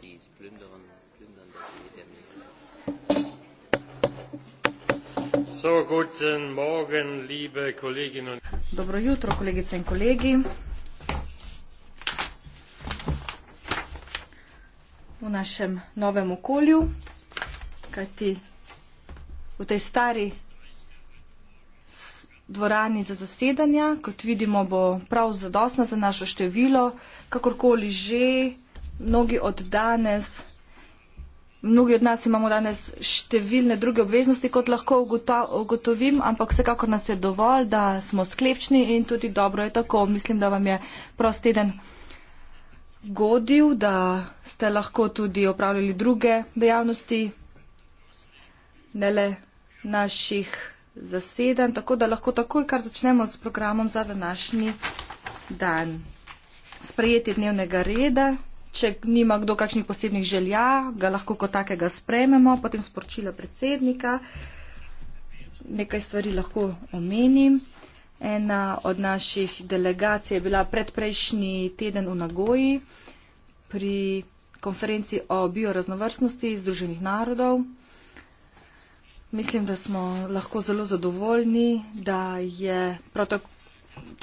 sie es plündern, plündern das Edermeer. So, guten Morgen, liebe Kolleginnen und Kollegen. Dobro jutro, kolegice in kolegi. V našem novem okolju, kajti v tej stari dvorani za zasedanja, kot vidimo, bo prav zadostna za našo število, kakorkoli že mnogi od danes, mnogi od nas imamo danes številne druge obveznosti, kot lahko ugoto, ugotovim, ampak vsekakor nas je dovolj, da smo sklepčni in tudi dobro je tako. Mislim, da vam je prost teden godil, da ste lahko tudi opravljali druge dejavnosti, ne le naših zaseden, tako da lahko takoj, kar začnemo s programom za današnji dan. Sprejeti dnevnega reda. Če nima kdo kakšnih posebnih želja, ga lahko kot takega sprememo, potem sporočila predsednika. Nekaj stvari lahko omenim. Ena od naših delegacij je bila predprejšnji teden v Nagoji pri konferenci o bioraznovrstnosti Združenih narodov. Mislim, da smo lahko zelo zadovoljni, da je protok,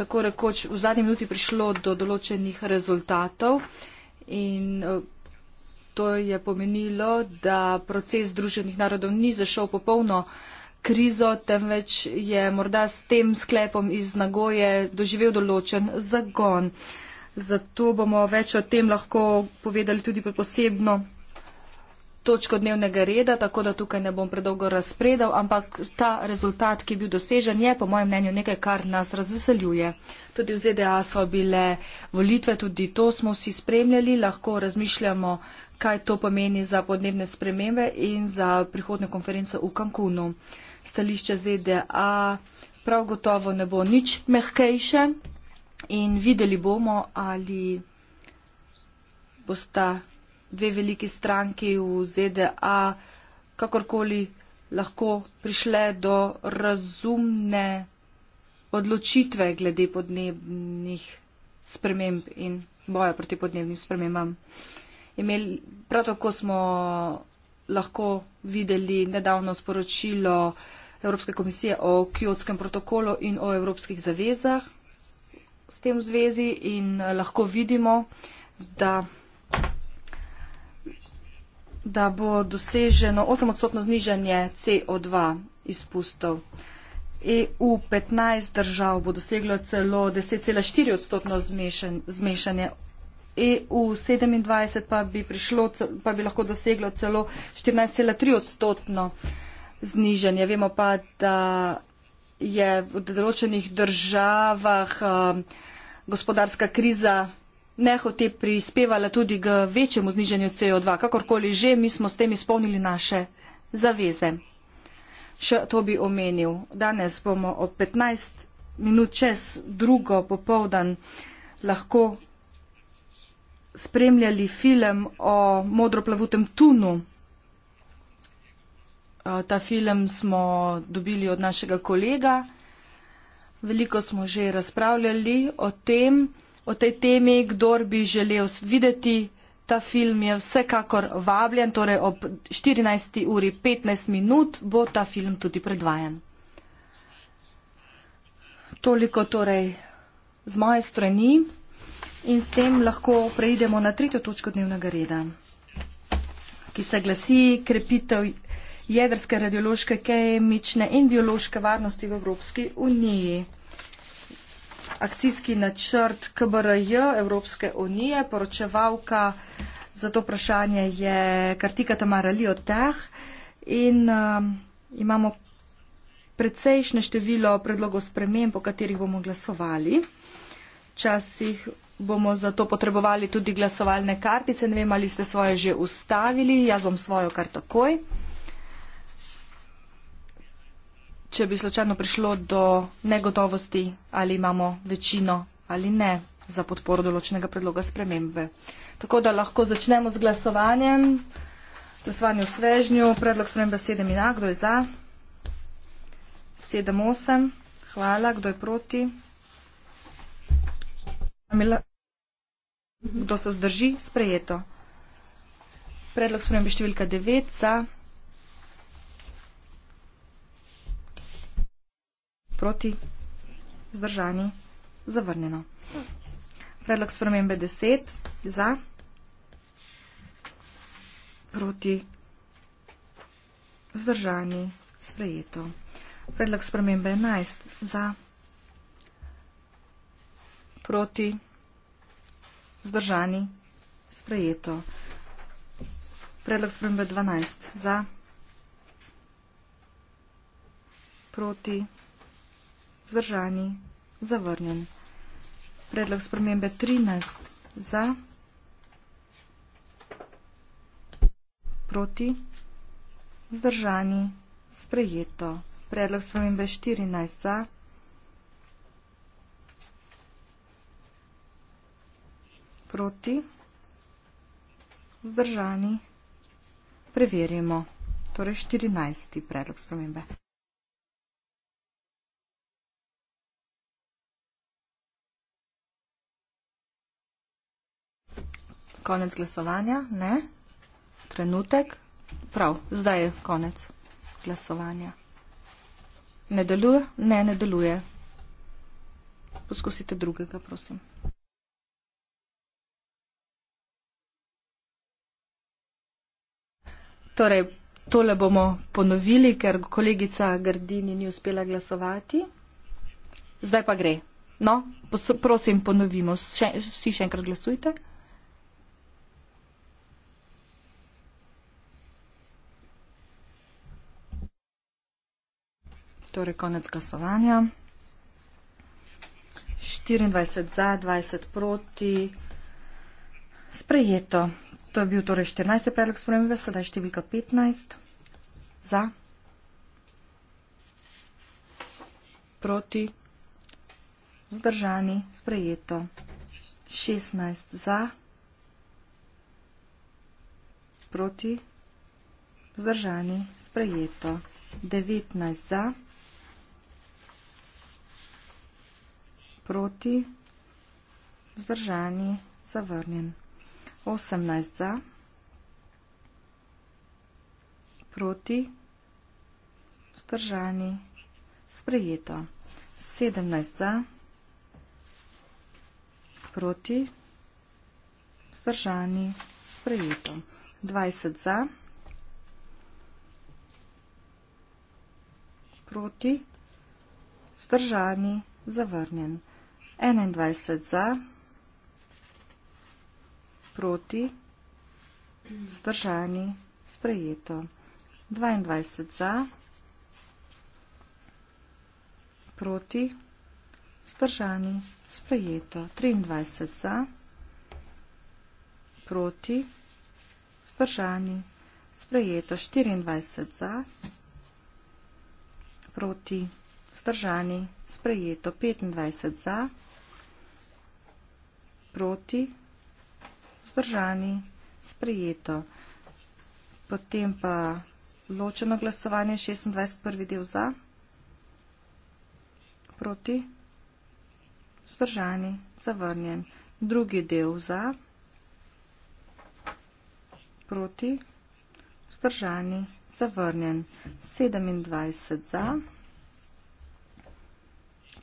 tako rekoč v zadnji minuti prišlo do določenih rezultatov in eh, to je pomenilo, da proces Združenih narodov ni zašel popolno krizo, temveč je morda s tem sklepom iz Nagoje doživel določen zagon. Zato bomo več o tem lahko povedali tudi posebno točko dnevnega reda, tako da tukaj ne bom predolgo razpredal, ampak ta rezultat, ki je bil dosežen, je po mojem mnenju nekaj, kar nas razveseljuje. Tudi v ZDA so bile volitve, tudi to smo vsi spremljali, lahko razmišljamo, kaj to pomeni za podnebne spremembe in za prihodne konference v Cancunu. Stališče ZDA prav gotovo ne bo nič mehkejše in videli bomo, ali bosta dve veliki stranki v ZDA kakorkoli lahko prišle do razumne odločitve glede podnebnih sprememb in boja proti podnebnim spremembam. Imeli, prav tako smo lahko videli nedavno sporočilo Evropske komisije o kjotskem protokolu in o evropskih zavezah s tem v zvezi in lahko vidimo, da da bo doseženo 8-odstotno znižanje CO2 izpustov. EU 15 držav bo doseglo celo 10,4-odstotno zmešanje. EU 27 pa bi, prišlo, pa bi lahko doseglo celo 14,3-odstotno znižanje. Vemo pa, da je v določenih državah eh, gospodarska kriza nehote prispevala tudi k večjemu zniženju CO2. Kakorkoli že, mi smo s tem izpolnili naše zaveze. Še to bi omenil. Danes bomo ob 15 minut čez drugo popovdan lahko spremljali film o modroplavutem tunu. Ta film smo dobili od našega kolega. Veliko smo že razpravljali o tem o tej temi, kdor bi želel videti. Ta film je vsekakor vabljen, torej ob 14. uri 15 minut bo ta film tudi predvajan. Toliko torej z moje strani in s tem lahko preidemo na tretjo točko dnevnega reda, ki se glasi krepitev jedrske radiološke, kemične in biološke varnosti v Evropski uniji akcijski načrt KBRJ Evropske unije. Poročevalka za to vprašanje je Kartika Tamara Lijo Teh in um, imamo precejšnje število predlogov sprememb, po katerih bomo glasovali. Včasih bomo za to potrebovali tudi glasovalne kartice. Ne vem, ali ste svoje že ustavili. Jaz bom svojo kar takoj. če bi slučajno prišlo do negotovosti, ali imamo večino ali ne za podporo določenega predloga spremembe. Tako da lahko začnemo z glasovanjem. Glasovanje v svežnju, predlog spremembe 7 in A, kdo je za? 7, 8, hvala, kdo je proti? Kdo se vzdrži? Sprejeto. Predlog spremembe številka 9 za. proti, zdržani, zavrnjeno. Predlog spremembe 10 za, proti, zdržani, sprejeto. Predlog spremembe 11 za, proti, zdržani, sprejeto. Predlog spremembe 12 za, proti, zdržani, sprejeto vzdržani, zavrnjen. Predlog spremembe 13 za, proti, vzdržani, sprejeto. Predlog spremembe 14 za, proti, vzdržani, preverimo. Torej 14. predlog spremembe. Konec glasovanja? Ne. Trenutek? Prav, zdaj je konec glasovanja. Ne deluje? Ne, ne deluje. Poskusite drugega, prosim. Torej, tole bomo ponovili, ker kolegica Gardini ni uspela glasovati. Zdaj pa gre. No, pos, prosim, ponovimo. Vsi še, še enkrat glasujte. Torej konec glasovanja. 24 za, 20 proti. Sprejeto. To je bil torej 14. predlog spremembe, sedaj številka 15. Za. Proti. Zdržani. Sprejeto. 16 za. Proti. Zdržani. Sprejeto. 19 za. proti, vzdržani, zavrnjen. 18 za, proti, vzdržani, sprejeto. 17 za, proti, vzdržani, sprejeto. 20 za, proti, vzdržani, zavrnjen. 21 za, proti, vzdržani, zavrnjen. 21 za, proti, vzdržani, sprejeto. 22 za, proti, vzdržani, sprejeto. 23 za, proti, vzdržani, sprejeto. 24 za, proti, vzdržani, sprejeto. 25 za, proti, vzdržani, sprejeto proti, vzdržani, sprejeto. Potem pa ločeno glasovanje 26 prvi del za, proti, vzdržani, zavrnjen. Drugi del za, proti, vzdržani, zavrnjen. 27 za,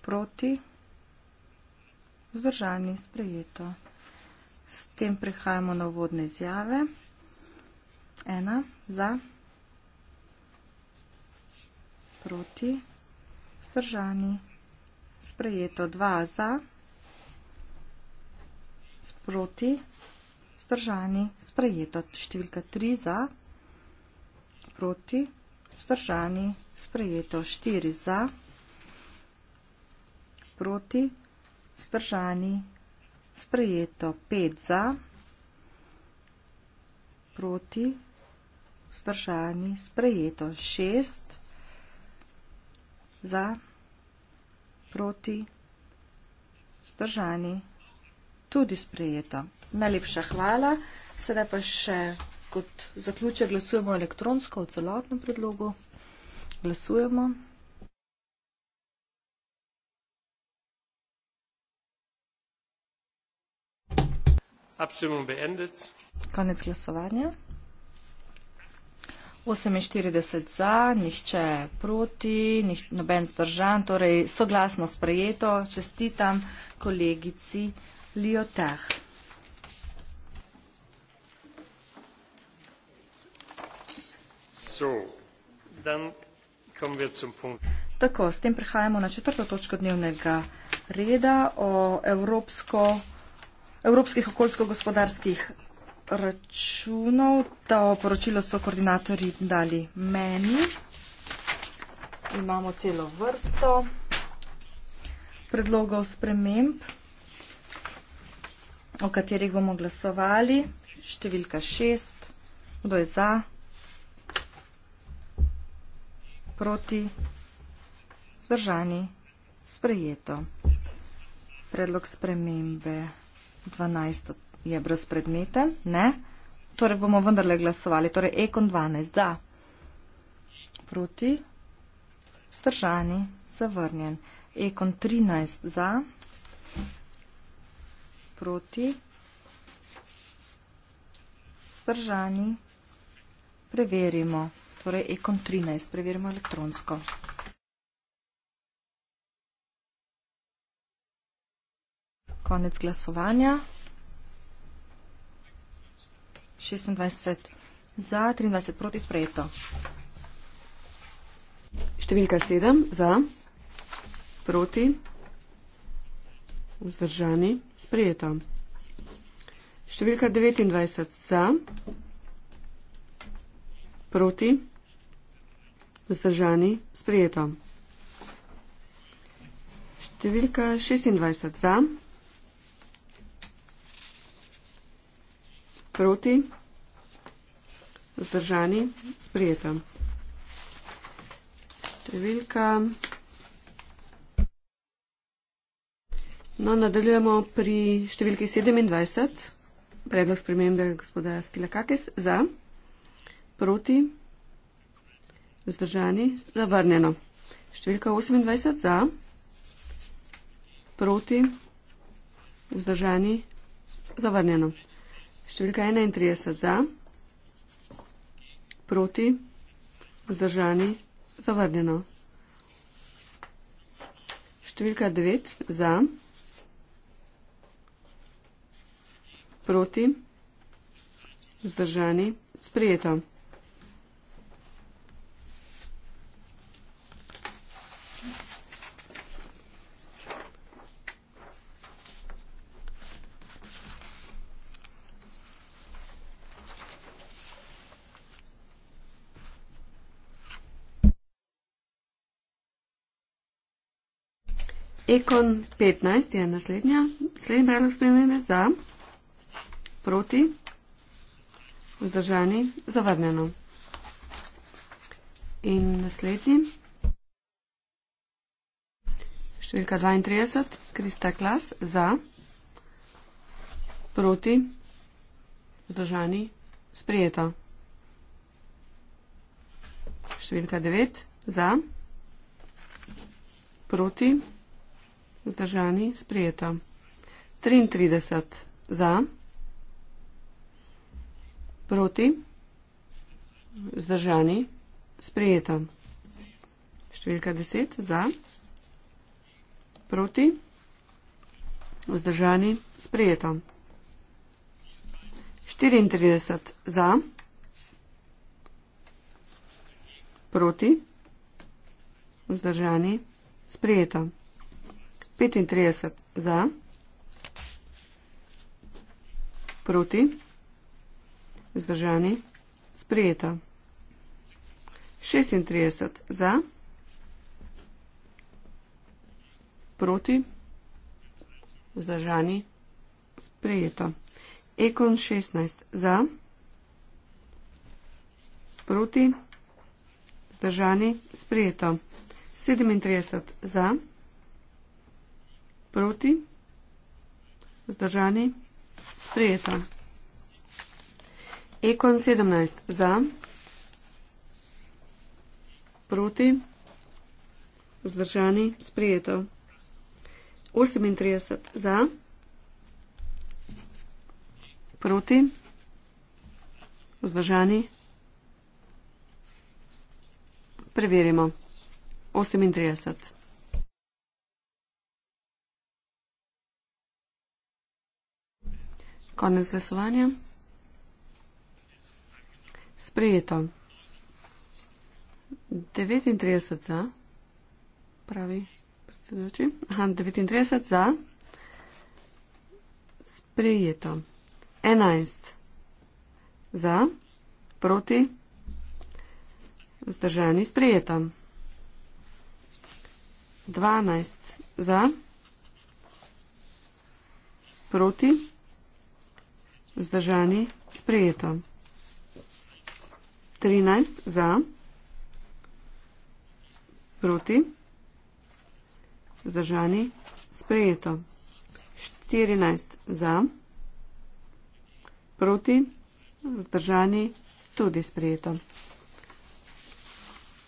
proti, vzdržani. Vzdržani, sprejeto. S tem prehajamo na vodne izjave. Ena, za, proti, vzdržani, sprejeto. Dva, za, proti, vzdržani, sprejeto. Številka tri, za, proti, vzdržani, sprejeto. Štiri, za, proti, vzdržani vzdržani, sprejeto, 5 za, proti, vzdržani, sprejeto, 6 za, proti, vzdržani, tudi sprejeto. Najlepša hvala, sedaj pa še kot zaključe glasujemo elektronsko v celotnem predlogu. Glasujemo. Abstimmung beendet. Konec glasovanja. 48 za, nihče proti, nič, noben zdržan, torej soglasno sprejeto. Čestitam kolegici Lioteh. So, dan kommen wir zum Punkt. Tako, s tem prehajamo na četrto točko dnevnega reda o evropsko evropskih okoljsko-gospodarskih računov. To poročilo so koordinatorji dali meni. Imamo celo vrsto predlogov sprememb, o katerih bomo glasovali. Številka šest. Kdo je za? Proti? Zdržani? Sprejeto. Predlog spremembe. 12 je brezpredmeten, ne. Torej bomo vendarle glasovali. Torej ekon 12 za, proti, stržani, zavrnjen. Ekon 13 za, proti, stržani, preverimo. Torej ekon 13, preverimo elektronsko. konec glasovanja. 26 za, 23 proti sprejeto. Številka 7 za, proti, vzdržani, sprejeto. Številka 29 za, proti, vzdržani, sprejeto. Številka 26 za. Proti? Zdržani? Sprijeta. Številka. No, nadaljujemo pri številki 27. Predlog spremembe gospoda Skilakakis. Za? Proti? Zdržani? Zavrnjeno. Številka 28. Za? Proti? Vzdržani, zavrnjeno. Številka 31 za, proti, vzdržani, zavrnjeno. Številka 9 za, proti, vzdržani, sprijeto. Ekon 15 je naslednja. Slednji predlog spremembe za, proti, vzdržani, zavrnjeno. In naslednji. Številka 32, Krista Klas, za, proti, vzdržani, sprijeto. Številka 9, za, proti, vzdržani. Vzdržani, sprijeto. 33 za, proti, vzdržani, sprijeto. Številka 10 za, proti, vzdržani, sprijeto. 34 za, proti, vzdržani, sprijeto. 35 za, proti, vzdržani, sprejeta. 36 za, proti, vzdržani, sprejeta. Ekon 16 za, proti, vzdržani, sprejeta. 37 za, proti, vzdržani, sprejeta. Proti? Zdržani? Sprejeta. Ekon 17. Za? Proti? Zdržani? Sprejeta. 38. Za? Proti? Zdržani? Preverimo. 38. Konec glasovanja. Sprejeto. 39 za, pravi predsedujoči. Aha, 39 za. Sprejeto. 11 za, proti, vzdržani, sprejeto. 12 za, proti, vzdržani. Vzdržani. Sprejeto. 13 za. Proti. Vzdržani. Sprejeto. 14 za. Proti. Vzdržani. Tudi sprejeto.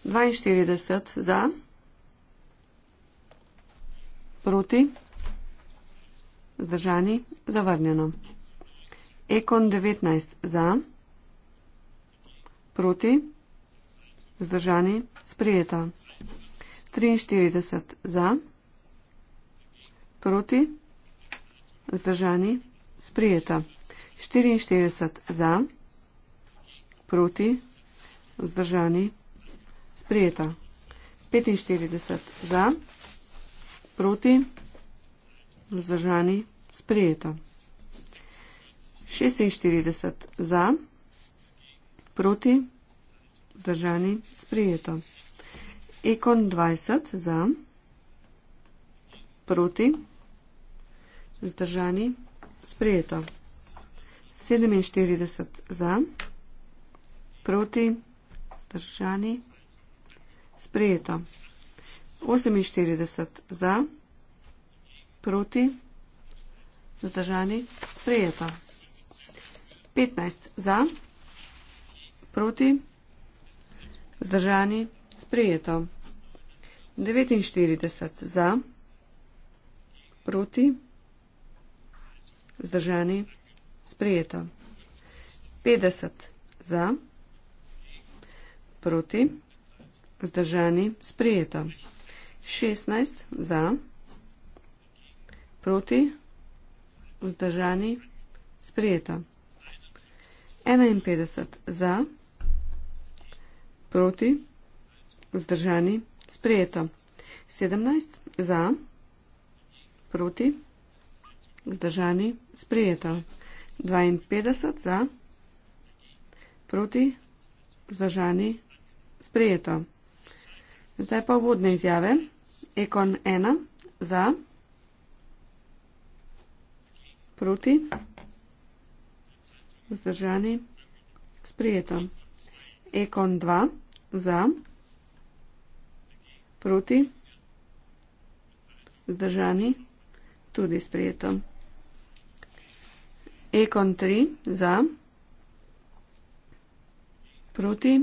42 za. Proti. Vzdržani. Zavrnjeno. Ekon 19 za, proti, vzdržani, sprijeta. 43 za, proti, vzdržani, sprijeta. 44 za, proti, vzdržani, sprijeta. 45 za, proti, vzdržani, sprijeta. 46 za, proti, vzdržani, sprijeto. Ekon 20 za, proti, vzdržani, sprijeto. 47 za, proti, vzdržani, sprijeto. 48 za, proti, vzdržani, sprijeto. 15 za, proti, zdržani, sprejeto. 49 za, proti, zdržani, sprejeto. 50 za, proti, zdržani, sprejeto. 16 za, proti, vzdržani, sprejeto. 51 za, proti, vzdržani, sprejeto. 17 za, proti, vzdržani, sprejeto. 52 za, proti, vzdržani, sprejeto. Zdaj pa vodne izjave. Ekon 1 za, proti, vzdržani, sprejeto. Vzdržani. Sprijeto. Ekon 2. Za. Proti. Vzdržani. Tudi sprijeto. Ekon 3. Za. Proti.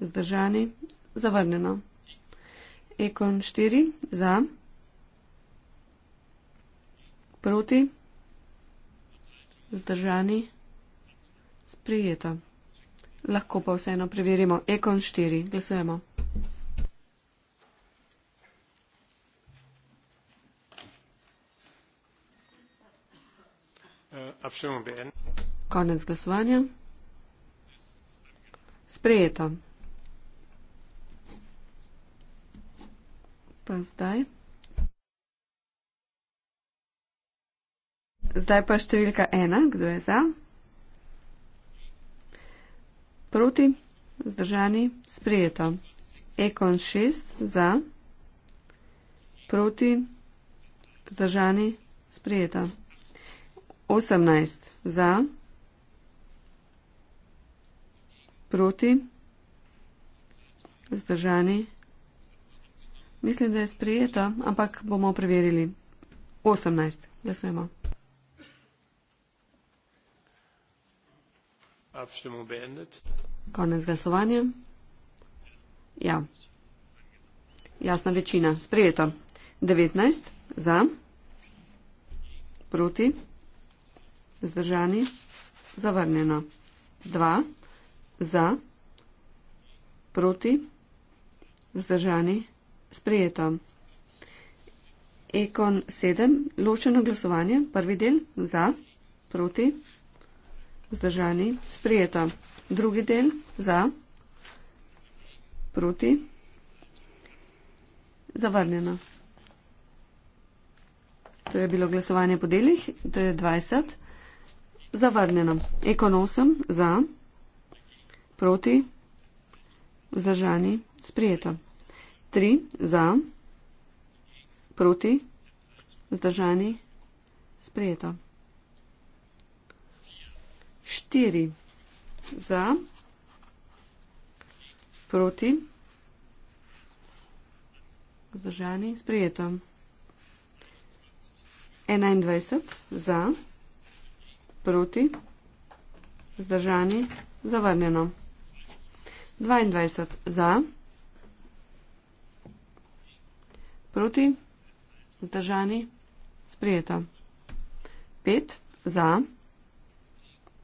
Vzdržani. Zavrnjeno. Ekon 4. Za. Proti. Proti. Zdržani? Sprijeto. Lahko pa vseeno preverimo. Ekon 4. Glasujemo. Eh, Konec glasovanja. Sprejeto. Pa zdaj. Zdaj pa številka ena, kdo je za? Proti, vzdržani, sprijeto. Ekon šest, za. Proti, vzdržani, sprijeto. Osemnajst, za. Proti, vzdržani. Mislim, da je sprijeto, ampak bomo preverili. Osemnajst, glasujemo. Ja Abstimmung beendet. Konec glasovanja. Ja. Jasna večina. Sprejeto. 19 za. Proti. Zdržani. Zavrnjeno. 2 za. Proti. Zdržani. Sprejeto. Ekon 7. Ločeno glasovanje. Prvi del. Za. Proti. Zdržani. Sprijeto. Drugi del. Za. Proti. Zavrnjeno. To je bilo glasovanje po delih. To je 20. Zavrnjeno. Ekon 8. Za. Proti. Zdržani. Sprijeto. 3. Za. Proti. Zdržani. Sprijeto. 4 za, proti, vzdržani, sprijeto. 21 za, proti, vzdržani, zavrnjeno. 22 za, proti, vzdržani, sprijeto. 5 za, proti, vzdržani, sprijeto.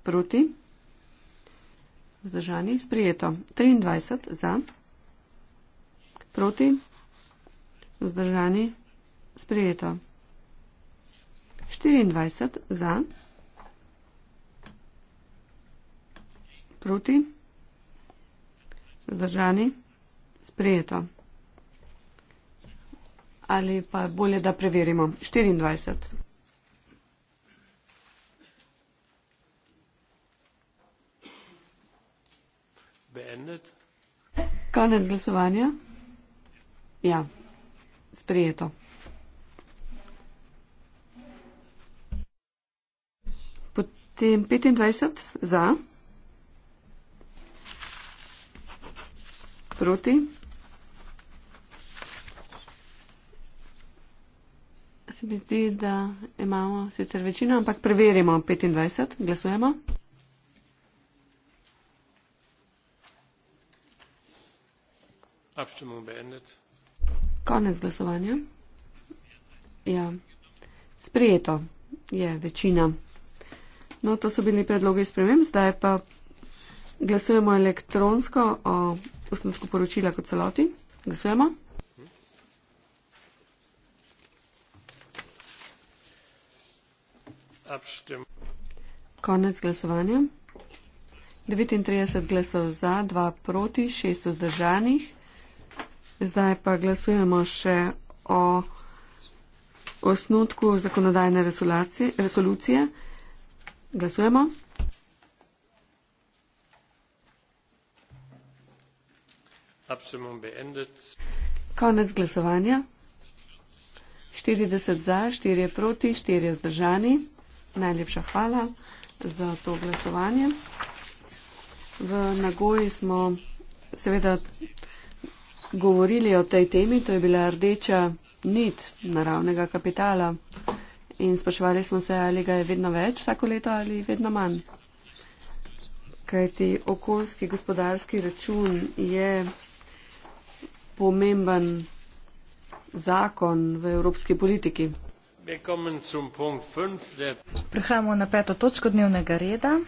Proti. Vzdržani. Sprijeto. 23 za. Proti. Vzdržani. Sprijeto. 24 za. Proti. Vzdržani. Sprijeto. Ali pa bolje, da preverimo. 24. beendet. Konec glasovanja. Ja, sprijeto. Potem 25 za. Proti. Se mi zdi, da imamo sicer večino, ampak preverimo 25. Glasujemo. abstimmung beendet. konec glasovanja. ja. sprijeto je večina. no, to so bili predlogi spremem, zdaj pa glasujemo elektronsko o osnutku poročila kot celoti. glasujemo. Abstim. konec glasovanja. 39 glasov za, 2 proti, 6 vzdržanih. Zdaj pa glasujemo še o osnutku zakonodajne resolucije. Glasujemo. Konec glasovanja. 40 za, 4 proti, 4 vzdržani. Najlepša hvala za to glasovanje. V Nagoji smo seveda govorili o tej temi, to je bila rdeča nit naravnega kapitala. In spraševali smo se, ali ga je vedno več vsako leto ali vedno manj. Kaj ti okoljski gospodarski račun je pomemben zakon v evropski politiki. Prehajamo na peto točko dnevnega reda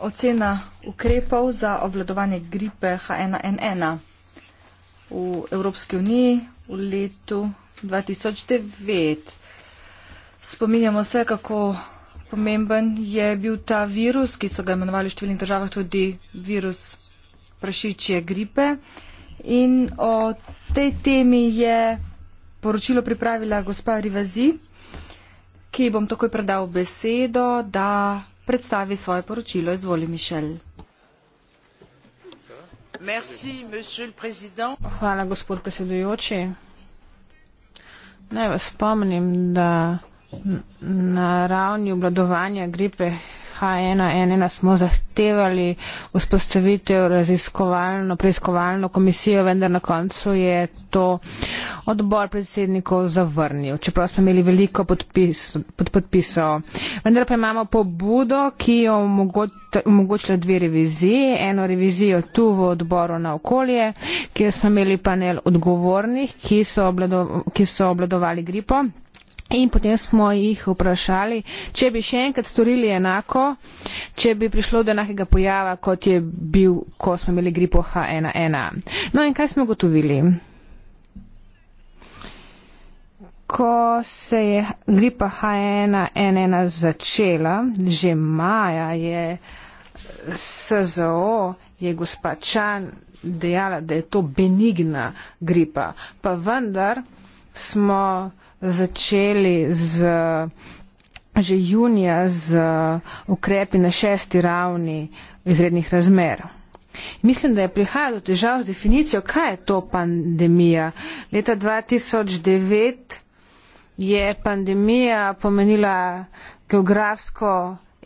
ocena ukrepov za obvladovanje gripe H1N1 v Evropski uniji v letu 2009. Spominjamo se, kako pomemben je bil ta virus, ki so ga imenovali v številnih državah tudi virus prašičje gripe. In o tej temi je poročilo pripravila gospa Rivazi, ki bom takoj predal besedo, da predstavi svoje poročilo. Izvoli Mišel. Hvala, gospod predsedujoči. Naj vas spomnim, da na ravni obladovanja gripe H1N1 e smo zahtevali vzpostavitev raziskovalno, preiskovalno komisijo, vendar na koncu je to odbor predsednikov zavrnil, čeprav smo imeli veliko podpis, pod, podpisov. Vendar pa imamo pobudo, ki je omogočila dve reviziji. Eno revizijo tu v odboru na okolje, kjer smo imeli panel odgovornih, ki so, obladov, ki so obladovali gripo. In potem smo jih vprašali, če bi še enkrat storili enako, če bi prišlo do enakega pojava, kot je bil, ko smo imeli gripo H1N1. No in kaj smo gotovili? Ko se je gripa H1N1 začela, že maja je SZO, je gospa Čan dejala, da je to benigna gripa. Pa vendar smo začeli z, že junija z ukrepi na šesti ravni izrednih razmer. Mislim, da je prihajalo težav z definicijo, kaj je to pandemija. Leta 2009 je pandemija pomenila geografsko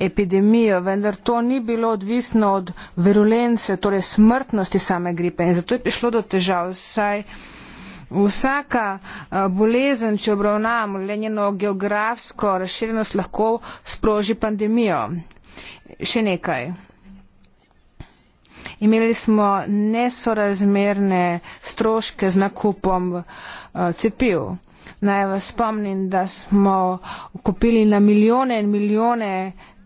epidemijo, vendar to ni bilo odvisno od virulence, torej smrtnosti same gripe. In zato je prišlo do težav. Saj Vsaka eh, bolezen, če obravnavamo le njeno geografsko razširjenost, lahko sproži pandemijo. Še nekaj. Imeli smo nesorazmerne stroške z nakupom eh, cepiv. Naj vas spomnim, da smo kupili na milijone in milijone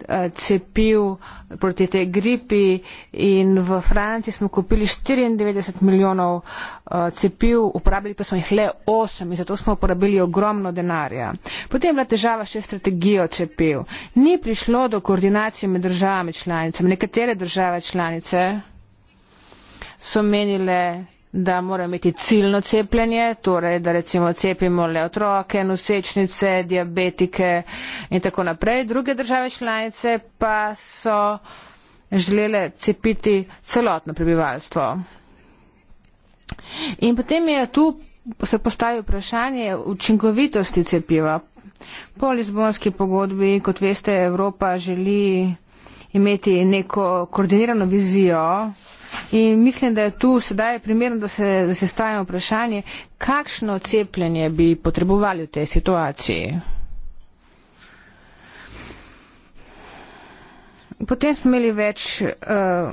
Eh, cepiv proti tej gripi in v Franciji smo kupili 94 milijonov eh, cepiv, uporabili pa smo jih le 8 in zato smo uporabili ogromno denarja. Potem je bila težava še strategijo cepiv. Ni prišlo do koordinacije med državami članicami. Nekatere države članice so menile da mora imeti ciljno cepljenje, torej da recimo cepimo le otroke, nosečnice, diabetike in tako naprej. Druge države članice pa so želele cepiti celotno prebivalstvo. In potem je tu se postavilo vprašanje učinkovitosti cepiva. Po Lizbonski pogodbi, kot veste, Evropa želi imeti neko koordinirano vizijo In mislim, da je tu sedaj primerno, da se, da se stavimo vprašanje, kakšno cepljenje bi potrebovali v tej situaciji. Potem smo imeli več uh,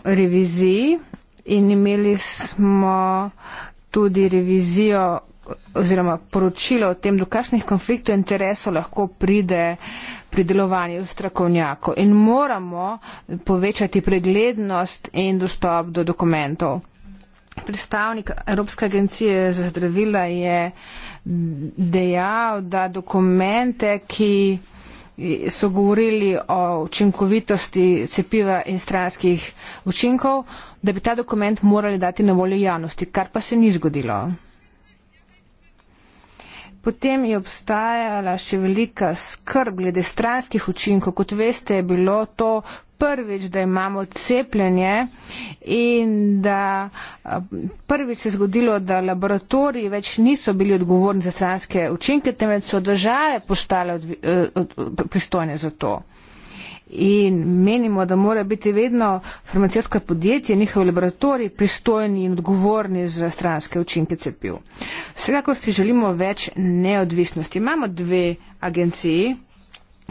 revizij in imeli smo tudi revizijo, oziroma poročilo o tem, do kakšnih konfliktov interesov lahko pride pri delovanju strokovnjakov. In moramo povečati preglednost in dostop do dokumentov. Predstavnik Evropske agencije za zdravila je dejal, da dokumente, ki so govorili o učinkovitosti cepiva in stranskih učinkov, da bi ta dokument morali dati na voljo javnosti, kar pa se ni zgodilo. Potem je obstajala še velika skrb glede stranskih učinkov. Kot veste, je bilo to prvič, da imamo cepljenje in da prvič se je zgodilo, da laboratoriji več niso bili odgovorni za stranske učinke, temveč so države postale eh, pristojne za to in menimo, da mora biti vedno farmacijska podjetja, njihov laboratorij pristojni in odgovorni za stranske učinke cepiv. Vsekakor si želimo več neodvisnosti. Imamo dve agenciji.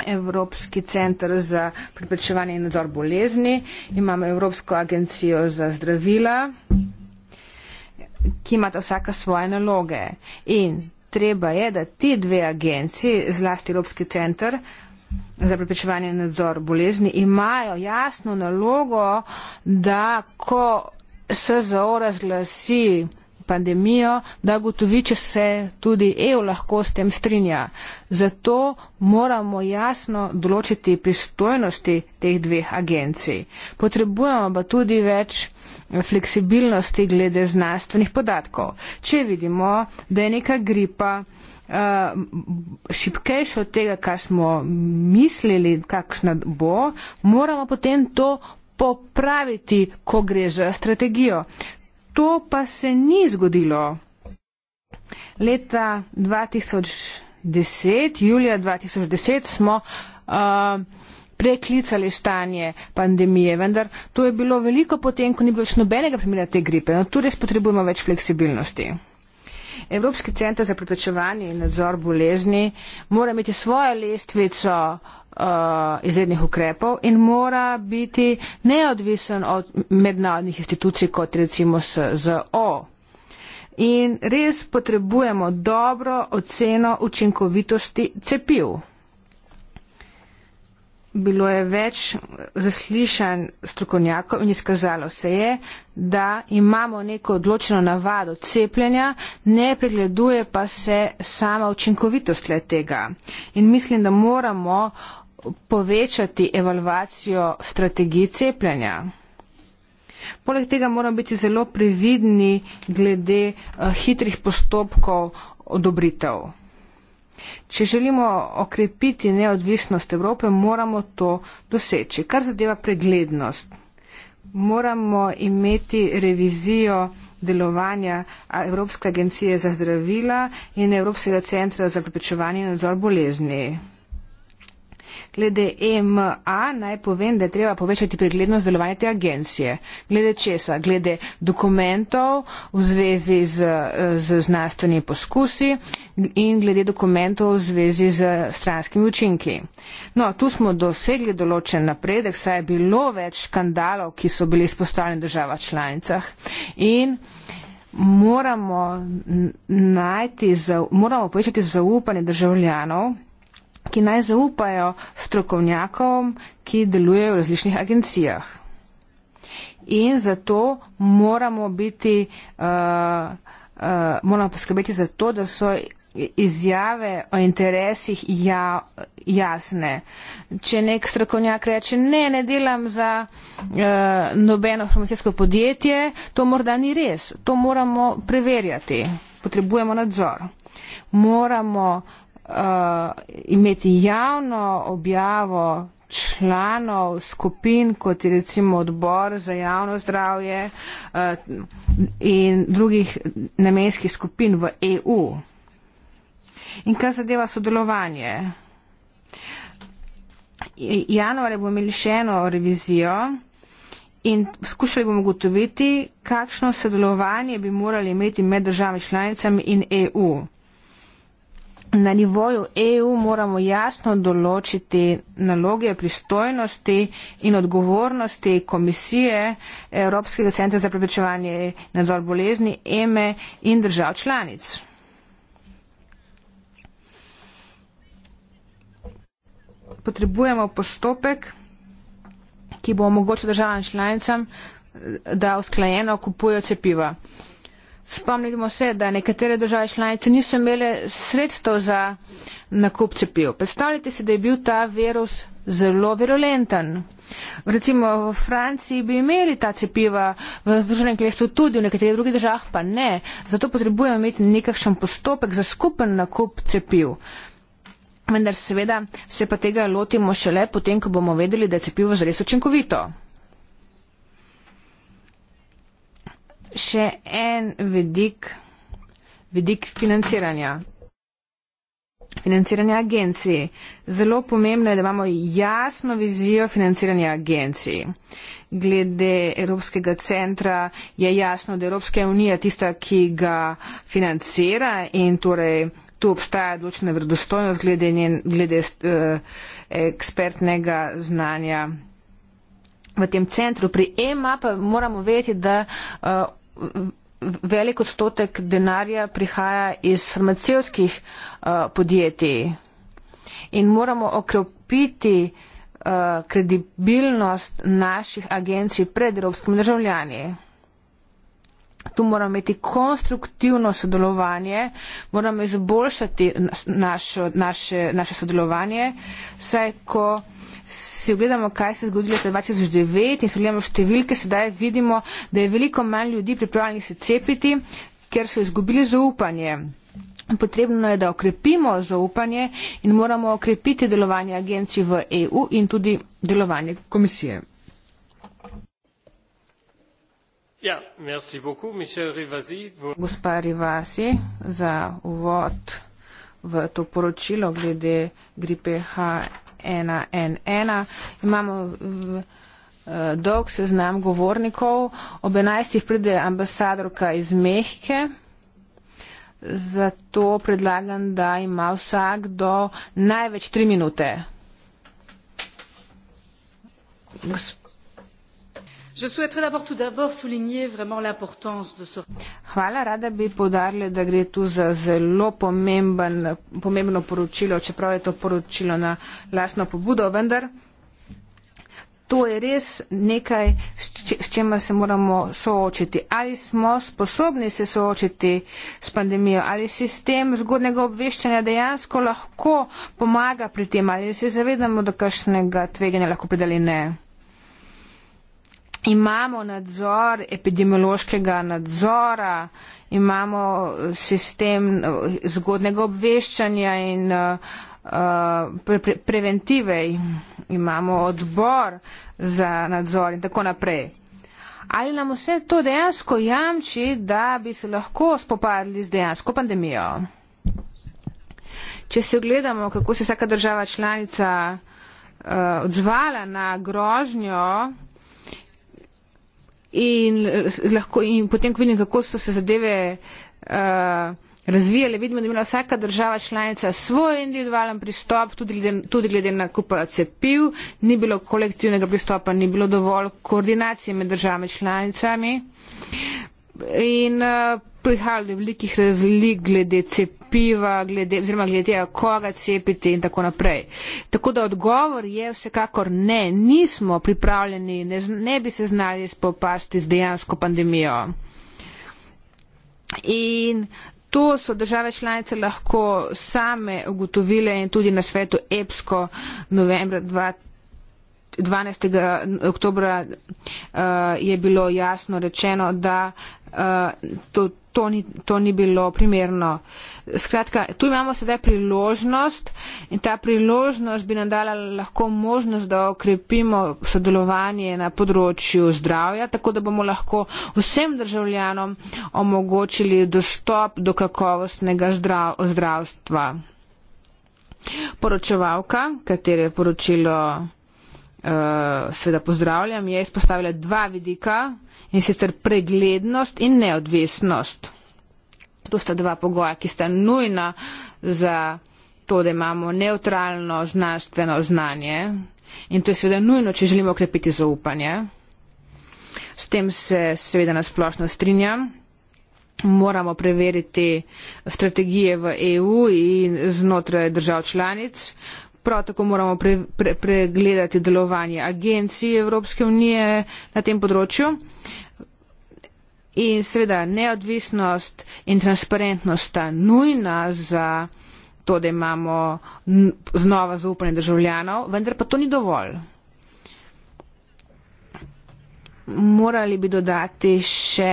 Evropski centr za preprečevanje in nadzor bolezni, imamo Evropsko agencijo za zdravila, ki imata vsaka svoje naloge. In treba je, da ti dve agenciji, zlasti Evropski centr, za preprečevanje nadzor bolezni imajo jasno nalogo, da ko SZO razglasi pandemijo, da gotovi, če se tudi EU lahko s tem strinja. Zato moramo jasno določiti pristojnosti teh dveh agencij. Potrebujemo pa tudi več fleksibilnosti glede znanstvenih podatkov. Če vidimo, da je neka gripa uh, eh, šipkejša od tega, kar smo mislili, kakšna bo, moramo potem to popraviti, ko gre za strategijo. To pa se ni zgodilo. Leta 2010, julija 2010 smo uh, preklicali stanje pandemije, vendar to je bilo veliko potem, ko ni bilo še nobenega primera te gripe. No, tudi res potrebujemo več fleksibilnosti. Evropski centar za preprečevanje in nadzor bolezni mora imeti svojo lestvico uh, izrednih ukrepov in mora biti neodvisen od mednarodnih institucij, kot recimo SZO. In res potrebujemo dobro oceno učinkovitosti cepiv bilo je več zaslišanj strokovnjakov in izkazalo se je, da imamo neko odločeno navado cepljenja, ne pregleduje pa se sama učinkovitost le tega. In mislim, da moramo povečati evalvacijo strategij cepljenja. Poleg tega moramo biti zelo previdni glede uh, hitrih postopkov odobritev. Če želimo okrepiti neodvisnost Evrope, moramo to doseči. Kar zadeva preglednost, moramo imeti revizijo delovanja Evropske agencije za zdravila in Evropskega centra za preprečevanje in nadzor bolezni. Glede EMA naj povem, da je treba povečati preglednost delovanja te agencije. Glede česa? Glede dokumentov v zvezi z, z znanstvenimi poskusi in glede dokumentov v zvezi z stranskimi učinki. No, tu smo dosegli določen napredek, saj je bilo več škandalov, ki so bili izpostavljeni v državah članicah. In moramo, najti, moramo povečati zaupanje državljanov ki naj zaupajo strokovnjakom, ki delujejo v različnih agencijah. In zato moramo, biti, uh, uh, moramo poskrbeti za to, da so izjave o interesih ja, jasne. Če nek strokovnjak reče, ne, ne delam za uh, nobeno farmacijsko podjetje, to morda ni res. To moramo preverjati. Potrebujemo nadzor. Moramo uh, imeti javno objavo članov skupin, kot je recimo odbor za javno zdravje uh, in drugih namenskih skupin v EU. In kar zadeva sodelovanje. Januar bomo imeli še eno revizijo in skušali bomo ugotoviti, kakšno sodelovanje bi morali imeti med državami članicami in EU. Na nivoju EU moramo jasno določiti naloge, pristojnosti in odgovornosti komisije Evropskega centra za preprečevanje nadzor bolezni EME e in držav članic. Potrebujemo postopek, ki bo omogočil državam članicam, da usklajeno kupujejo cepiva. Spomnimo se, da nekatere države članice niso imele sredstev za nakup cepiv. Predstavljajte si, da je bil ta virus zelo virulenten. Recimo v Franciji bi imeli ta cepiva, v Združenem kraljestvu tudi, v nekaterih drugih državah pa ne. Zato potrebujemo imeti nekakšen postopek za skupen nakup cepiv. Vendar seveda se pa tega lotimo šele potem, ko bomo vedeli, da je cepivo zares učinkovito. še en vidik, vidik financiranja. Financiranje agencij. Zelo pomembno je, da imamo jasno vizijo financiranja agencij. Glede Evropskega centra je jasno, da Evropska unija tista, ki ga financira in torej tu obstaja določena vredostojnost glede, njen, glede eh, ekspertnega znanja v tem centru. Pri EMA pa moramo vedeti, da eh, velik odstotek denarja prihaja iz farmacijskih eh, podjetij in moramo okrepiti eh, kredibilnost naših agencij pred evropskimi državljani. Tu moramo imeti konstruktivno sodelovanje, moramo izboljšati naš, naše, naše sodelovanje, saj ko uh, si ogledamo, kaj se je zgodilo v 2009 in se ogledamo številke, sedaj vidimo, da je veliko manj ljudi pripravljenih se cepiti, ker so izgubili zaupanje. Potrebno je, da okrepimo zaupanje in moramo okrepiti delovanje agencij v EU in tudi delovanje komisije. Ja, merci beaucoup, Michel Rivasi. Bo... Gospa Rivasi, za uvod v to poročilo glede gripe H. 1111. Imamo eh, dolg seznam govornikov. Ob 11. pride ambasadorka iz Mehke. Zato predlagam, da ima vsak do največ tri minute. Gosp Hvala, rada bi povdarila, da gre tu za zelo pomemben, pomembno poročilo, čeprav je to poročilo na lasno pobudo, vendar to je res nekaj, s čemer se moramo soočiti. Ali smo sposobni se soočiti s pandemijo, ali sistem zgodnega obveščanja dejansko lahko pomaga pri tem, ali se zavedamo, da kakšnega tveganja lahko pridali ne imamo nadzor epidemiološkega nadzora, imamo eh, sistem eh, zgodnega obveščanja in eh, preventive, imamo odbor za nadzor in tako naprej. Ali nam vse to dejansko jamči, da bi se lahko spopadli z dejansko pandemijo? Če se ogledamo, kako se je vsaka država članica uh, odzvala na grožnjo, In, eh, lahko, in potem, ko vidim, kako so se zadeve uh, razvijale, vidimo, da je imela vsaka država članica svoj individualen pristop, tudi glede, tudi glede na kupa cepiv, ni bilo kolektivnega pristopa, ni bilo dovolj koordinacije med državami članicami in uh, prihajalo do velikih razlik glede cepiva, glede, oziroma glede tega, koga cepiti in tako naprej. Tako da odgovor je vsekakor ne, nismo pripravljeni, ne, ne bi se znali spopasti z dejansko pandemijo. In to so države članice lahko same ugotovile in tudi na svetu EPSKO novembra 2020. 12. oktobra uh, je bilo jasno rečeno, da uh, to, to, ni, to ni bilo primerno. Skratka, tu imamo sedaj priložnost in ta priložnost bi nam dala lahko možnost, da okrepimo sodelovanje na področju zdravja, tako da bomo lahko vsem državljanom omogočili dostop do kakovostnega zdrav, zdravstva. Poročevalka, katere poročilo uh, seveda pozdravljam, je izpostavila dva vidika in sicer preglednost in neodvisnost. To sta dva pogoja, ki sta nujna za to, da imamo neutralno znanstveno znanje in to je seveda nujno, če želimo okrepiti zaupanje. S tem se seveda nasplošno strinjam. Moramo preveriti strategije v EU in znotraj držav članic, Prav tako moramo pre, pre, pregledati delovanje agencij Evropske unije na tem področju in seveda neodvisnost in transparentnost sta nujna za to, da imamo znova zaupanje državljanov, vendar pa to ni dovolj. Morali bi dodati še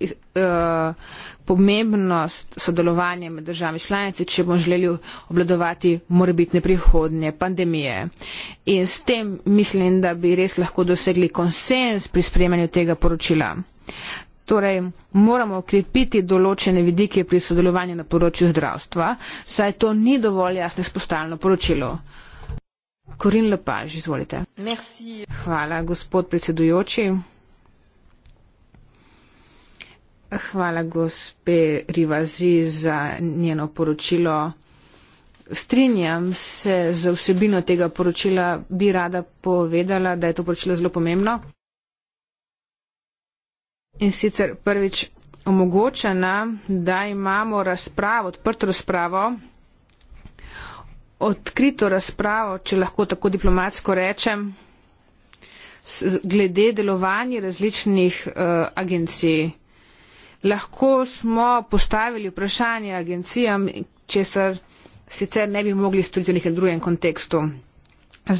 uh, pomembnost sodelovanja med državami članice, če bomo želeli obladovati morbitne prihodnje pandemije. In s tem mislim, da bi res lahko dosegli konsens pri spremenju tega poročila. Torej, moramo okrepiti določene vidike pri sodelovanju na področju zdravstva, saj to ni dovolj jasno spostalno poročilo. Korin Lepaž, izvolite. Merci. Hvala, gospod predsedujoči. Hvala gospe Rivazi za njeno poročilo. Strinjam se z vsebino tega poročila, bi rada povedala, da je to poročilo zelo pomembno. In sicer prvič omogoča nam, da imamo razpravo, odprto razpravo, odkrito razpravo, če lahko tako diplomatsko rečem, glede delovanja različnih uh, agencij lahko smo postavili vprašanje agencijam, če se sicer ne bi mogli storiti v nekem drugem kontekstu.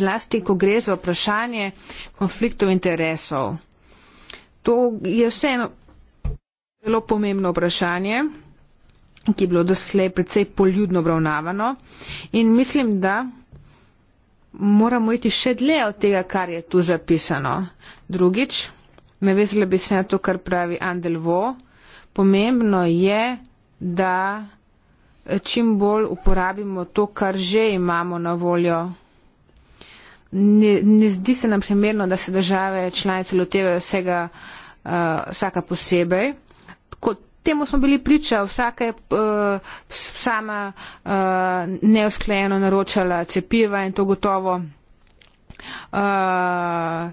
Zlasti, ko gre za vprašanje konfliktov interesov. To je vseeno zelo pomembno vprašanje, ki je bilo doslej precej poljudno obravnavano in mislim, da moramo iti še dlje od tega, kar je tu zapisano. Drugič, navezala bi se na to, kar pravi Andel Vo, pomembno je, da čim bolj uporabimo to, kar že imamo na voljo. Ne, ne zdi se nam primerno, da se države članice lotevajo vsega uh, vsaka posebej. Tako, temu smo bili priča, vsaka je uh, eh, sama uh, eh, neusklejeno naročala cepiva in to gotovo uh, uh,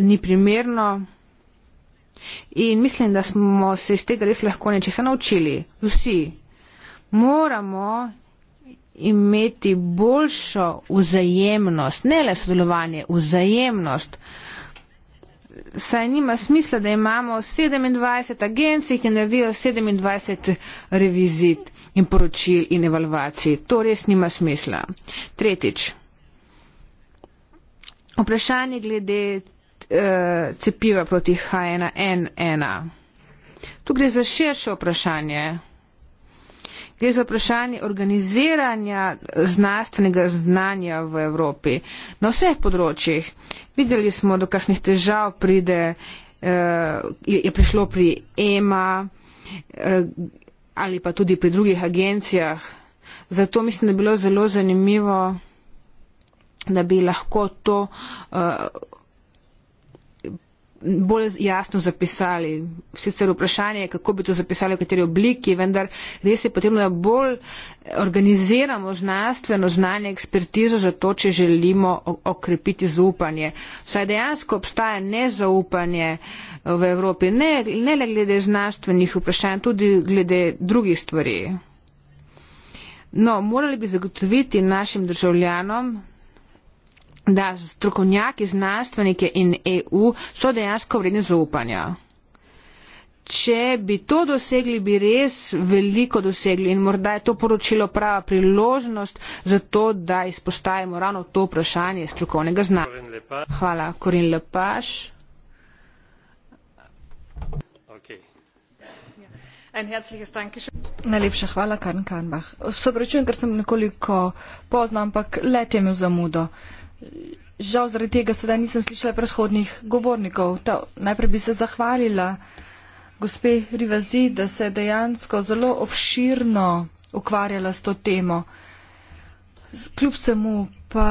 ni primerno. In mislim, da smo se iz tega res lahko nečesa naučili. Vsi moramo imeti boljšo vzajemnost, ne le sodelovanje, vzajemnost. Saj nima smisla, da imamo 27 agencij, ki naredijo 27 revizit in poročil in evalvacij. To res nima smisla. Tretjič. Vprašanje glede uh, cepiva proti H1N1. Tu gre za širše vprašanje. Gre za vprašanje organiziranja znanstvenega znanja v Evropi na vseh področjih. Videli smo, do kakšnih težav pride, uh, je prišlo pri EMA uh, eh, ali pa tudi pri drugih agencijah. Zato mislim, da je bilo zelo zanimivo, da bi lahko to uh, bolj jasno zapisali. Sicer vprašanje je, kako bi to zapisali, v kateri obliki, vendar res je potrebno, da bolj organiziramo znanstveno znanje, ekspertizo za to, če želimo okrepiti zaupanje. Saj dejansko obstaja nezaupanje eh, v Evropi, ne le glede znanstvenih vprašanj, tudi glede drugih stvari. No, morali bi zagotoviti našim državljanom, da strokovnjaki, znanstveniki in EU so dejansko vredni zaupanja. Če bi to dosegli, bi res veliko dosegli in morda je to poročilo prava priložnost za to, da izpostavimo ravno to vprašanje strokovnega znanja. Hvala, Korin Lepaš. Najlepša hvala, Karen Karnbach. Sobrečujem, ker sem nekoliko poznam, ampak let je imel zamudo. Žal zaradi tega sedaj nisem slišala predhodnih govornikov. To, najprej bi se zahvalila gospe Rivazi, da se je dejansko zelo obširno ukvarjala s to temo. Kljub semu pa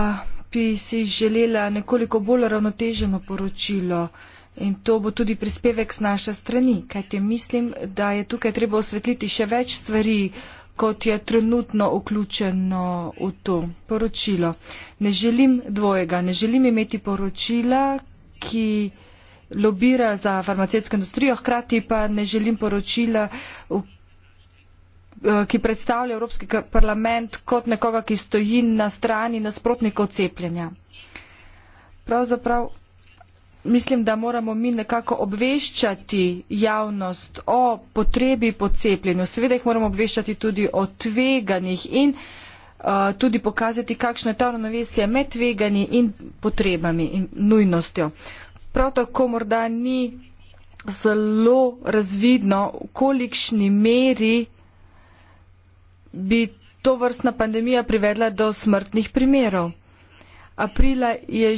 bi si želela nekoliko bolj ravnoteženo poročilo in to bo tudi prispevek z naše strani, kajti mislim, da je tukaj treba osvetliti še več stvari, kot je trenutno vključeno v to poročilo. Ne želim dvojega, ne želim imeti poročila, ki lobira za farmacijsko industrijo, hkrati pa ne želim poročila, eh, ki predstavlja Evropski parlament kot nekoga, ki stoji na strani nasprotnikov cepljenja. Pravzaprav mislim, da moramo mi nekako obveščati javnost o potrebi po cepljenju. Seveda jih moramo obveščati tudi o tveganjih in uh, tudi pokazati, kakšno je ta ravnovesje med tvegani in potrebami in nujnostjo. Prav tako morda ni zelo razvidno, v kolikšni meri bi to vrstna pandemija privedla do smrtnih primerov. Aprila je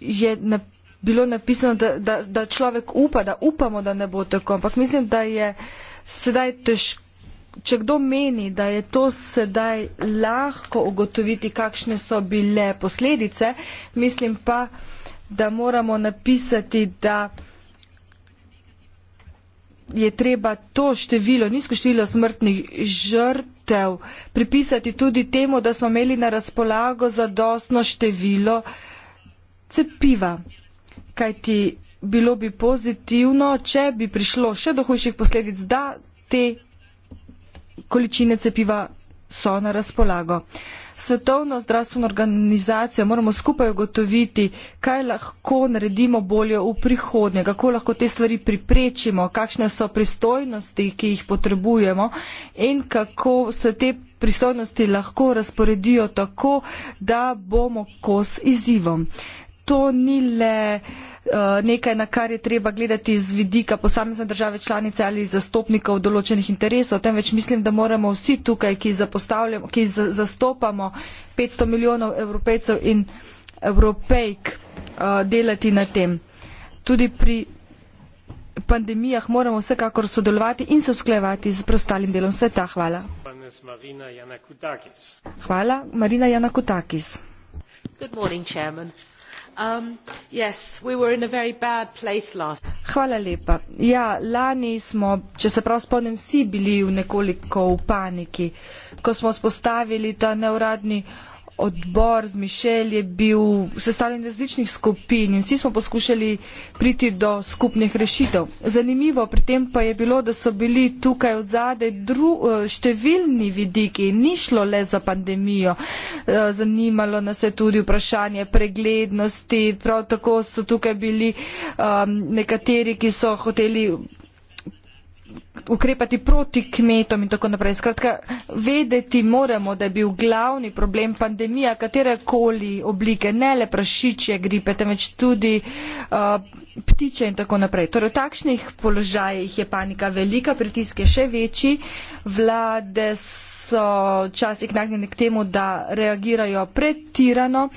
je na, bilo napisano, da, da, da človek upa, da upamo, da ne bo tako. Ampak mislim, da je sedaj težko. Če kdo meni, da je to sedaj lahko ugotoviti, kakšne so bile posledice, mislim pa, da moramo napisati, da je treba to število, nizko število smrtnih žrtev pripisati tudi temu, da smo imeli na razpolago zadostno število uh, cepiva. Kajti bilo bi pozitivno, če bi prišlo še do hujših posledic, da te količine cepiva so na razpolago. Svetovno zdravstveno organizacijo moramo skupaj ugotoviti, kaj lahko naredimo bolje v prihodnje, kako lahko te stvari priprečimo, kakšne so pristojnosti, ki jih potrebujemo in kako se te pristojnosti lahko razporedijo tako, da bomo kos izzivom to ni le eh, nekaj, na kar je treba gledati z vidika posamezne države članice ali zastopnikov določenih interesov, temveč mislim, da moramo vsi tukaj, ki, ki zastopamo 500 milijonov evropejcev in evropejk, eh, delati na tem. Tudi pri pandemijah moramo vsekakor sodelovati in se usklejevati z preostalim delom sveta. Hvala. Hvala, Marina Janakutakis. Good morning, Chairman. Um, Hvala lepa. Ja, lani smo, če se prav spomnim, vsi bili v nekoliko v paniki, ko smo spostavili ta neuradni uh, odbor z Mišeljem je bil sestavljen iz različnih skupin in vsi smo poskušali priti do skupnih rešitev. Zanimivo pri tem pa je bilo, da so bili tukaj od zade eh, številni vidiki, ni šlo le za pandemijo. Eh, zanimalo nas je tudi vprašanje preglednosti, prav tako so tukaj bili um, nekateri, ki so hoteli ukrepati proti kmetom in tako naprej. Skratka, vedeti moramo, da je bil glavni problem pandemija katerekoli oblike, ne le prašičje gripe, temveč tudi uh, ptiče in tako naprej. Torej, v takšnih položajih je panika velika, pritisk je še večji. Vlade so včasih nagnjene k temu, da reagirajo pretirano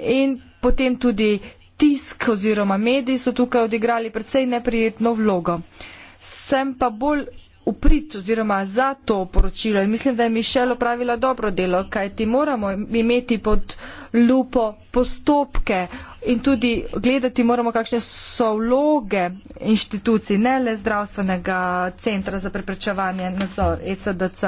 in potem tudi tisk oziroma mediji so tukaj odigrali predvsej neprijetno vlogo. Uh, sem pa bolj uprit oziroma za to poročilo in mislim, da je Mišel opravila dobro delo, kaj ti moramo imeti pod lupo postopke in tudi gledati moramo, kakšne so vloge inštitucij, ne le zdravstvenega centra za preprečevanje nadzor ECDC.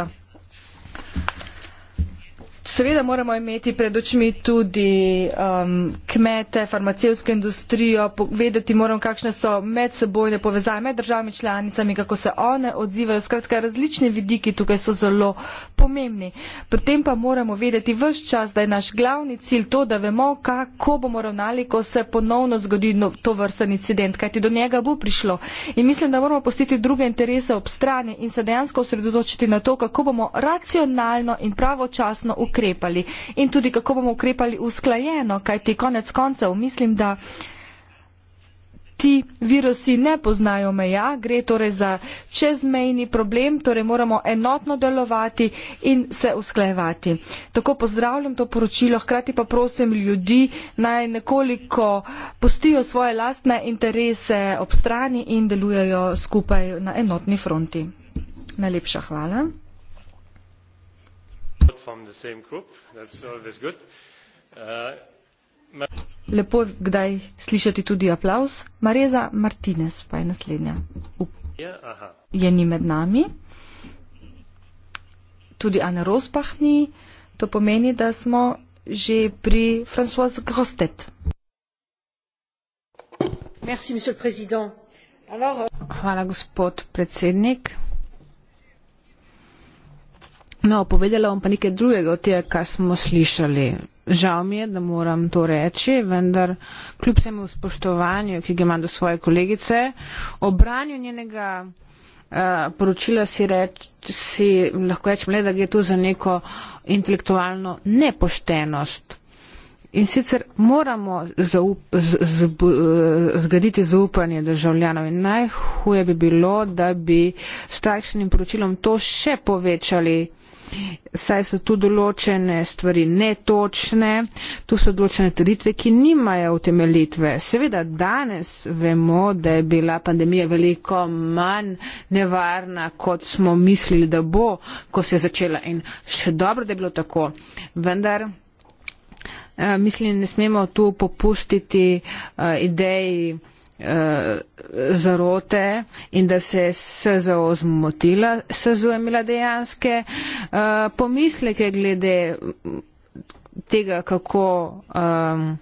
Seveda moramo imeti pred očmi tudi um, kmete, farmacevsko industrijo, vedeti moramo, kakšne so medsebojne povezave med državami članicami, kako se one odzivajo. Skratka, različni vidiki tukaj so zelo pomembni. Pri tem pa moramo vedeti vse čas, da je naš glavni cilj to, da vemo, kako bomo ravnali, ko se ponovno zgodi no, to vrsten incident, kajti do njega bo prišlo. In mislim, da moramo postiti druge interese ob strani in se dejansko osredotočiti na to, kako bomo racionalno in pravočasno ukrepali ukrepali in tudi kako bomo ukrepali usklajeno, kajti konec koncev mislim, da ti virusi ne poznajo meja, gre torej za čezmejni problem, torej moramo enotno delovati in se usklajevati. Tako pozdravljam to poročilo, hkrati pa prosim ljudi naj nekoliko postijo svoje lastne interese ob strani in delujejo skupaj na enotni fronti. Najlepša hvala. Uh, Lepo je kdaj slišati tudi aplauz. Mareza Martinez pa je naslednja. Ja, je ni med nami. Tudi Ana Rospah ni. To pomeni, da smo že pri François Grostet. Euh, Hvala, gospod predsednik. No, povedala bom pa nekaj drugega od tega, kar smo slišali. Žal mi je, da moram to reči, vendar kljub vsemu spoštovanju, ki ga imam do svoje kolegice, obranju njenega uh, poročila si, reč, si lahko rečem le, da gre tu za neko intelektualno nepoštenost In sicer moramo zgraditi zaupanje državljanov in najhuje bi bilo, da bi s takšnim poročilom to še povečali, saj so tu določene stvari netočne, tu so določene trditve, ki nimajo utemelitve. Seveda danes vemo, da je bila pandemija veliko manj nevarna, kot smo mislili, da bo, ko se je začela in še dobro, da je bilo tako. Vendar Eh, mislim, ne smemo tu popustiti eh, ideji eh, zarote in da se je SZO zmotila, SZO je imela dejanske pomisleke glede tega, kako um,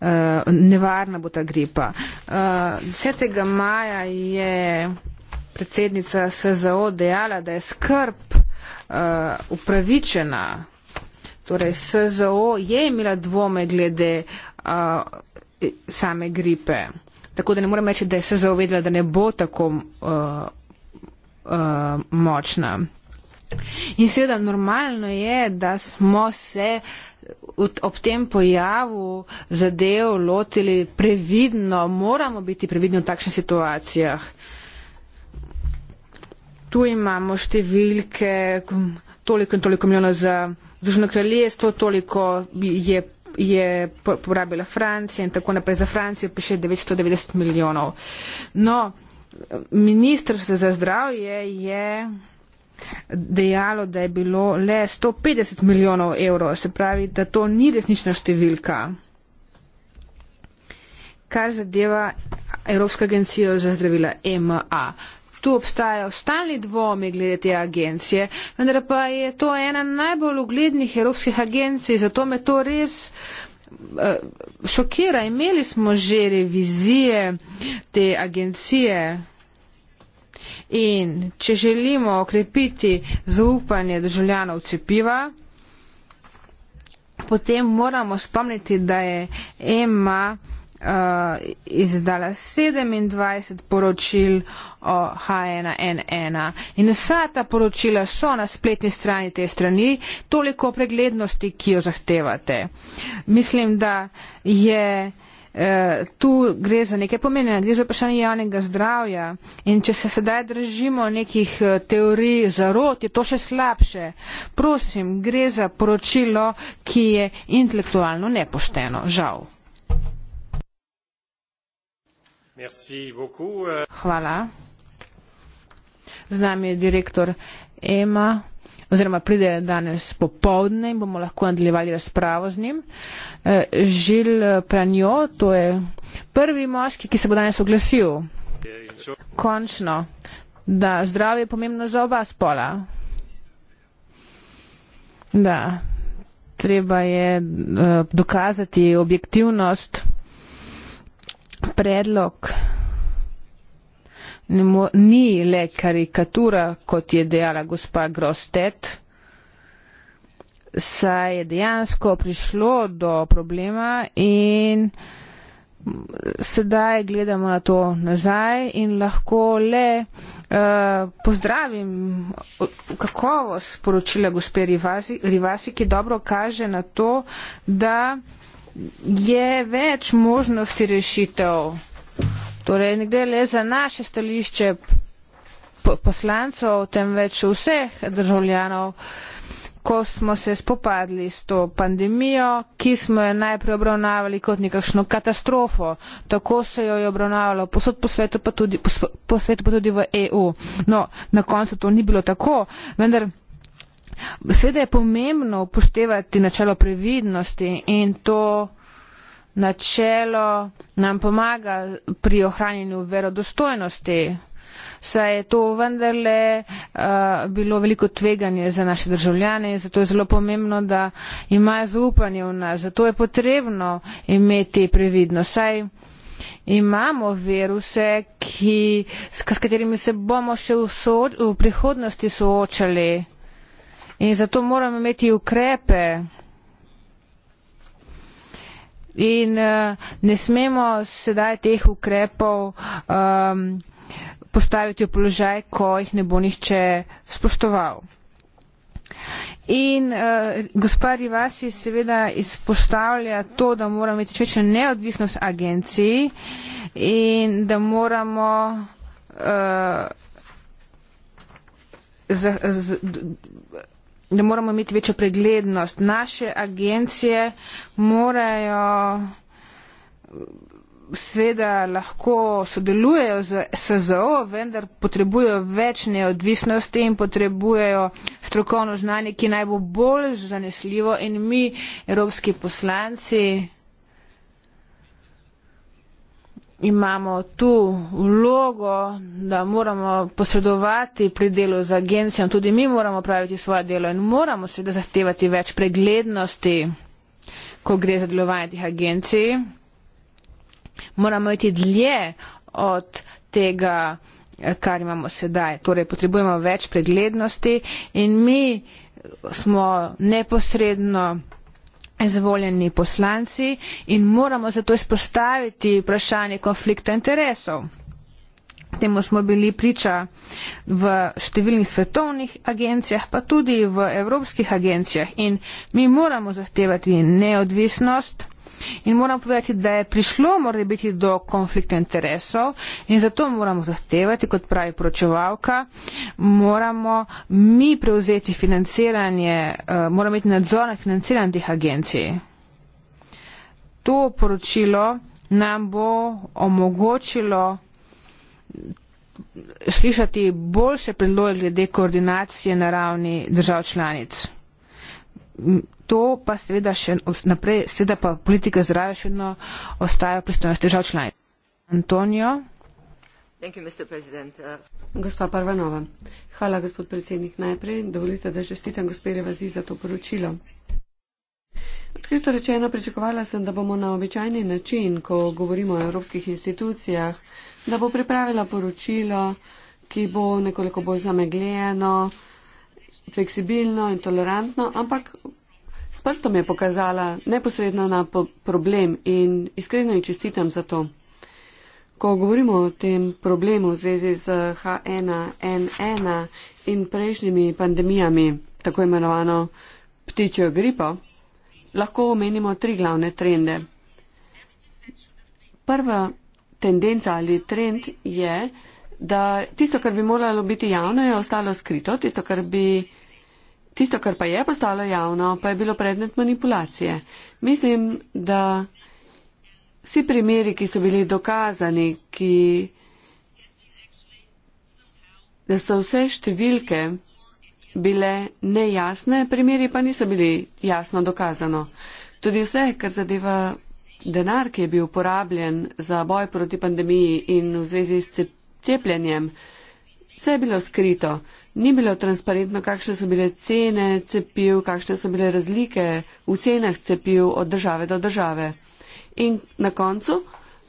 uh, nevarna bo ta gripa. Uh, 10. maja je predsednica SZO dejala, da je skrb uh, upravičena Torej, SZO je imela dvome glede uh, same gripe. Tako da ne morem reči, da je SZO vedela, da ne bo tako uh, uh, močna. In seveda normalno je, da smo se ob tem pojavu zadev lotili previdno, moramo biti previdni v takšnih situacijah. Tu imamo številke, toliko in toliko milijona za Združeno kraljestvo, toliko je, je porabila Francija in tako naprej. Za Francijo piše 990 milijonov. No, ministrstvo za zdravje je dejalo, da je bilo le 150 milijonov evrov, se pravi, da to ni resnična številka. Kar zadeva Evropska agencija za zdravila EMA tu obstajajo stalni dvomi glede te agencije, vendar pa je to ena najbolj uglednih evropskih agencij, zato me to res eh, šokira. Imeli smo že revizije te agencije. In če želimo okrepiti zaupanje državljanov cepiva, potem moramo spomniti, da je EMA uh, izdala 27 poročil o H1N1 in vsa ta poročila so na spletni strani te strani, toliko preglednosti, ki jo zahtevate. Mislim, da je. Uh, tu gre za nekaj pomenjena, gre za vprašanje javnega zdravja in če se sedaj držimo nekih eh, teorij zarot, je to še slabše. Prosim, gre za poročilo, ki je intelektualno nepošteno, žal. Hvala. Z nami je direktor EMA, oziroma pride danes popovdne in bomo lahko nadaljevali razpravo z njim. Eh, Žil eh, Pranjo, to je prvi moški, ki se bo danes oglasil. Končno, da zdravje je pomembno za oba spola. Da, treba je eh, dokazati objektivnost predlog ne mo, ni le karikatura, kot je dejala gospa Grostet, saj je dejansko prišlo do problema in sedaj gledamo na to nazaj in lahko le uh, pozdravim kakovost poročila gospe Rivasi, Rivasi, ki dobro kaže na to, da je več možnosti rešitev. Torej, ne gre le za naše stališče poslancov, temveč vseh državljanov, ko smo se spopadli s to pandemijo, ki smo jo najprej obravnavali kot nekakšno katastrofo. Tako se jo je obravnavalo posod po svetu, pa tudi, po, po svetu, pa tudi v EU. No, na koncu to ni bilo tako, vendar. Sveda je pomembno upoštevati načelo previdnosti in to načelo nam pomaga pri ohranjenju verodostojnosti, saj je to vendarle uh, bilo veliko tveganje za naše državljane in zato je zelo pomembno, da imajo zaupanje v nas. Zato je potrebno imeti previdnost, saj imamo viruse, ki, s katerimi se bomo še v, so, v prihodnosti soočali. In zato moramo imeti ukrepe. In eh, ne smemo sedaj teh ukrepov um, postaviti v položaj, ko jih ne bo nišče spoštoval. In uh, gospa Rivasi seveda izpostavlja to, da moramo imeti večjo neodvisnost agencij in da moramo uh, za, za, da moramo imeti večjo preglednost. Naše agencije morajo seveda lahko sodelujejo z SZO, vendar potrebujejo več neodvisnosti in potrebujejo strokovno znanje, ki naj bo bolj zanesljivo in mi, evropski poslanci, imamo tu vlogo, da moramo posredovati pri delu z agencijami, tudi mi moramo praviti svoje delo in moramo seveda zahtevati več preglednosti, ko gre za delovanje tih agencij. Moramo iti dlje od tega, kar imamo sedaj. Torej, potrebujemo več preglednosti in mi smo neposredno izvoljeni poslanci in moramo zato izpostaviti vprašanje konflikta interesov. Temu smo bili priča v številnih svetovnih agencijah, pa tudi v evropskih agencijah. In mi moramo zahtevati neodvisnost In moram povedati, da je prišlo mora biti do konflikta interesov in zato moramo zahtevati, kot pravi poročevalka, moramo mi prevzeti financiranje, eh, moramo imeti nadzor nad financiranjem teh agencij. To poročilo nam bo omogočilo slišati boljše predloge glede koordinacije na ravni držav članic to pa seveda še naprej, seveda pa politika zdravja še vedno ostaja pristojnost držav članic. Antonijo. You, uh... Gospa Parvanova, hvala gospod predsednik najprej. Dovolite, da žestitam gospere Vazi za to poročilo. Odkrito rečeno, pričakovala sem, da bomo na običajni način, ko govorimo o evropskih institucijah, da bo pripravila poročilo, ki bo nekoliko bolj zamegljeno, fleksibilno in tolerantno, ampak S prstom je pokazala neposredno na po problem in iskreno ji čestitam za to. Ko govorimo o tem problemu v zvezi z H1N1 in prejšnjimi pandemijami, tako imenovano ptičjo gripo, lahko omenimo tri glavne trende. Prva tendenca ali trend je, da tisto, kar bi moralo biti javno, je ostalo skrito. Tisto, kar bi Tisto, kar pa je postalo javno, pa je bilo predmet manipulacije. Mislim, da vsi primeri, ki so bili dokazani, ki, da so vse številke bile nejasne, primeri pa niso bili jasno dokazano. Tudi vse, kar zadeva denar, ki je bil uporabljen za boj proti pandemiji in v zvezi s cepljenjem, vse je bilo skrito ni bilo transparentno, kakšne so bile cene cepiv, kakšne so bile razlike v cenah cepiv od države do države. In na koncu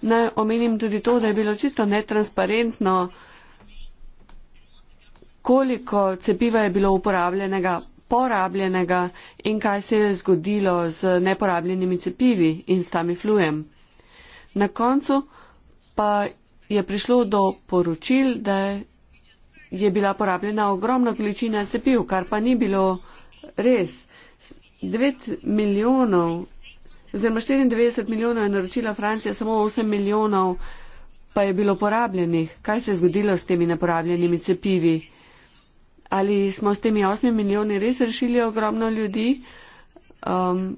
naj omenim tudi to, da je bilo čisto netransparentno, koliko cepiva je bilo uporabljenega, porabljenega in kaj se je zgodilo z neporabljenimi cepivi in s tami flujem. Na koncu pa je prišlo do poročil, da je je bila porabljena ogromna količina cepiv, kar pa ni bilo res. 9 milijonov, oziroma 94 milijonov je naročila Francija, samo 8 milijonov pa je bilo porabljenih. Kaj se je zgodilo s temi neporabljenimi cepivi? Ali smo s temi 8 milijoni res rešili ogromno ljudi um,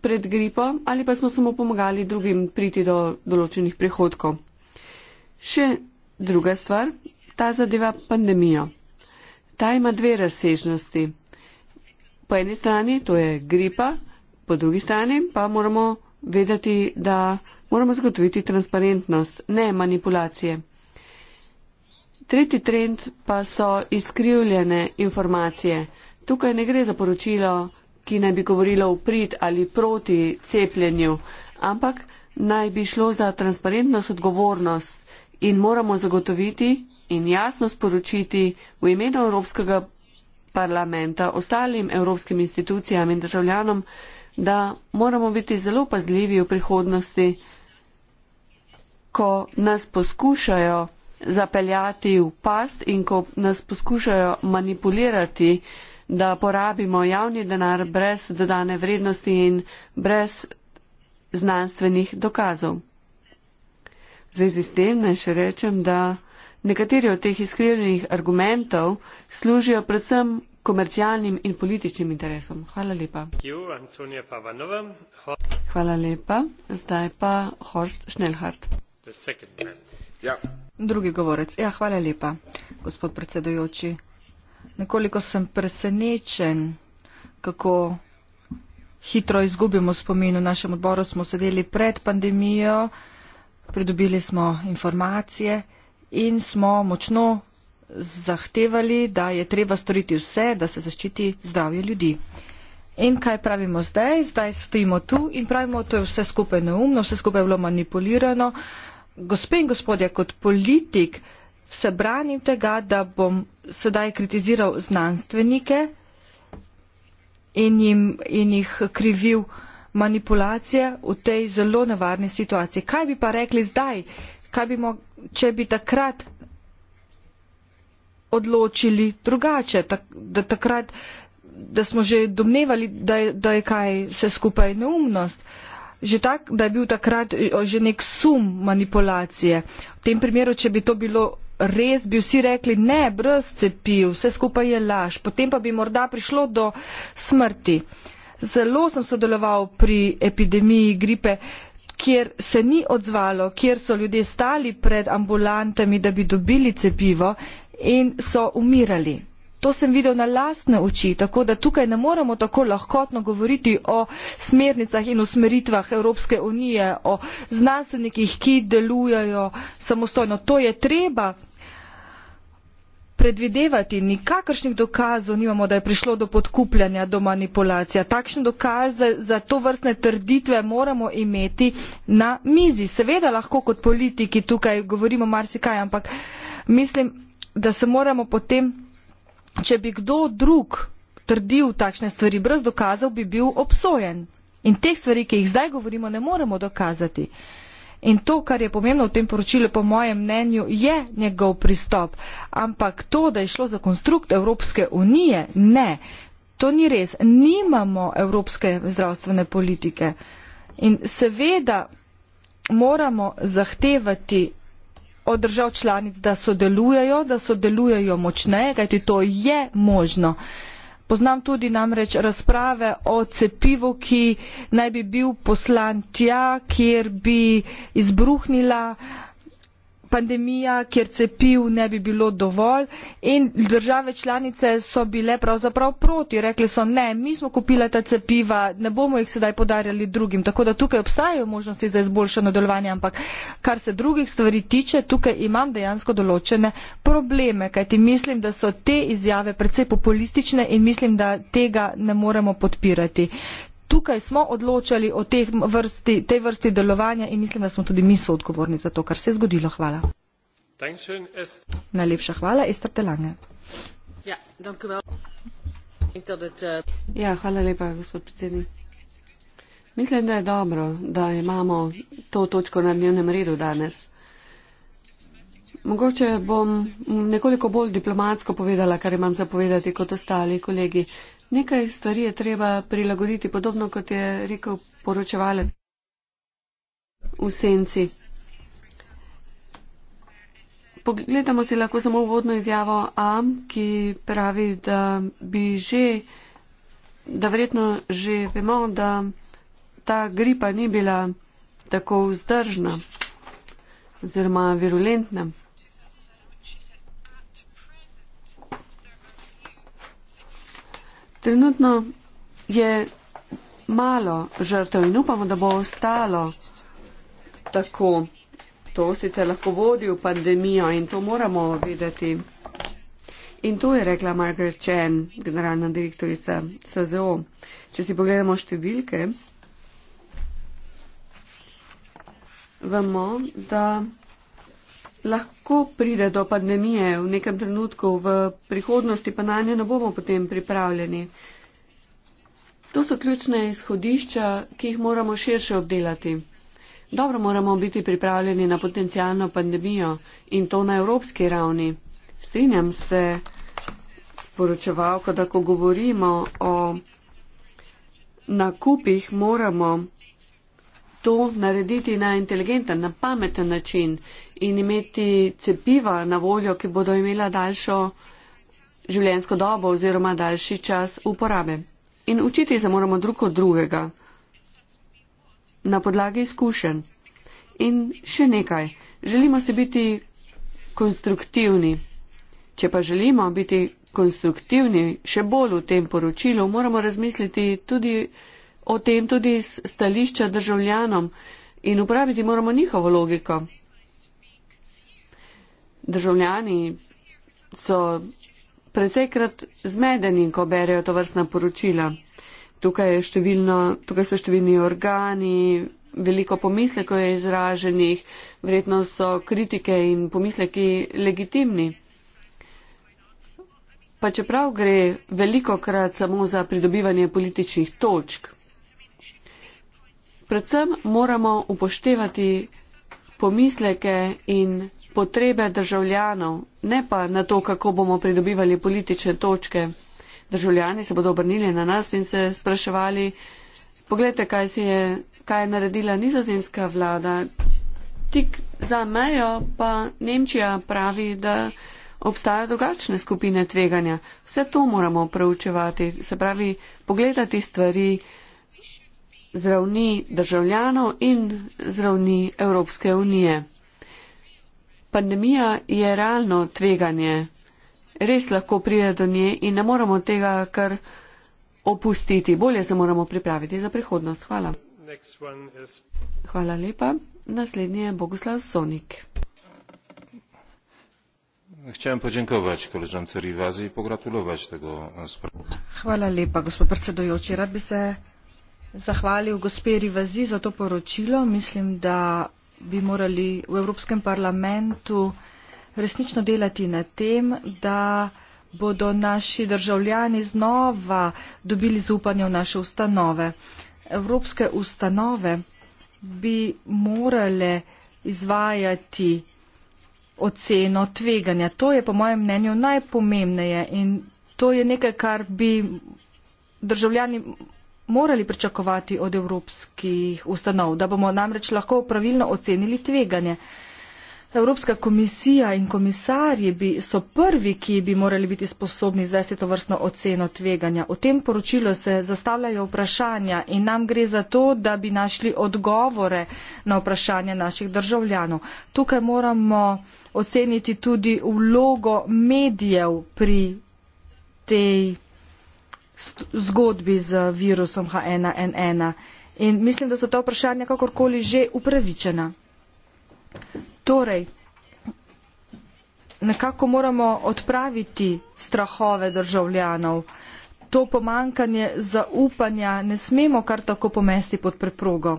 pred gripo ali pa smo samo pomagali drugim priti do določenih prihodkov? Še druga stvar, ta zadeva pandemijo. Ta ima dve razsežnosti. Po eni strani to je gripa, po drugi strani pa moramo vedeti, da moramo zagotoviti transparentnost, ne manipulacije. Tretji trend pa so izkrivljene informacije. Tukaj ne gre za poročilo, ki naj bi govorilo v prid ali proti cepljenju, ampak naj bi šlo za transparentnost, odgovornost in moramo zagotoviti in jasno sporočiti v imenu Evropskega parlamenta ostalim evropskim institucijam in državljanom, da moramo biti zelo pazljivi v prihodnosti, ko nas poskušajo zapeljati v past in ko nas poskušajo manipulirati, da porabimo javni denar brez dodane vrednosti in brez znanstvenih dokazov. V zvezi s tem naj še rečem, da Nekateri od teh izkrivljenih argumentov služijo predvsem komercialnim in političnim interesom. Hvala lepa. Hvala lepa. Zdaj pa Horst Schnellhardt. Ja. Drugi govorec. Ja, hvala lepa, gospod predsedujoči. Nekoliko sem presenečen, kako hitro izgubimo spomin. V našem odboru smo sedeli pred pandemijo, pridobili smo informacije in smo močno zahtevali, da je treba storiti vse, da se zaščiti zdravje ljudi. In kaj pravimo zdaj? Zdaj stojimo tu in pravimo, to je vse skupaj neumno, vse skupaj je bilo manipulirano. Gospe in gospodje, kot politik se branim tega, da bom sedaj kritiziral znanstvenike in, jim, in jih krivil manipulacije v tej zelo nevarni situaciji. Kaj bi pa rekli zdaj? Kaj bi če bi takrat odločili drugače, da takrat, da smo že domnevali, da je, da je kaj vse skupaj neumnost. Že tak, da je bil takrat že nek sum manipulacije. V tem primeru, če bi to bilo res, bi vsi rekli ne, brez cepiv, vse skupaj je laž. Potem pa bi morda prišlo do smrti. Zelo sem sodeloval pri epidemiji gripe kjer se ni odzvalo kjer so ljudje stali pred ambulantami da bi dobili cepivo in so umirali to sem videl na lastne oči tako da tukaj ne moremo tako lahkotno govoriti o smernicah in usmeritvah evropske unije o znanstvenikih ki delujejo samostojno to je treba predvidevati nikakršnih dokazov nimamo da je prišlo do podkupljanja do manipulacije takšne dokaze za to vrstne trditve moramo imeti na mizi seveda lahko kot politiki tukaj govorimo marsikaj ampak mislim da se moramo potem če bi kdo drug trdil takšne stvari brez dokazov bi bil obsojen in teh stvari ki jih zdaj govorimo ne moremo dokazati In to, kar je pomembno v tem poročilu, po mojem mnenju, je njegov pristop. Ampak to, da je šlo za konstrukt Evropske unije, ne. To ni res. Nimamo evropske zdravstvene politike. In seveda moramo zahtevati od držav članic, da sodelujejo, da sodelujejo močneje, kajti to je možno poznam tudi namreč razprave o cepivu, ki naj bi bil poslan tja, kjer bi izbruhnila pandemija, kjer cepiv ne bi bilo dovolj in države članice so bile pravzaprav proti. Rekli so ne, mi smo kupili ta cepiva, ne bomo jih sedaj podarjali drugim. Tako da tukaj obstajajo možnosti za izboljšano delovanje, ampak kar se drugih stvari tiče, tukaj imam dejansko določene probleme, kajti mislim, da so te izjave predvsej populistične in mislim, da tega ne moremo podpirati tukaj smo odločali o vrsti, tej vrsti delovanja in mislim, da smo tudi mi soodgovorni za to, kar se je zgodilo. Hvala. Schön, Najlepša hvala, Ester Telange. Ja, eh, ja, hvala lepa, gospod predsednik. Mislim, da je dobro, da imamo to točko na dnevnem redu danes. Mogoče bom nekoliko bolj diplomatsko povedala, kar imam zapovedati kot ostali kolegi. Nekaj stvari je treba prilagoditi, podobno kot je rekel poročevalec v senci. Pogledamo si lahko samo uvodno izjavo A, ki pravi, da bi že, da verjetno že vemo, da ta gripa ni bila tako vzdržna oziroma virulentna. Trenutno je malo žrtev in upamo, da bo ostalo tako. To sicer lahko vodi v pandemijo in to moramo videti. In to je rekla Margaret Chen, generalna direktorica SZO. Če si pogledamo številke, vemo, da lahko pride do pandemije v nekem trenutku, v prihodnosti pa na nje ne bomo potem pripravljeni. To so ključne izhodišča, ki jih moramo širše obdelati. Dobro moramo biti pripravljeni na potencijalno pandemijo in to na evropski ravni. Strinjam se s poročevalko, da ko govorimo o nakupih, moramo to narediti na inteligenten, na pameten način in imeti cepiva na voljo, ki bodo imela daljšo življenjsko dobo oziroma daljši čas uporabe. In učiti se moramo drug od drugega na podlagi izkušenj. In še nekaj, želimo se biti konstruktivni. Če pa želimo biti konstruktivni še bolj v tem poročilu, moramo razmisliti tudi o tem tudi z stališča državljanom in uporabiti moramo njihovo logiko državljani so predvsejkrat zmedeni, ko berejo to vrstna poročila. Tukaj, je številno, tukaj so številni organi, veliko pomislekov je izraženih, verjetno so kritike in pomisleki legitimni. Pa čeprav gre veliko krat samo za pridobivanje političnih točk, predvsem moramo upoštevati pomisleke in potrebe državljanov, ne pa na to, kako bomo pridobivali politične točke. Državljani se bodo obrnili na nas in se spraševali, pogledajte, kaj, je, kaj je naredila nizozemska vlada. Tik za mejo pa Nemčija pravi, da obstajajo drugačne skupine tveganja. Vse to moramo preučevati, se pravi, pogledati stvari zravni državljanov in zravni Evropske unije. Pandemija je realno tveganje. Res lahko pride do nje in ne moramo tega kar opustiti. Bolje se moramo pripraviti za prihodnost. Hvala. Hvala lepa. Naslednji je Boguslav Sonik. Chciałem podziękować koleżance Rivazy i pogratulować tego e, sprawy. Hvala lepa, gospod predsedujoči. Rad bi se zahvalil gospe Rivazy za to poročilo. Mislim, da bi morali v Evropskem parlamentu resnično delati na tem, da bodo naši državljani znova dobili zaupanje v naše ustanove. Evropske ustanove bi morale izvajati oceno tveganja. To je po mojem mnenju najpomembneje in to je nekaj, kar bi državljani morali pričakovati od evropskih ustanov, da bomo namreč lahko pravilno ocenili tveganje. Evropska komisija in komisarji bi, so prvi, ki bi morali biti sposobni izvesti to vrstno oceno tveganja. V tem poročilu se zastavljajo vprašanja in nam gre za to, da bi našli odgovore na vprašanja naših državljanov. Tukaj moramo oceniti tudi vlogo medijev pri tej zgodbi z virusom H1N1. In mislim, da so ta vprašanja kakorkoli že upravičena. Torej, nekako moramo odpraviti strahove državljanov. To pomankanje zaupanja ne smemo kar tako pomesti pod preprogo.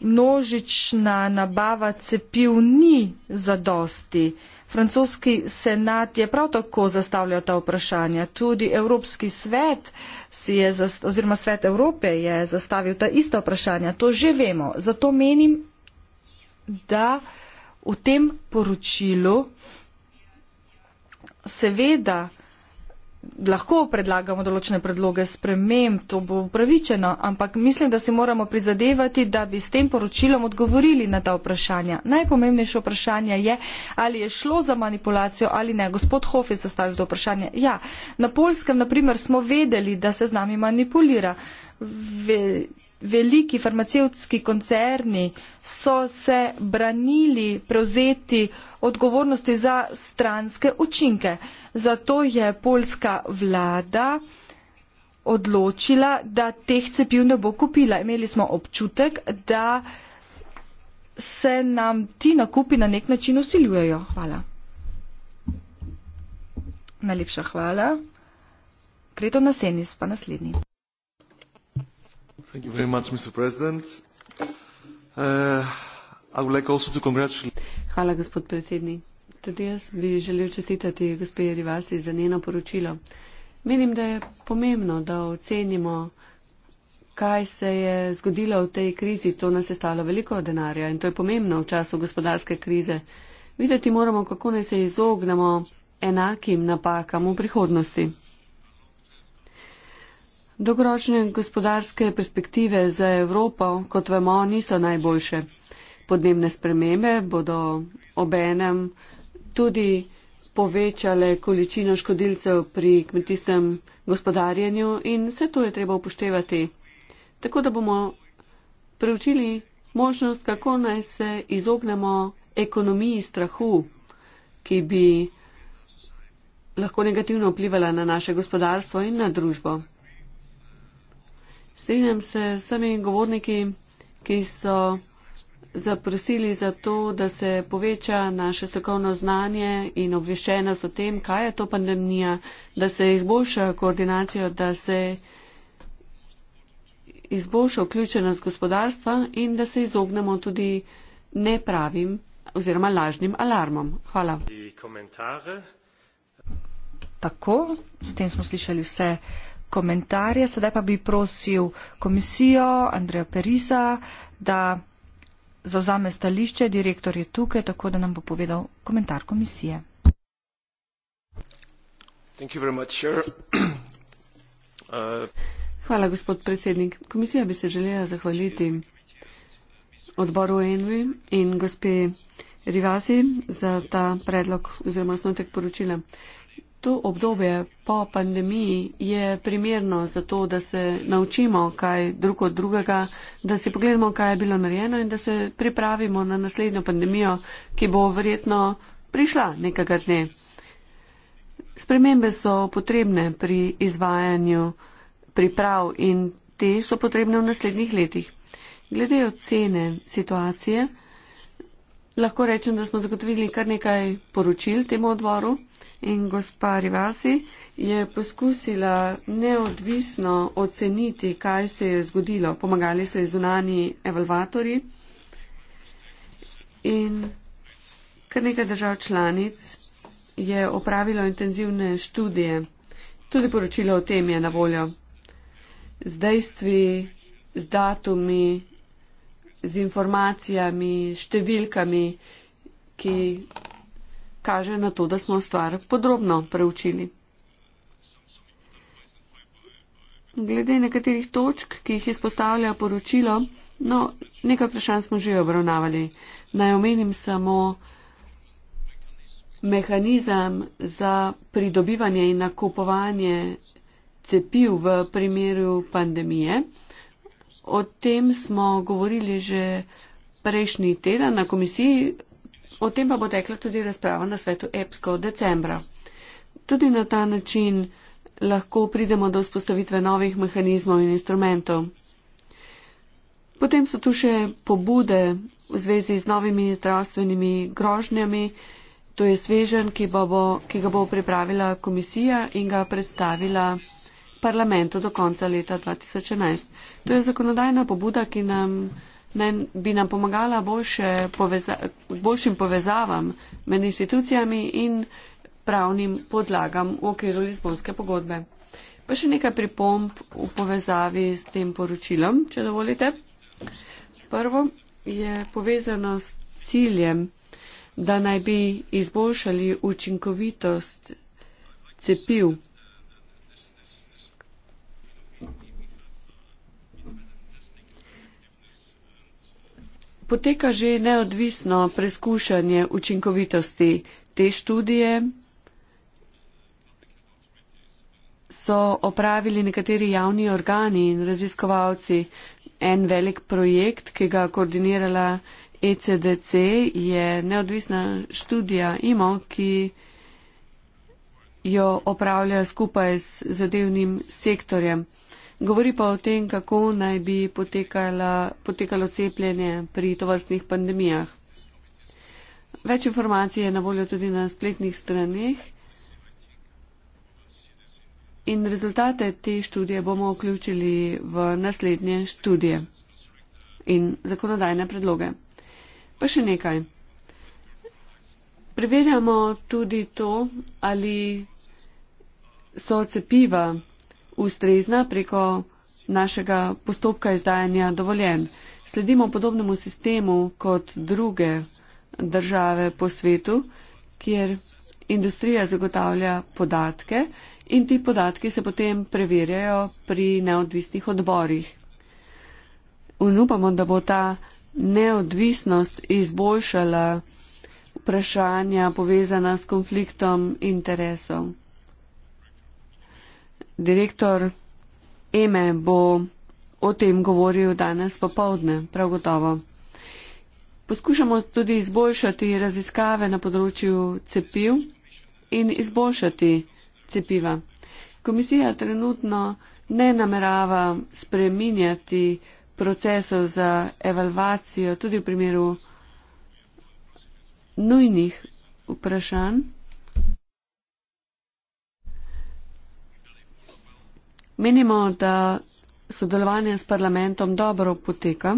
Množična nabava cepiv ni zadosti. Francoski senat je prav tako zastavljal ta vprašanja. Tudi Evropski svet je, oziroma svet Evrope je zastavil ta ista vprašanja. To že vemo. Zato menim, da v tem poročilu seveda lahko predlagamo določene predloge sprememb, to bo upravičeno, ampak mislim, da si moramo prizadevati, da bi s tem poročilom odgovorili na ta vprašanja. Najpomembnejše vprašanje je, ali je šlo za manipulacijo ali ne. Gospod Hof je zastavil to vprašanje. Ja, na Polskem, naprimer, smo vedeli, da se z nami manipulira. Ve veliki farmacevtski koncerni so se branili prevzeti odgovornosti za stranske učinke. Zato je polska vlada odločila, da teh cepiv ne bo kupila. Imeli smo občutek, da se nam ti nakupi na nek način usiljujejo. Hvala. Najlepša hvala. Kreto na senis, pa naslednji. Uh, Hvala, gospod predsednik. Tudi jaz bi želel čestitati gospe Rivasi za njeno poročilo. Menim, da je pomembno, da ocenimo, kaj se je zgodilo v tej krizi. To nas je stalo veliko denarja in to je pomembno v času gospodarske krize. Videti moramo, kako naj se izognemo enakim napakam v prihodnosti. Dolgoročne gospodarske perspektive za Evropo, kot vemo, niso najboljše. Podnebne spremembe bodo obenem tudi povečale količino škodilcev pri kmetijskem gospodarjenju in vse to je treba upoštevati. Tako da bomo preučili možnost, kako naj se izognemo ekonomiji strahu, ki bi lahko negativno vplivala na naše gospodarstvo in na družbo. Strinjam se s vsemi govorniki, ki so zaprosili za to, da se poveča naše strokovno znanje in obveščenost o tem, kaj je to pandemija, da se izboljša koordinacijo, da se izboljša vključenost gospodarstva in da se izognemo tudi nepravim oziroma lažnim alarmom. Hvala. Tako, s tem smo slišali vse komentarje. Sedaj pa bi prosil komisijo Andreja Perisa, da zavzame stališče. Direktor je tukaj, tako da nam bo povedal komentar komisije. Uh, Hvala, gospod predsednik. Komisija bi se želela zahvaliti odboru ENVI in gospe Rivasi za ta predlog oziroma osnotek poročila. To obdobje po pandemiji je primerno za to, da se naučimo kaj drug od drugega, da si pogledamo, kaj je bilo narejeno in da se pripravimo na naslednjo pandemijo, ki bo verjetno prišla nekega dne. Spremembe so potrebne pri izvajanju priprav in te so potrebne v naslednjih letih. Glede ocene situacije, Lahko rečem, da smo zagotovili kar nekaj poročil temu odboru in gospa Rivasi je poskusila neodvisno oceniti, kaj se je zgodilo. Pomagali so ji zunani evalvatori in kar nekaj držav članic je opravilo intenzivne študije. Tudi poročilo o tem je na voljo z dejstvi, z datumi z informacijami, številkami, ki kaže na to, da smo stvar podrobno preučili. Glede nekaterih točk, ki jih izpostavlja poročilo, no, nekaj vprašanj smo že obravnavali. Naj omenim samo mehanizem za pridobivanje in nakupovanje cepiv v primeru pandemije. O tem smo govorili že prejšnji teden na komisiji, o tem pa bo tekla tudi razprava na svetu EPSKO decembra. Tudi na ta način lahko pridemo do vzpostavitve novih mehanizmov in instrumentov. Potem so tu še pobude v zvezi z novimi zdravstvenimi grožnjami. To je svežen, ki, bo, ki ga bo pripravila komisija in ga predstavila parlamentu do konca leta 2011. To je zakonodajna pobuda, ki nam, ne, bi nam pomagala boljše poveza, boljšim povezavam med institucijami in pravnim podlagam v okviru Lizbonske pogodbe. Pa še nekaj pripomb v povezavi s tem poročilom, če dovolite. Prvo je povezano s ciljem, da naj bi izboljšali učinkovitost cepiv poteka že neodvisno preskušanje učinkovitosti te študije. So opravili nekateri javni organi in raziskovalci en velik projekt, ki ga koordinirala ECDC, je neodvisna študija IMO, ki jo opravlja skupaj z zadevnim sektorjem. Govori pa o tem, kako naj bi potekala, potekalo cepljenje pri tovrstnih pandemijah. Več informacij je na voljo tudi na spletnih straneh. In rezultate te študije bomo vključili v naslednje študije in zakonodajne predloge. Pa še nekaj. Preverjamo tudi to, ali so cepiva ustrezna preko našega postopka izdajanja dovoljen. Sledimo podobnemu sistemu kot druge države po svetu, kjer industrija zagotavlja podatke in ti podatki se potem preverjajo pri neodvisnih odborih. Unupamo, da bo ta neodvisnost izboljšala vprašanja povezana s konfliktom interesov direktor Eme bo o tem govoril danes popovdne, prav gotovo. Poskušamo tudi izboljšati raziskave na področju cepiv in izboljšati cepiva. Komisija trenutno ne namerava spreminjati procesov za evalvacijo tudi v primeru nujnih vprašanj. Menimo, da sodelovanje s parlamentom dobro poteka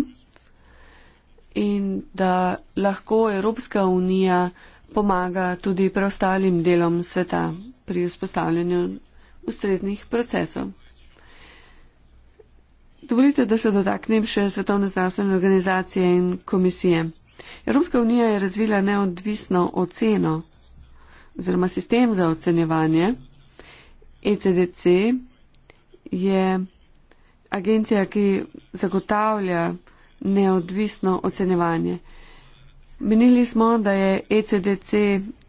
in da lahko Evropska unija pomaga tudi preostalim delom sveta pri vzpostavljanju ustreznih procesov. Dovolite, da se dotaknem še Svetovne zdravstvene organizacije in komisije. Evropska unija je razvila neodvisno oceno oziroma sistem za ocenjevanje ECDC, je agencija, ki zagotavlja neodvisno ocenevanje. Menili smo, da je ECDC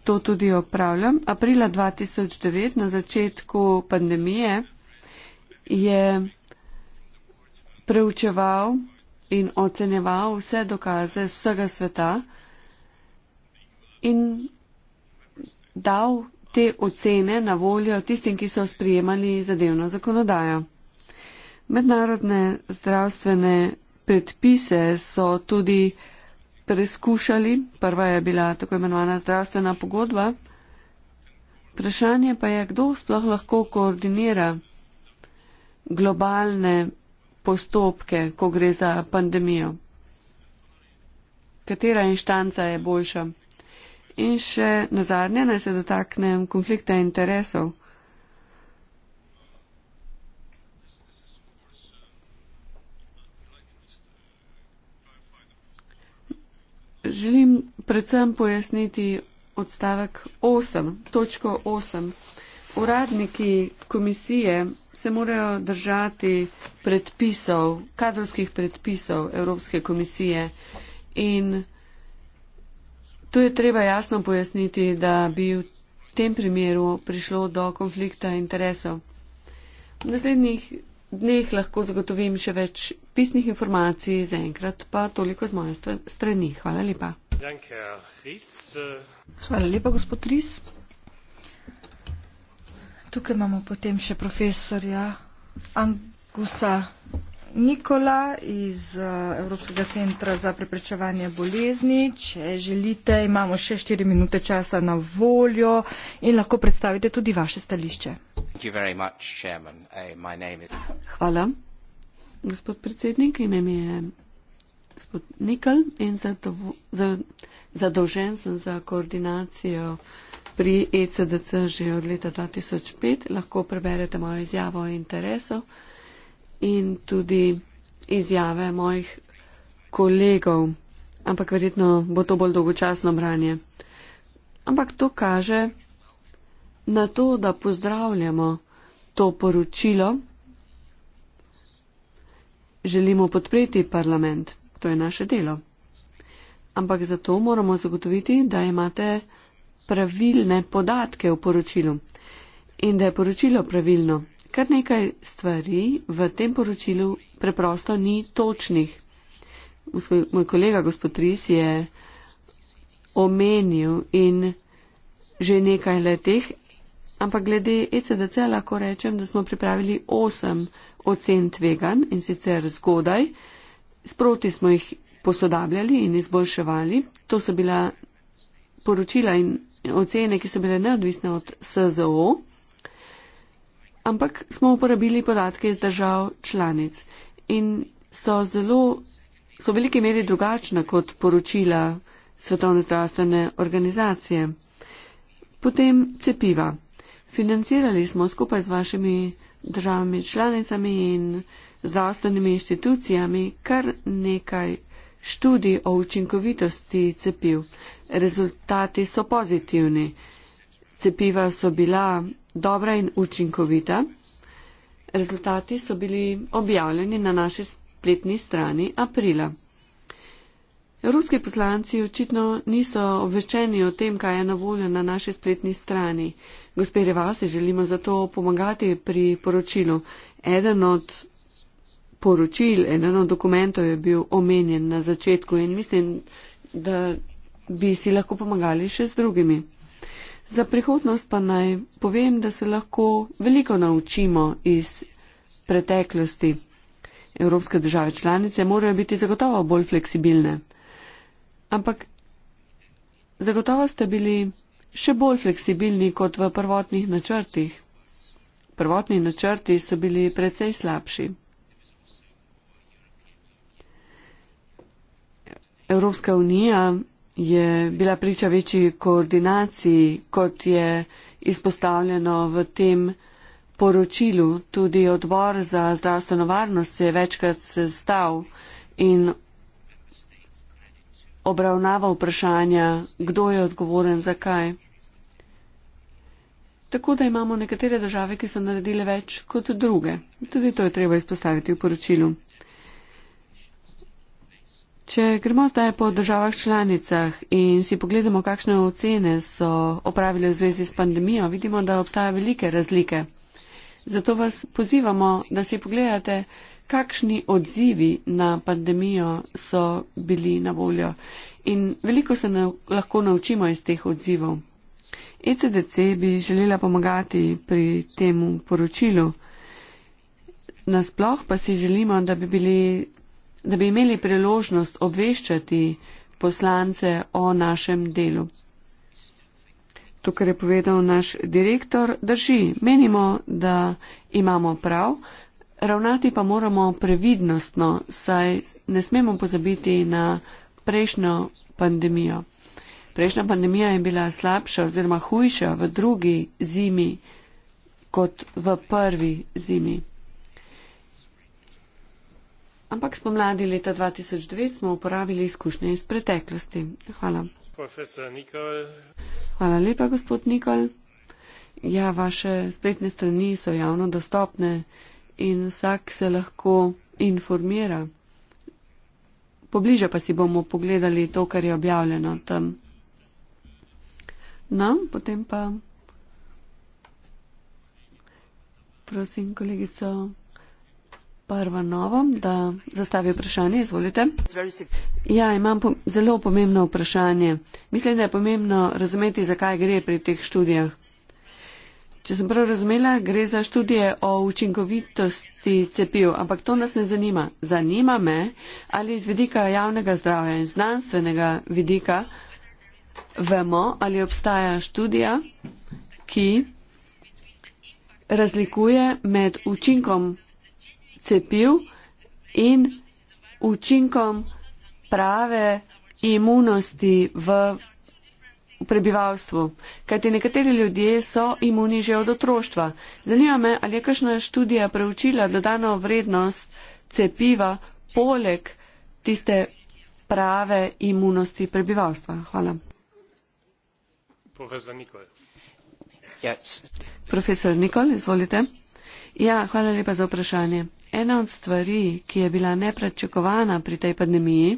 to tudi opravljal. Aprila 2009, na začetku pandemije, je preučeval in ocenjeval vse dokaze vsega sveta in dal te ocene na voljo tistim, ki so sprijemali zadevno zakonodajo. Mednarodne zdravstvene predpise so tudi preskušali. Prva je bila tako imenovana zdravstvena pogodba. Vprašanje pa je, kdo sploh lahko koordinira globalne postopke, ko gre za pandemijo. Katera inštanca je boljša? In še na zadnje naj se dotaknem konflikta interesov. Želim predvsem pojasniti odstavek 8, točko 8. Uradniki komisije se morajo držati predpisov, kadrovskih predpisov Evropske komisije in Tu je treba jasno pojasniti, da bi v tem primeru prišlo do konflikta interesov. V naslednjih dneh lahko zagotovim še več pisnih informacij, zaenkrat pa toliko z moje strani. Hvala lepa. Hvala lepa, gospod Ris. Tukaj imamo potem še profesorja Angusa. Nikola iz eh, Evropskega centra za preprečevanje bolezni. Če želite, imamo še 4 minute časa na voljo in lahko predstavite tudi vaše stališče. Much, hey, eh, is... Hvala, gospod predsednik. Ime mi je gospod Nikol in zadolžen sem za koordinacijo pri ECDC že od leta 2005. Lahko preberete mojo izjavo o interesu in tudi izjave mojih kolegov, ampak verjetno bo to bolj dolgočasno branje. Ampak to kaže na to, da pozdravljamo to poročilo, želimo podpreti parlament, to je naše delo. Ampak zato moramo zagotoviti, da imate pravilne podatke v poročilu in da je poročilo pravilno. Kar nekaj stvari v tem poročilu preprosto ni točnih. Moj kolega gospod Ris je omenil in že nekaj letih, ampak glede ECDC lahko rečem, da smo pripravili osem ocen tvegan in sicer zgodaj. Sproti smo jih posodabljali in izboljševali. To so bila poročila in ocene, ki so bile neodvisne od SZO ampak smo uporabili podatke iz držav članic in so zelo, so v veliki meri drugačna kot poročila Svetovne zdravstvene organizacije. Potem cepiva. Financirali smo skupaj z vašimi državami članicami in zdravstvenimi inštitucijami kar nekaj študij o učinkovitosti cepiv. Rezultati so pozitivni. Cepiva so bila dobra in učinkovita. Rezultati so bili objavljeni na naši spletni strani aprila. Ruski poslanci očitno niso obveščeni o tem, kaj je na voljo na naši spletni strani. Gospere Vase želimo zato pomagati pri poročilu. Eden od poročil, eden od dokumentov je bil omenjen na začetku in mislim, da bi si lahko pomagali še z drugimi. Za prihodnost pa naj povem, da se lahko veliko naučimo iz preteklosti. Evropske države članice morajo biti zagotovo bolj fleksibilne. Ampak zagotovo ste bili še bolj fleksibilni kot v prvotnih načrtih. Prvotni načrti so bili precej slabši. Evropska unija je bila priča večji koordinaciji, kot je izpostavljeno v tem poročilu. Tudi odbor za zdravstveno varnost se je večkrat sestav in obravnava vprašanja, kdo je odgovoren za kaj. Tako da imamo nekatere države, ki so naredile več kot druge. Tudi to je treba izpostaviti v poročilu. Če gremo zdaj po državah članicah in si pogledamo, kakšne ocene so opravili v zvezi s pandemijo, vidimo, da obstajajo velike razlike. Zato vas pozivamo, da si pogledate, kakšni odzivi na pandemijo so bili na voljo. In veliko se na, lahko naučimo iz teh odzivov. ECDC bi želela pomagati pri temu poročilu. Nasploh pa si želimo, da bi bili da bi imeli priložnost obveščati poslance o našem delu. To, kar je povedal naš direktor, drži. Menimo, da imamo prav, ravnati pa moramo previdnostno, saj ne smemo pozabiti na prejšnjo pandemijo. Prejšnja pandemija je bila slabša oziroma hujša v drugi zimi kot v prvi zimi ampak spomladi leta 2009 smo uporabili izkušnje iz preteklosti. Hvala. Hvala lepa, gospod Nikol. Ja, vaše spletne strani so javno dostopne in vsak se lahko informira. Pobliže pa si bomo pogledali to, kar je objavljeno tam. No, potem pa. Prosim, kolegico prva novom, da zastavi vprašanje. Izvolite. Ja, imam po zelo pomembno vprašanje. Mislim, da je pomembno razumeti, zakaj gre pri teh študijah. Če sem prav razumela, gre za študije o učinkovitosti cepiv, ampak to nas ne zanima. Zanima me, ali iz vidika javnega zdravja in znanstvenega vidika vemo, ali obstaja študija, ki razlikuje med učinkom cepiv in učinkom prave imunosti v prebivalstvu. Kajti nekateri ljudje so imuni že od otroštva. Zanima me, ali je kakšna študija preučila dodano vrednost cepiva poleg tiste prave imunosti prebivalstva. Hvala. Profesor Nikol. Yes. Profesor Nikol, izvolite. Ja, hvala lepa za vprašanje. Ena od stvari, ki je bila nepričakovana pri tej pandemiji,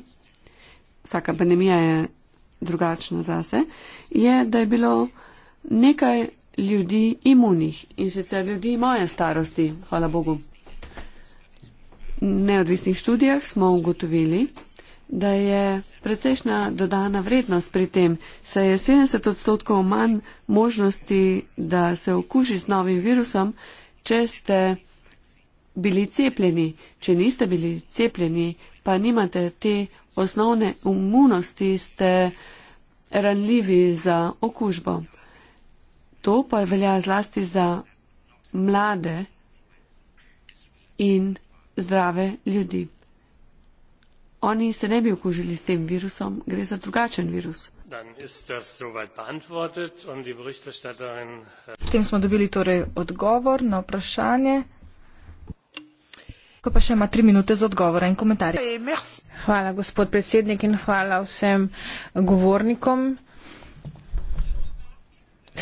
vsaka pandemija je drugačna zase, je, da je bilo nekaj ljudi imunih in sicer ljudi moje starosti, hvala Bogu. V neodvisnih študijah smo ugotovili, da je precejšna dodana vrednost pri tem, saj je 70 odstotkov manj možnosti, da se okuži z novim virusom, če ste bili cepljeni. Če niste bili cepljeni, pa nimate te osnovne imunosti, ste ranljivi za okužbo. To pa velja zlasti za mlade in zdrave ljudi. Oni se ne bi okužili s tem virusom, gre za drugačen virus. Äh, s tem smo dobili torej odgovor na vprašanje ko pa še ima tri minute za odgovore in komentarje. Hvala, gospod predsednik, in hvala vsem govornikom.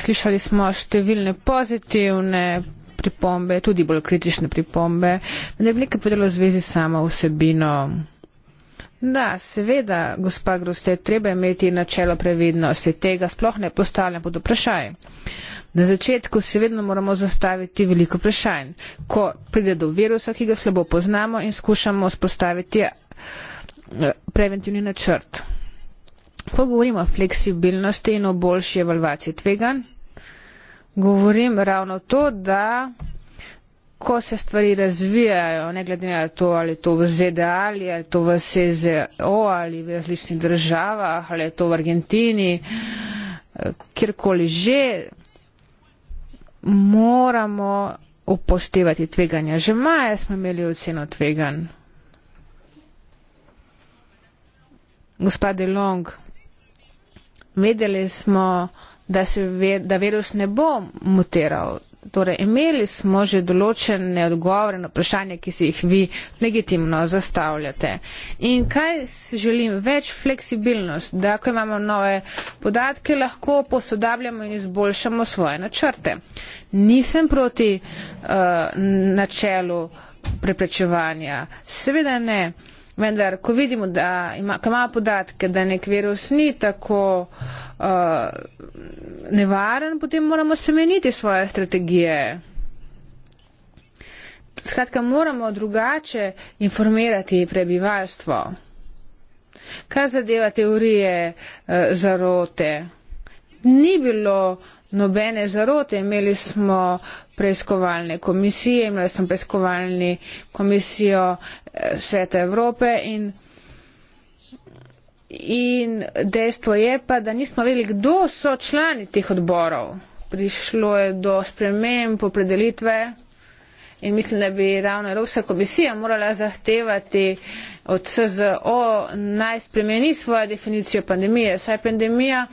Slišali smo številne pozitivne pripombe, tudi bolj kritične pripombe, vendar nekaj povedalo v zvezi samo vsebino. Da, seveda, gospa Gruste, treba imeti načelo previdnosti. Tega sploh ne postavljam pod vprašaj. Na začetku se vedno moramo zastaviti veliko vprašanj. Ko pride do virusa, ki ga slabo poznamo in skušamo spostaviti eh, preventivni načrt. Ko govorimo o fleksibilnosti in o boljši evalvaciji tvegan, govorim ravno to, da kako se stvari razvijajo, ne glede na to, ali je to v ZDA, ali je to v SZO, ali v različnih državah, ali je to v Argentini, kjerkoli že, moramo upoštevati tveganja. Že maja smo imeli oceno tvegan. Gospod De Long, vedeli smo, da, ve, da virus ne bo mutiral. Torej, imeli smo že določene odgovore na vprašanje, ki si jih vi legitimno zastavljate. In kaj želim? Več fleksibilnost, da ko imamo nove podatke, lahko posodabljamo in izboljšamo svoje načrte. Nisem proti uh, načelu preprečevanja. Seveda ne. Vendar, ko vidimo, da ima, ko imamo podatke, da nek virus ni tako. Uh, uh, nevaren, potem moramo spremeniti svoje strategije. Skratka, moramo drugače informirati prebivalstvo. Kar zadeva teorije uh, zarote, ni bilo nobene zarote, imeli smo preiskovalne komisije, imeli smo preiskovalni komisijo eh, Sveta Evrope in in dejstvo je pa, da nismo vedeli, kdo so člani teh odborov. Prišlo je do sprememb, opredelitve in mislim, da bi ravno Evropska komisija morala zahtevati od SZO naj spremeni svojo definicijo pandemije. Saj pandemija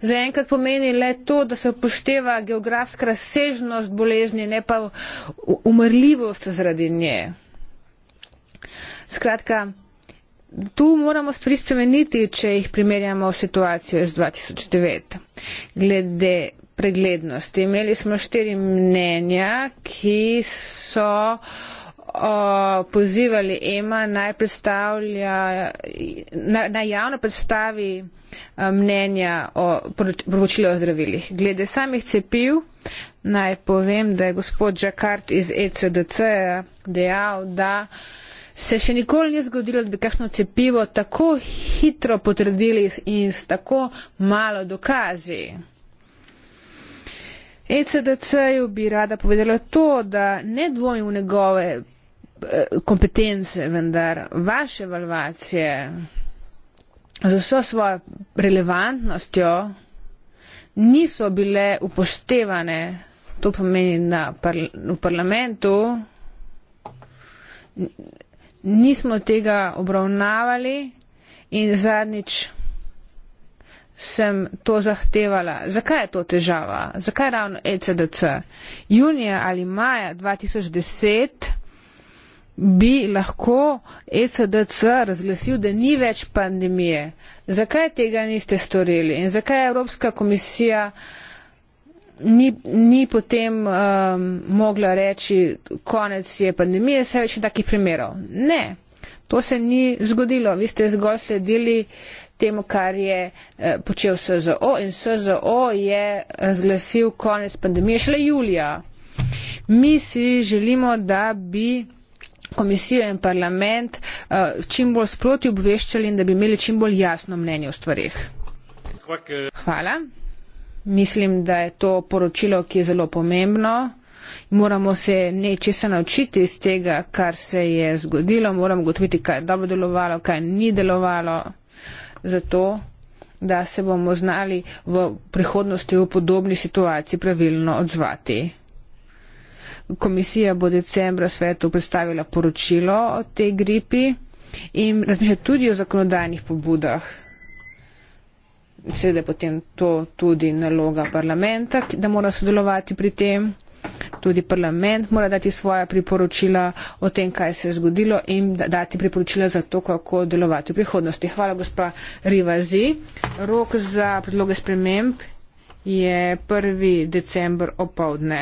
zaenkrat pomeni le to, da se upošteva geografska razsežnost bolezni, ne pa umrljivost zaradi nje. Skratka, tu moramo stvari spremeniti, če jih primerjamo s situacijo iz 2009. Glede preglednosti. Imeli smo štiri mnenja, ki so o, pozivali EMA naj, naj, naj javno predstavi e, mnenja o poročilu o zdravilih. Glede samih cepiv. Naj povem, da je gospod Jakart iz ECDC dejal, da uh, se še nikoli ni zgodilo, da bi kakšno cepivo tako hitro potrdili in s tako malo dokazi. ECDC-ju bi rada povedala to, da ne dvomim v njegove eh, kompetence, vendar vaše evalvacije z vso svojo relevantnostjo niso bile upoštevane. To pomeni, da par, v parlamentu nismo tega obravnavali in zadnjič sem to zahtevala. Zakaj je to težava? Zakaj ravno ECDC? Junija ali maja 2010 bi lahko ECDC razglasil, da ni več pandemije. Zakaj tega niste storili in zakaj je Evropska komisija uh, ni, ni potem um, mogla reči, konec je pandemije, saj več je takih primerov. Ne, to se ni zgodilo. Vi ste zgolj sledili temu, kar je eh, počel SZO in SZO je razglasil konec pandemije šele julija. Mi si želimo, da bi komisijo in parlament eh, čim bolj sproti obveščali in da bi imeli čim bolj jasno mnenje o stvarih. Hvala. Mislim, da je to poročilo, ki je zelo pomembno. Moramo se nečesa naučiti iz tega, kar se je zgodilo, moramo gotoviti, kaj je dobro delovalo, kaj ni delovalo, zato da se bomo znali v prihodnosti v podobni situaciji pravilno odzvati. Komisija bo decembra svetu predstavila poročilo o tej gripi in razmišlja tudi o zakonodajnih pobudah seveda potem to tudi naloga parlamenta, da mora sodelovati pri tem. Tudi parlament mora dati svoja priporočila o tem, kaj se je zgodilo in dati priporočila za to, kako delovati v prihodnosti. Hvala, gospa Rivazi. Rok za predloge sprememb je 1. december opovdne.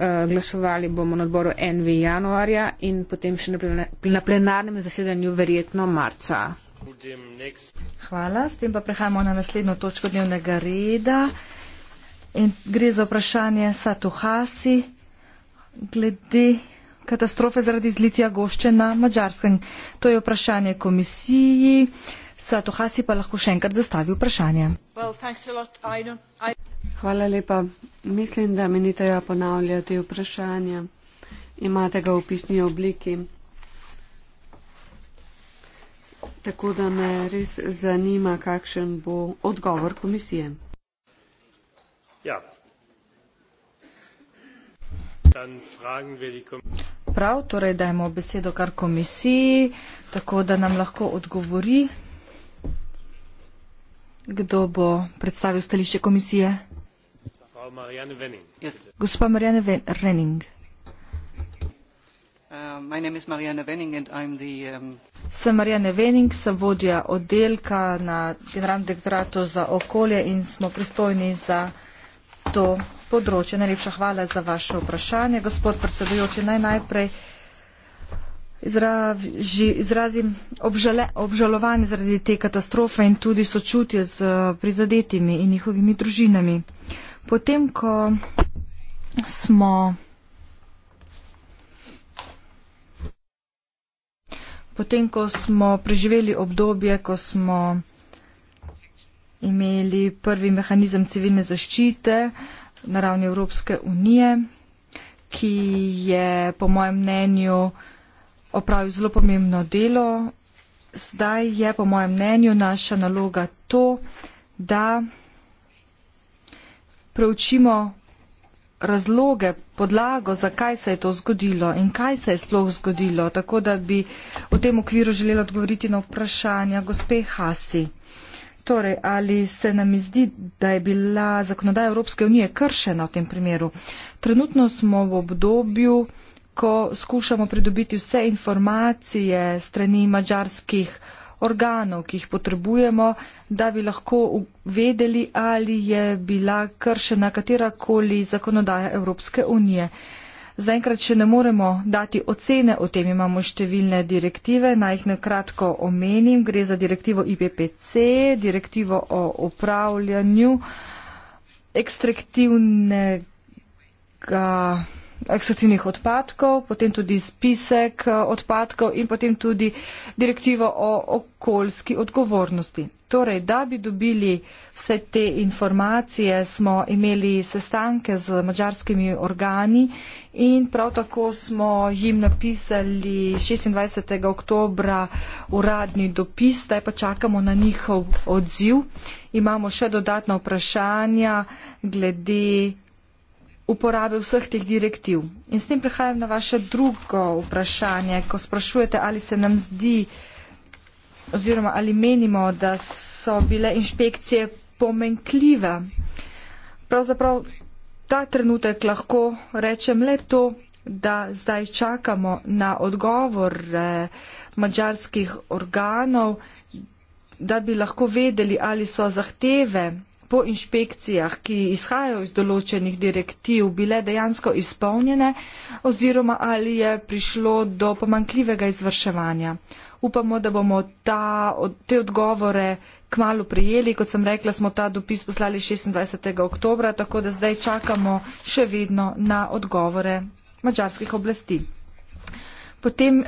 Eh, glasovali bomo na odboru NV januarja in potem še na plenarnem zasedanju verjetno marca. Hvala. S tem pa prehajamo na naslednjo točko dnevnega reda. In gre za vprašanje Satuhasi glede katastrofe zaradi zlitja gošče na Mačarskem. To je vprašanje komisiji. Satuhasi pa lahko še enkrat zastavi vprašanje. Well, I I... Hvala lepa. Mislim, da mi ni treba ponavljati vprašanja. Imate ga v pisni obliki. Tako da me res zanima, kakšen bo odgovor komisije. Ja. Prav, torej dajmo besedo kar komisiji, tako da nam lahko odgovori, kdo bo predstavil stališče komisije. Gospa Marijane Renning. Yes. Uh, um, sem Marijane Vening, sem vodja oddelka na Generalnem direktoratu za okolje in smo pristojni za to področje. Najlepša hvala za vaše vprašanje. Gospod predsedujoči, naj najprej izraži, izrazim obžale, obžalovanje zaradi te katastrofe in tudi sočutje z prizadetimi in njihovimi družinami. Potem, ko smo potem ko smo preživeli obdobje, ko smo imeli prvi mehanizem civilne zaščite na ravni Evropske unije, ki je po mojem mnenju opravil zelo pomembno delo. Zdaj je po mojem mnenju naša naloga to, da preučimo razloge, podlago, zakaj se je to zgodilo in kaj se je sploh zgodilo, tako da bi v tem okviru želela odgovoriti na vprašanja gospe Hasi. Torej, ali se nam zdi, da je bila zakonodaja Evropske unije kršena v tem primeru? Trenutno smo v obdobju, ko skušamo pridobiti vse informacije strani mađarskih organov, ki jih potrebujemo, da bi lahko vedeli, ali je bila kršena katerakoli zakonodaja Evropske unije. Zaenkrat še ne moremo dati ocene o tem, imamo številne direktive, naj jih nakratko omenim. Gre za direktivo IPPC, direktivo o upravljanju ekstraktivnega eksotivnih odpadkov, potem tudi spisek eh, odpadkov in potem tudi direktivo o okoljski odgovornosti. Torej, da bi dobili vse te informacije, smo imeli sestanke z mačarskimi organi in prav tako smo jim napisali 26. oktobra uradni dopis, zdaj pa čakamo na njihov odziv. Imamo še dodatna vprašanja glede uporabe vseh teh direktiv. In s tem prehajam na vaše drugo vprašanje, ko sprašujete, ali se nam zdi oziroma ali menimo, da so bile inšpekcije pomenkljive. Pravzaprav ta trenutek lahko rečem le to, da zdaj čakamo na odgovor mađarskih organov, da bi lahko vedeli, ali so zahteve po inšpekcijah, ki izhajajo iz določenih direktiv, bile dejansko izpolnjene oziroma ali je prišlo do pomankljivega izvrševanja. Upamo, da bomo ta, te odgovore k malu prijeli. Kot sem rekla, smo ta dopis poslali 26. oktobra, tako da zdaj čakamo še vedno na odgovore mađarskih oblasti. Potem uh,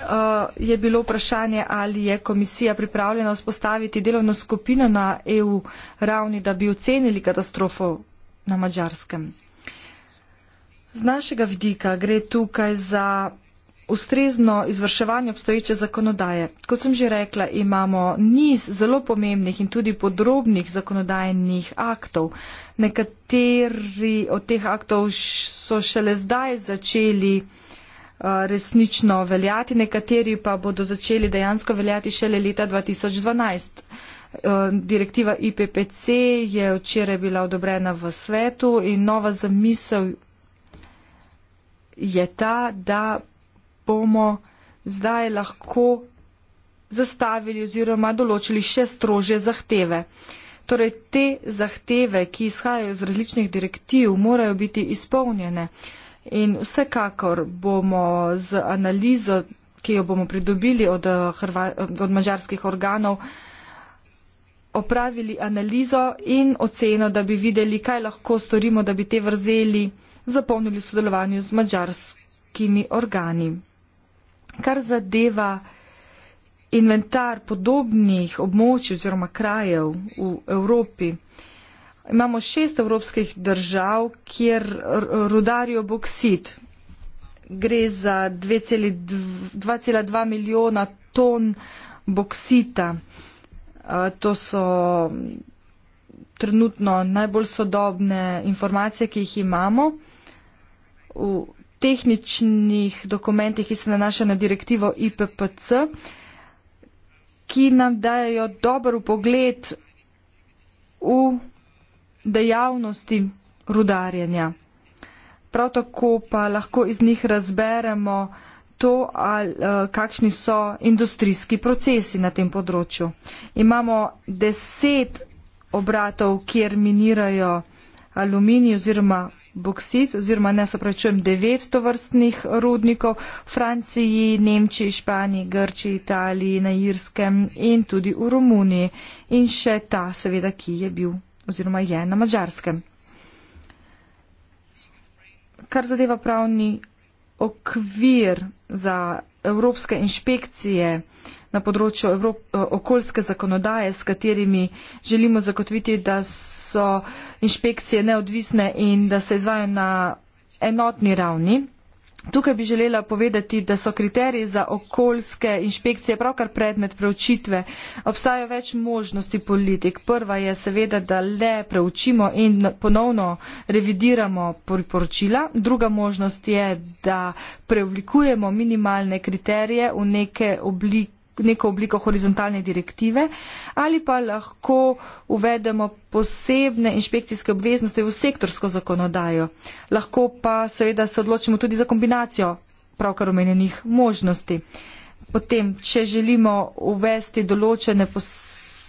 je bilo vprašanje, ali je komisija pripravljena vzpostaviti delovno skupino na EU ravni, da bi ocenili katastrofo na mačarskem. Z našega vidika gre tukaj za ustrezno izvrševanje obstoječe zakonodaje. Kot sem že rekla, imamo niz zelo pomembnih in tudi podrobnih zakonodajnih aktov. Nekateri od teh aktov so šele zdaj začeli Eh, resnično veljati, nekateri pa bodo začeli dejansko veljati šele leta 2012. Eh, direktiva IPPC je včeraj bila odobrena v svetu in nova zamisel je ta, da bomo zdaj lahko zastavili oziroma določili še strože zahteve. Torej, te zahteve, ki izhajajo iz različnih direktiv, morajo biti izpolnjene. Uh, In vsekakor bomo z analizo, ki jo bomo pridobili od, Hrva, od mađarskih organov, opravili analizo in oceno, da bi videli, kaj lahko storimo, da bi te vrzeli zapolnili v sodelovanju z mađarskimi organi. Kar zadeva inventar podobnih območij oziroma krajev v Evropi, Imamo šest evropskih držav, kjer rudarijo boksit. Gre za 2,2 milijona ton boksita. To so trenutno najbolj sodobne informacije, ki jih imamo. V tehničnih dokumentih, ki se nanašajo na direktivo IPPC, ki nam dajo dober pogled v dejavnosti rudarjenja. Prav tako pa lahko iz njih razberemo to, ali, eh, kakšni so industrijski procesi na tem področju. Imamo deset obratov, kjer minirajo aluminij oziroma boksit, oziroma ne se pravičujem, devet tovrstnih rudnikov v Franciji, Nemčiji, Španiji, Grčiji, Italiji, na Irskem in tudi v Romuniji. In še ta, seveda, ki je bil oziroma je na mačarskem. Kar zadeva pravni okvir za evropske inšpekcije na področju Evrop okoljske zakonodaje, s katerimi želimo zagotoviti, da so inšpekcije neodvisne in da se izvajo na enotni ravni. Tukaj bi želela povedati, da so kriteriji za okoljske inšpekcije pravkar predmet preučitve. Obstajajo več možnosti politik. Prva je seveda, da le preučimo in ponovno revidiramo priporočila. Druga možnost je, da preoblikujemo minimalne kriterije v neke oblike neko obliko horizontalne direktive ali pa lahko uvedemo posebne inšpekcijske obveznosti v sektorsko zakonodajo. Lahko pa seveda se odločimo tudi za kombinacijo pravkar omenjenih možnosti. Potem, če želimo uvesti določene,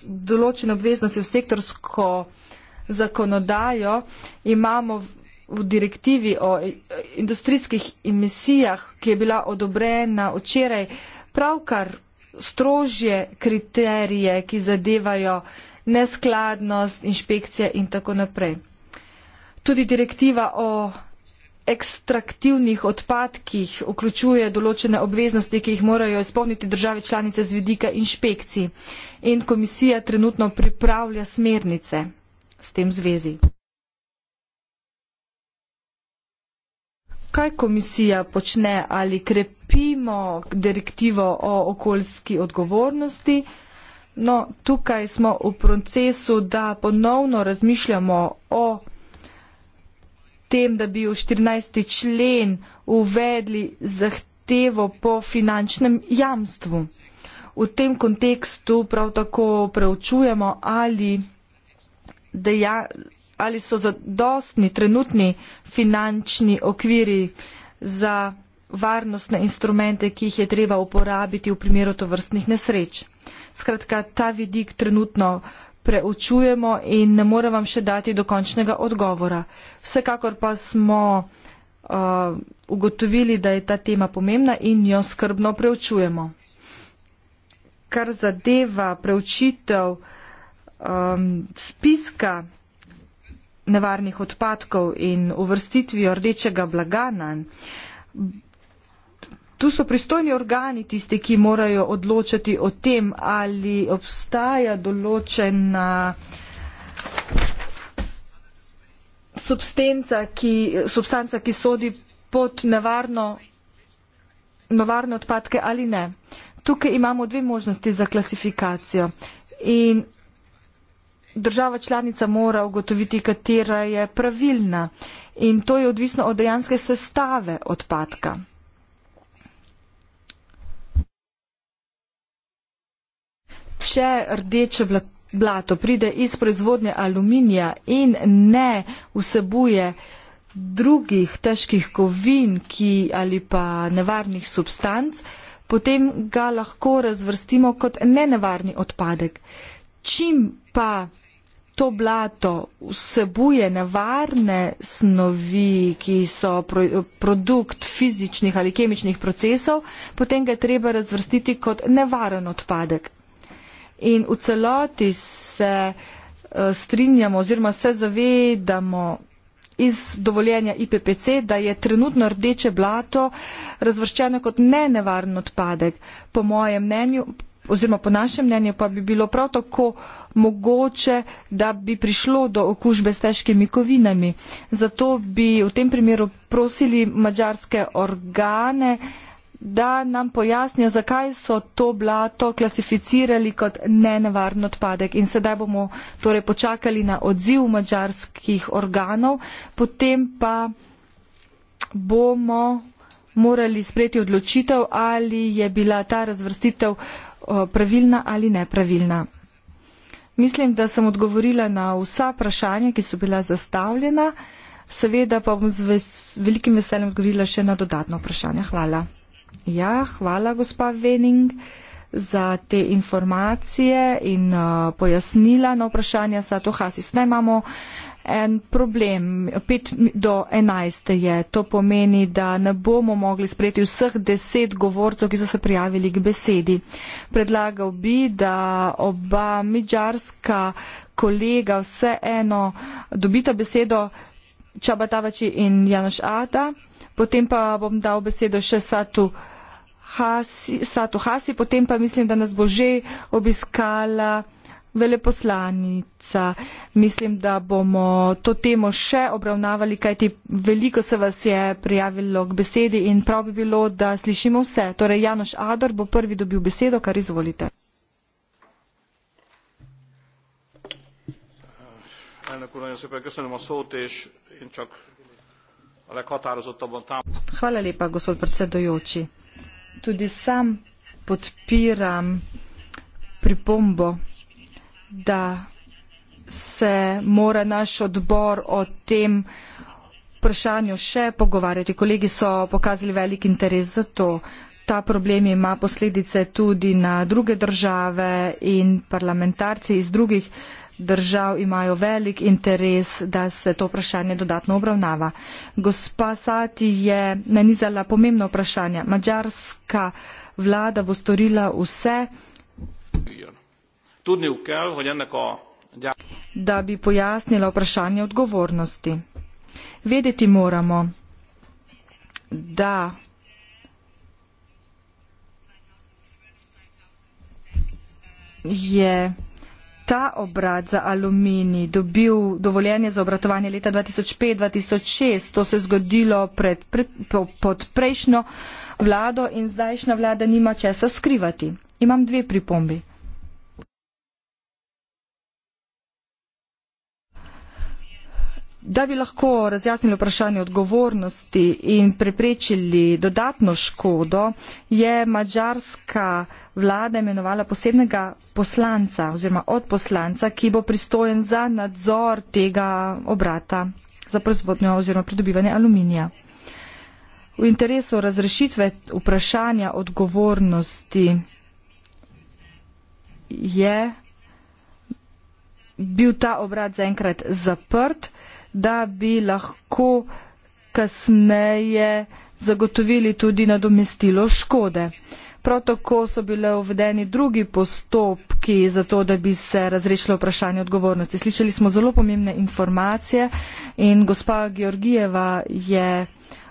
določene obveznosti v sektorsko zakonodajo, imamo v direktivi o industrijskih emisijah, ki je bila odobrena včeraj, pravkar strožje kriterije, ki zadevajo neskladnost, inšpekcije in tako naprej. Tudi direktiva o ekstraktivnih odpadkih vključuje določene obveznosti, ki jih morajo izpolniti države članice z vidika inšpekcij in komisija trenutno pripravlja smernice s tem zvezi. kaj komisija počne, ali krepimo direktivo o okoljski odgovornosti. No, tukaj smo v procesu, da ponovno razmišljamo o tem, da bi v 14. člen uvedli zahtevo po finančnem jamstvu. V tem kontekstu prav tako preučujemo, ali da ja, ali so zadostni trenutni finančni okviri za varnostne instrumente, ki jih je treba uporabiti v primeru tovrstnih nesreč. Skratka, ta vidik trenutno preučujemo in ne morem vam še dati dokončnega odgovora. Vsekakor pa smo uh, ugotovili, da je ta tema pomembna in jo skrbno preučujemo. Kar zadeva preučitev um, spiska nevarnih odpadkov in uvrstitvijo rdečega blagana. Tu so pristojni organi tisti, ki morajo odločati o tem, ali obstaja določena substanca, ki, substanca, ki sodi pod nevarno, nevarne odpadke ali ne. Tukaj imamo dve možnosti za klasifikacijo. In država članica mora ugotoviti, katera je pravilna in to je odvisno od dejanske sestave odpadka. Če rdeče blato pride iz proizvodnje aluminija in ne vsebuje drugih težkih kovin ki, ali pa nevarnih substanc, potem ga lahko razvrstimo kot nenevarni odpadek. Čim pa to blato vsebuje nevarne snovi, ki so pro, produkt fizičnih ali kemičnih procesov, potem ga je treba razvrstiti kot nevaren odpadek. In v celoti se eh, strinjamo oziroma se zavedamo iz dovoljenja IPPC, da je trenutno rdeče blato razvrščeno kot nenevaren odpadek. Po mojem mnenju, oziroma po našem mnenju pa bi bilo prav tako mogoče, da bi prišlo do okužbe s težkimi kovinami. Zato bi v tem primeru prosili mađarske organe, da nam pojasnijo, zakaj so to blato klasificirali kot nenavarn odpadek. In sedaj bomo torej počakali na odziv mađarskih organov, potem pa bomo morali sprejeti odločitev, ali je bila ta razvrstitev Eh, pravilna ali nepravilna. Mislim, da sem odgovorila na vsa vprašanja, ki so bila zastavljena, seveda pa bom z velikim veseljem odgovorila še na dodatno vprašanje. Hvala. Ja, hvala, gospa Vening, za te informacije in uh, pojasnila na vprašanje Satohasis. Naj imamo uh, en problem. Pet do enajst je. To pomeni, da ne bomo mogli sprejeti vseh deset govorcev, ki so se prijavili k besedi. Predlagal bi, da oba miđarska kolega vseeno dobita besedo Čabatavači in Janoš Ada. Potem pa bom dal besedo še Satu Hasi, Satu Hasi. Potem pa mislim, da nas bo že obiskala veleposlanica. Mislim, da bomo to temo še obravnavali, kajti veliko se vas je prijavilo k besedi in prav bi bilo, da slišimo vse. Torej, Janoš Ador bo prvi dobil besedo, kar izvolite. Hvala lepa, gospod predsedojoči. Tudi sam podpiram pripombo da se mora naš odbor o tem vprašanju še pogovarjati. Kolegi so pokazali velik interes za to. Ta problem ima posledice tudi na druge države in parlamentarci iz drugih držav imajo velik interes, da se to vprašanje dodatno obravnava. Gospa Sati je nanizala pomembno vprašanje. Mađarska vlada bo storila vse tudniuk kell, hogy ennek a da bi pojasnila vprašanje odgovornosti. Vedeti moramo, da je ta obrat za alumini dobil dovoljenje za obratovanje leta 2005-2006. To se je zgodilo pred, pred, pod prejšnjo vlado in zdajšnja vlada nima česa skrivati. Imam dve pripombi. Da bi lahko razjasnili vprašanje odgovornosti in preprečili dodatno škodo, je mađarska vlada imenovala posebnega poslanca oziroma odposlanca, ki bo pristojen za nadzor tega obrata za proizvodnjo oziroma pridobivanje aluminija. V interesu razrešitve vprašanja odgovornosti je bil ta obrat zaenkrat zaprt da bi lahko kasneje zagotovili tudi nadomestilo škode. Prav tako so bile uvedeni drugi postopki za to, da bi se razrešilo vprašanje odgovornosti. Slišali smo zelo pomembne informacije in gospa Georgijeva je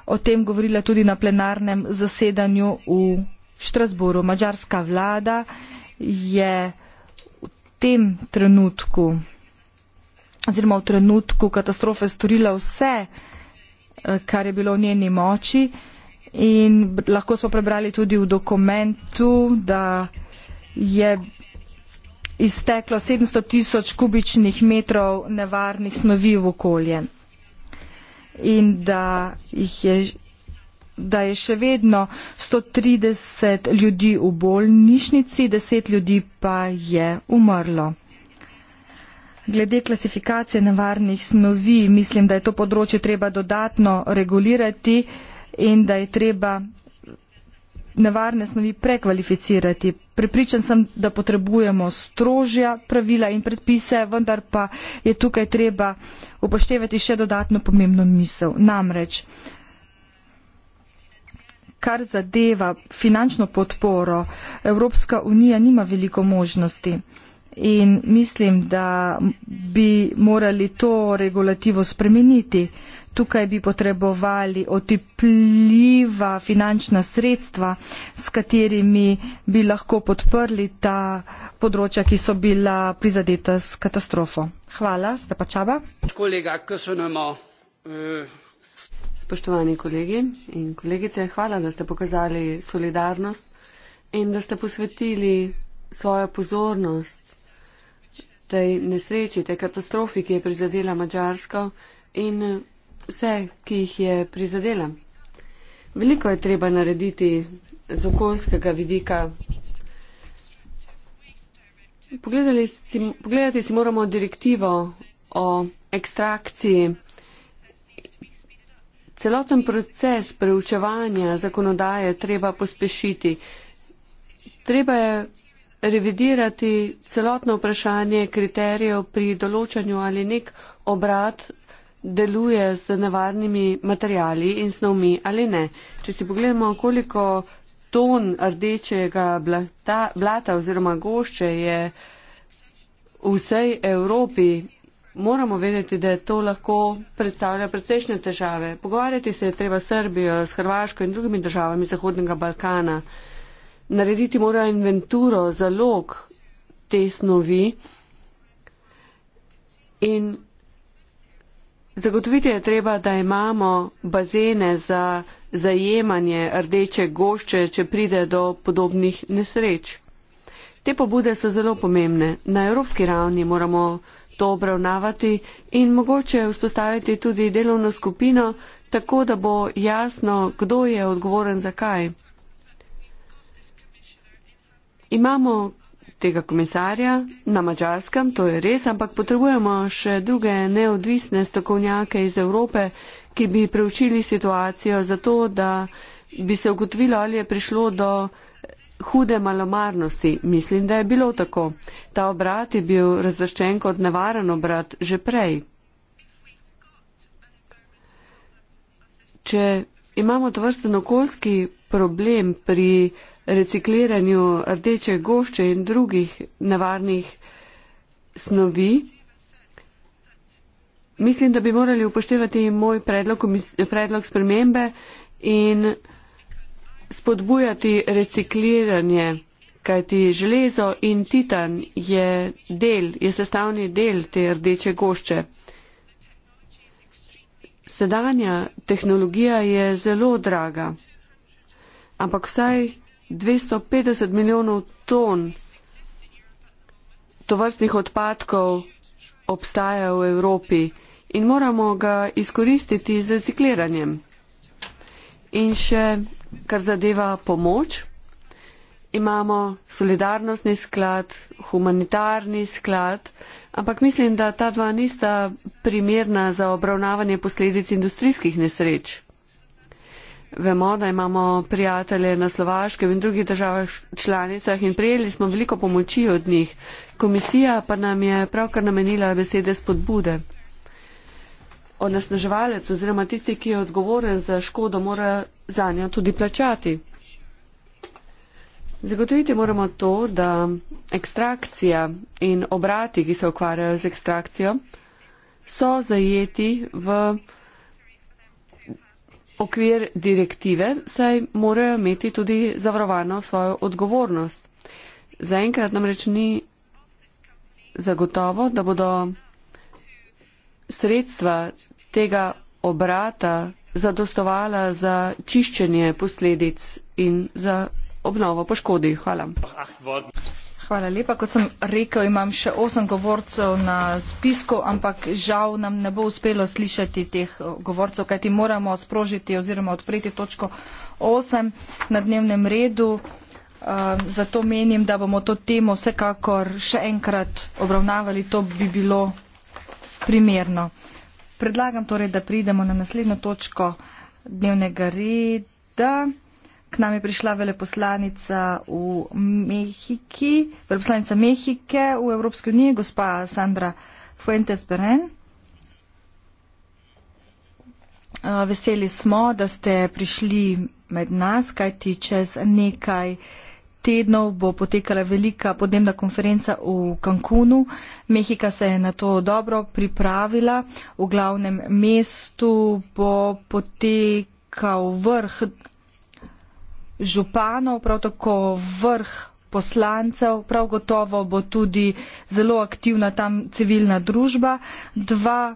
o tem govorila tudi na plenarnem zasedanju v Štrasburu. Mačarska vlada je v tem trenutku oziroma v trenutku katastrofe storila vse, eh, kar je bilo v njeni moči. In lahko smo prebrali tudi v dokumentu, da je izteklo 700 tisoč kubičnih metrov nevarnih snovi v okolje. In da, je, da je še vedno 130 ljudi v bolnišnici, 10 ljudi pa je umrlo. Glede klasifikacije nevarnih snovi, mislim, da je to področje treba dodatno regulirati in da je treba nevarne snovi prekvalificirati. Pripričan sem, da potrebujemo strožja pravila in predpise, vendar pa je tukaj treba upoštevati še dodatno pomembno misel. Namreč, kar zadeva finančno podporo, Evropska unija nima veliko možnosti. In mislim, da bi morali to regulativo spremeniti. Tukaj bi potrebovali otipljiva finančna sredstva, s katerimi bi lahko podprli ta področja, ki so bila prizadeta s katastrofo. Hvala, ste pa čaba. Kolega, Spoštovani kolegi in kolegice, hvala, da ste pokazali solidarnost in da ste posvetili svojo pozornost tej nesreči, tej katastrofi, ki je prizadela Mačarsko in vse, ki jih je prizadela. Veliko je treba narediti z okoljskega vidika. Si, pogledati si moramo direktivo o ekstrakciji. Celoten proces preučevanja zakonodaje treba pospešiti. Treba je revidirati celotno vprašanje kriterijev pri določanju ali nek obrat deluje z nevarnimi materijali in snovmi ali ne. Če si pogledamo, koliko ton rdečega blata, blata oziroma gošče je v vsej Evropi, moramo vedeti, da to lahko predstavlja precejšnje težave. Pogovarjati se je treba s Srbijo, s Hrvaško in drugimi državami Zahodnega Balkana narediti morajo inventuro, zalog te snovi in zagotoviti je treba, da imamo bazene za zajemanje rdeče gošče, če pride do podobnih nesreč. Te pobude so zelo pomembne. Na evropski ravni moramo to obravnavati in mogoče vzpostaviti tudi delovno skupino, tako da bo jasno, kdo je odgovoren za kaj. Imamo tega komisarja na mačarskem, to je res, ampak potrebujemo še druge neodvisne strokovnjake iz Evrope, ki bi preučili situacijo za to, da bi se ugotovilo, ali je prišlo do hude malomarnosti. Mislim, da je bilo tako. Ta obrat je bil razraščen kot nevaren obrat že prej. Če imamo to vrsten okoljski problem pri recikliranju rdeče gošče in drugih nevarnih snovi. Mislim, da bi morali upoštevati moj predlog, predlog spremembe in spodbujati recikliranje, kajti železo in titan je del, je sestavni del te rdeče gošče. Sedanja tehnologija je zelo draga, ampak vsaj 250 milijonov ton tovrstnih odpadkov obstaja v Evropi in moramo ga izkoristiti z recikliranjem. In še, kar zadeva pomoč, imamo solidarnostni sklad, humanitarni sklad, ampak mislim, da ta dva nista primerna za obravnavanje posledic industrijskih nesreč. Vemo, da imamo prijatelje na Slovaškem in drugih državah članicah in prejeli smo veliko pomoči od njih. Komisija pa nam je pravkar namenila besede spodbude. Onesnaževalec oziroma tisti, ki je odgovoren za škodo, mora za njo tudi plačati. Zagotoviti moramo to, da ekstrakcija in obrati, ki se ukvarjajo z ekstrakcijo, so zajeti v okvir direktive, saj morajo imeti tudi zavarovano svojo odgovornost. Zaenkrat namreč ni zagotovo, da bodo sredstva tega obrata zadostovala za čiščenje posledic in za obnovo poškodi. Hvala. Hvala lepa. Kot sem rekel, imam še osem govorcev na spisku, ampak žal nam ne bo uspelo slišati teh eh, govorcev, kajti moramo sprožiti oziroma odpreti točko osem na dnevnem redu. Ehm, zato menim, da bomo to temo vsekakor še enkrat obravnavali. To bi bilo primerno. Predlagam torej, da pridemo na naslednjo točko dnevnega reda. K nam je prišla veleposlanica v Mehiki, veleposlanica Mehike v Evropski uniji, gospa Sandra Fuentes Beren. Eh, veseli smo, da ste prišli med nas, kajti čez nekaj tednov bo potekala velika podnebna konferenca v Cancunu. Mehika se je na to dobro pripravila. V glavnem mestu bo potekal vrh županov, prav tako vrh poslancev, prav gotovo bo tudi zelo aktivna tam civilna družba. Dva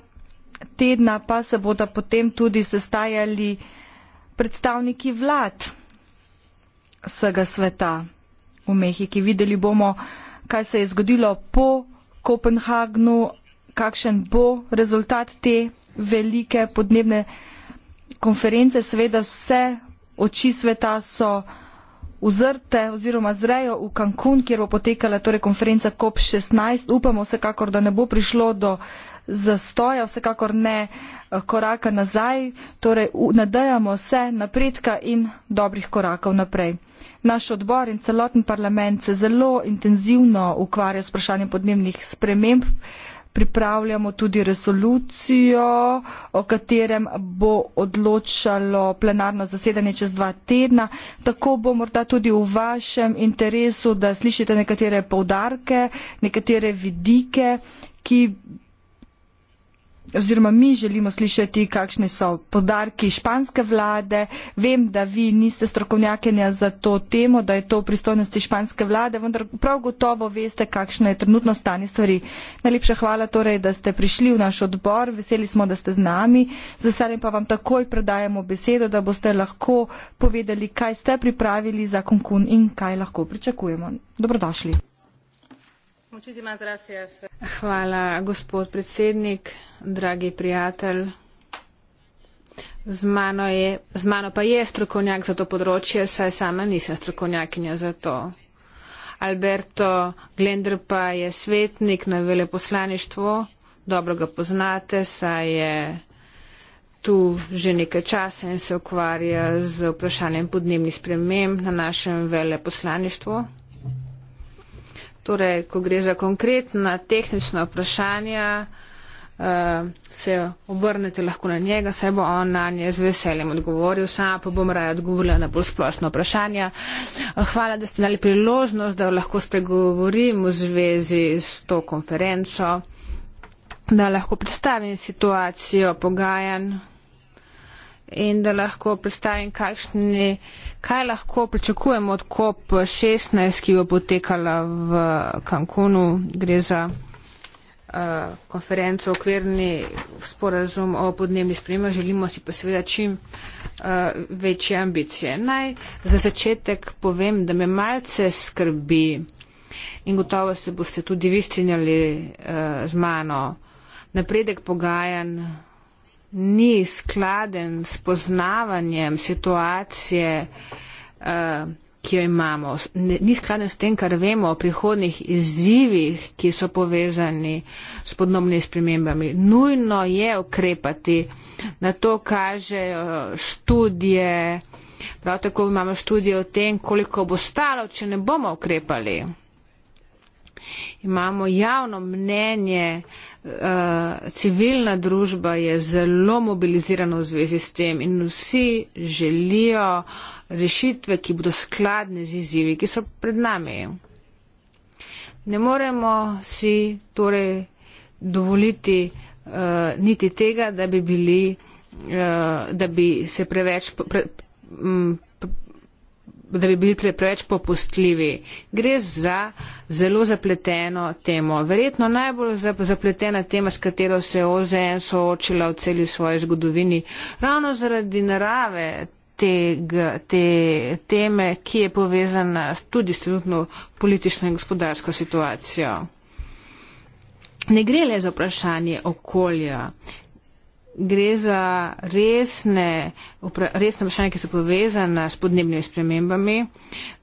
tedna pa se bodo potem tudi sestajali predstavniki vlad vsega sveta v Mehiki. Videli bomo, kaj se je zgodilo po Kopenhagnu, kakšen bo rezultat te velike podnebne konference. Seveda vse oči sveta so uzrte oziroma zrejo v Cancun, kjer bo potekala torej konferenca COP16. Upamo vsekakor, da ne bo prišlo do zastoja, vsekakor ne eh, koraka nazaj, torej nadajamo se napredka in dobrih korakov naprej. Naš odbor in celoten parlament se zelo intenzivno ukvarja s vprašanjem podnebnih sprememb pripravljamo tudi resolucijo, o katerem bo odločalo plenarno zasedanje čez dva tedna. Tako bo morda tudi v vašem interesu, da slišite nekatere povdarke, nekatere vidike, ki oziroma mi želimo slišati, kakšni so podarki španske vlade. Vem, da vi niste strokovnjakinja za to temo, da je to v pristojnosti španske vlade, vendar prav gotovo veste, kakšno je trenutno stanje stvari. Najlepša hvala torej, da ste prišli v naš odbor, veseli smo, da ste z nami. Za sedaj pa vam takoj predajamo besedo, da boste lahko povedali, kaj ste pripravili za konkun in kaj lahko pričakujemo. Dobrodošli. Muchísimas gracias. Hvala, gospod predsednik, dragi prijatelj. Z mano, je, z mano pa je strokovnjak za to področje, saj sama nisem strokovnjakinja za to. Alberto Glender pa je svetnik na veleposlaništvu, dobro ga poznate, saj je tu že nekaj časa in se ukvarja z vprašanjem podnebnih sprememb na našem veleposlaništvu. Torej, ko gre za konkretna tehnična vprašanja, uh, se obrnete lahko na njega, saj bo on na nje z veseljem odgovoril, sama pa bom raje odgovorila na bolj splošno vprašanje. Hvala, da ste dali priložnost, da lahko spregovorim v zvezi s to konferenco, da lahko predstavim situacijo pogajanj in da lahko predstavim, kakšni, kaj lahko pričakujemo od COP16, ki bo potekala v Cancunu. Gre za uh, konferenco okvirni sporazum o podnebni sprememba. Želimo si pa seveda čim uh, večje ambicije. Naj za začetek povem, da me malce skrbi in gotovo se boste tudi vi strinjali uh, z mano. Napredek pogajanj ni skladen s poznavanjem situacije, eh, ki jo imamo, ni skladen s tem, kar vemo o prihodnih izzivih, ki so povezani s podnobnimi spremembami. Nujno je ukrepati, na to kažejo študije, prav tako imamo študije o tem, koliko bo stalo, če ne bomo ukrepali imamo javno mnenje, eh, civilna družba je zelo mobilizirana v zvezi s tem in vsi želijo rešitve, ki bodo skladne z izzivi, ki so pred nami. Ne moremo si torej dovoliti uh, niti tega, da bi, bili, uh, da bi se preveč. Pre, da bi bili preveč popustljivi. Gre za zelo zapleteno temo. Verjetno najbolj zapletena tema, s katero se je OZN soočila v celi svoji zgodovini. Ravno zaradi narave tega, te teme, ki je povezana tudi s trenutno politično in gospodarsko situacijo. Ne gre le za vprašanje okolja, gre za resne, resne vprašanja, ki so povezane s podnebnimi spremembami,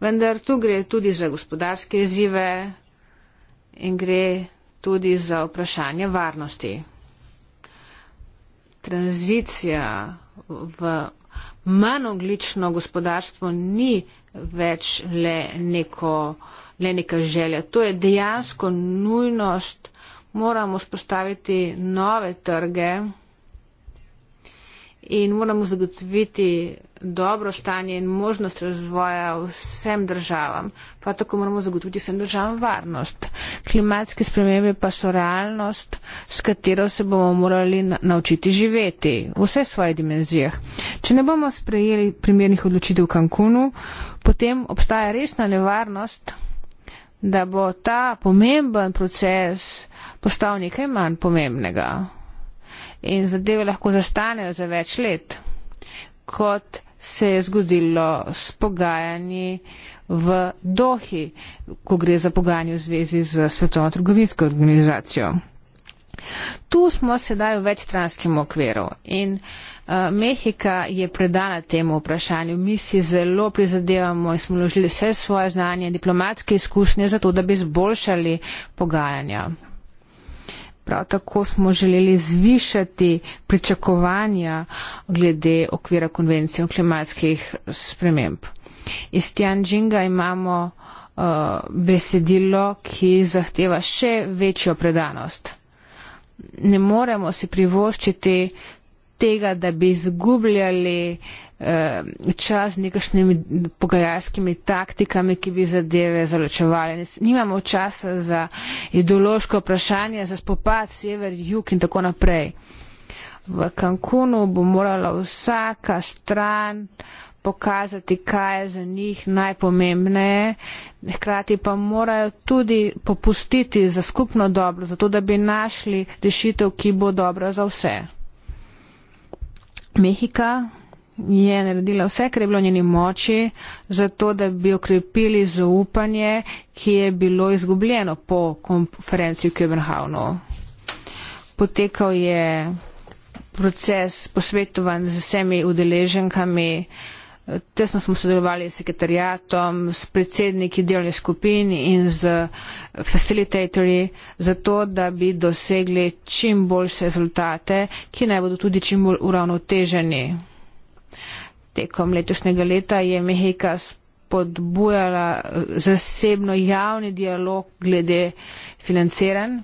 vendar tu gre tudi za gospodarske izzive in gre tudi za vprašanje varnosti. Tranzicija v manj oglično gospodarstvo ni več le, neko, le neka želja. To je dejansko nujnost. Moramo spostaviti nove trge in moramo zagotoviti dobro stanje in možnost razvoja vsem državam. Prav tako moramo zagotoviti vsem državam varnost. Klimatske spremembe pa so realnost, s katero se bomo morali na naučiti živeti v vse svoje dimenzijah. Če ne bomo sprejeli primernih odločitev v Cancunu, potem obstaja resna nevarnost, da bo ta pomemben proces postal nekaj manj pomembnega in zadeve lahko zastanejo za več let, kot se je zgodilo s pogajanji v Dohi, ko gre za pogajanje v zvezi z Svetovno trgovinsko organizacijo. Tu smo sedaj v večstranskem okviru in uh, Mehika je predana temu vprašanju. Mi si zelo prizadevamo in smo vložili vse svoje znanje in diplomatske izkušnje za to, da bi zboljšali pogajanja. Prav tako smo želeli zvišati pričakovanja glede okvira konvencije o klimatskih sprememb. Iz Tianjinga imamo uh, besedilo, ki zahteva še večjo predanost. Ne moremo si privoščiti tega, da bi izgubljali eh, čas z nekašnimi pogajalskimi taktikami, ki bi zadeve zaločevali. Nimamo časa za ideološko vprašanje, za spopad sever, jug in tako naprej. V Cancunu bo morala vsaka stran pokazati, kaj je za njih najpomembneje, hkrati pa morajo tudi popustiti za skupno dobro, zato da bi našli rešitev, ki bo dobra za vse. Mehika je naredila vse, kar je bilo njeni moči, zato da bi okrepili zaupanje, ki je bilo izgubljeno po konferenci v Kevrhavnu. Potekal je proces posvetovan z vsemi udeleženkami. Uh, Tesno smo sodelovali s sekretarijatom, s predsedniki delovnih skupin in z facilitatorji, zato da bi dosegli čim boljše rezultate, ki naj bodo tudi čim bolj uravnoteženi. Tekom letošnjega leta je Mehika spodbujala eh, zasebno javni dialog glede financiranj.